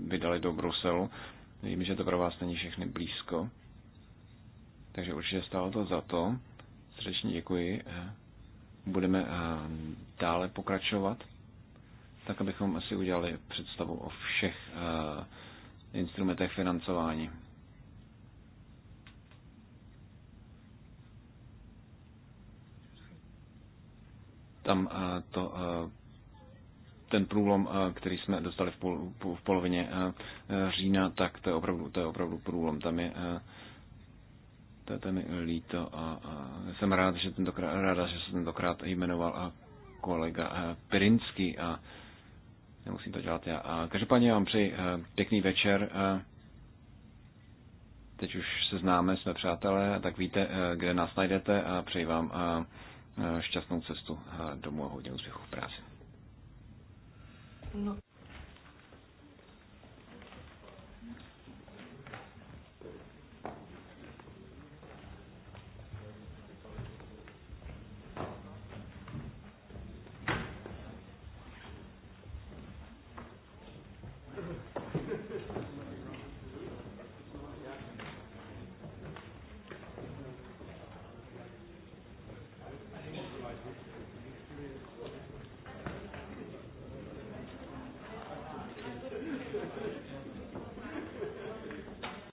vydali do Bruselu. Vím, že to pro vás není všechny blízko. Takže určitě stálo to za to. Srdečně děkuji. Budeme dále pokračovat, tak abychom si udělali představu o všech instrumentech financování. tam eh, to, eh, ten průlom, eh, který jsme dostali v, pol, v polovině října, tak to je opravdu, to je opravdu průlom. Tam je to, to je mi líto a, a jsem rád, že tentokrát, ráda, že se tentokrát jmenoval a kolega a Pirinský a nemusím to dělat já. A každopádně vám přeji pěkný večer. Teď už se známe, jsme přátelé, tak víte, kde nás najdete a přeji vám Eh, šťastnou cestu eh, domů a hodně úspěchů v práci. No.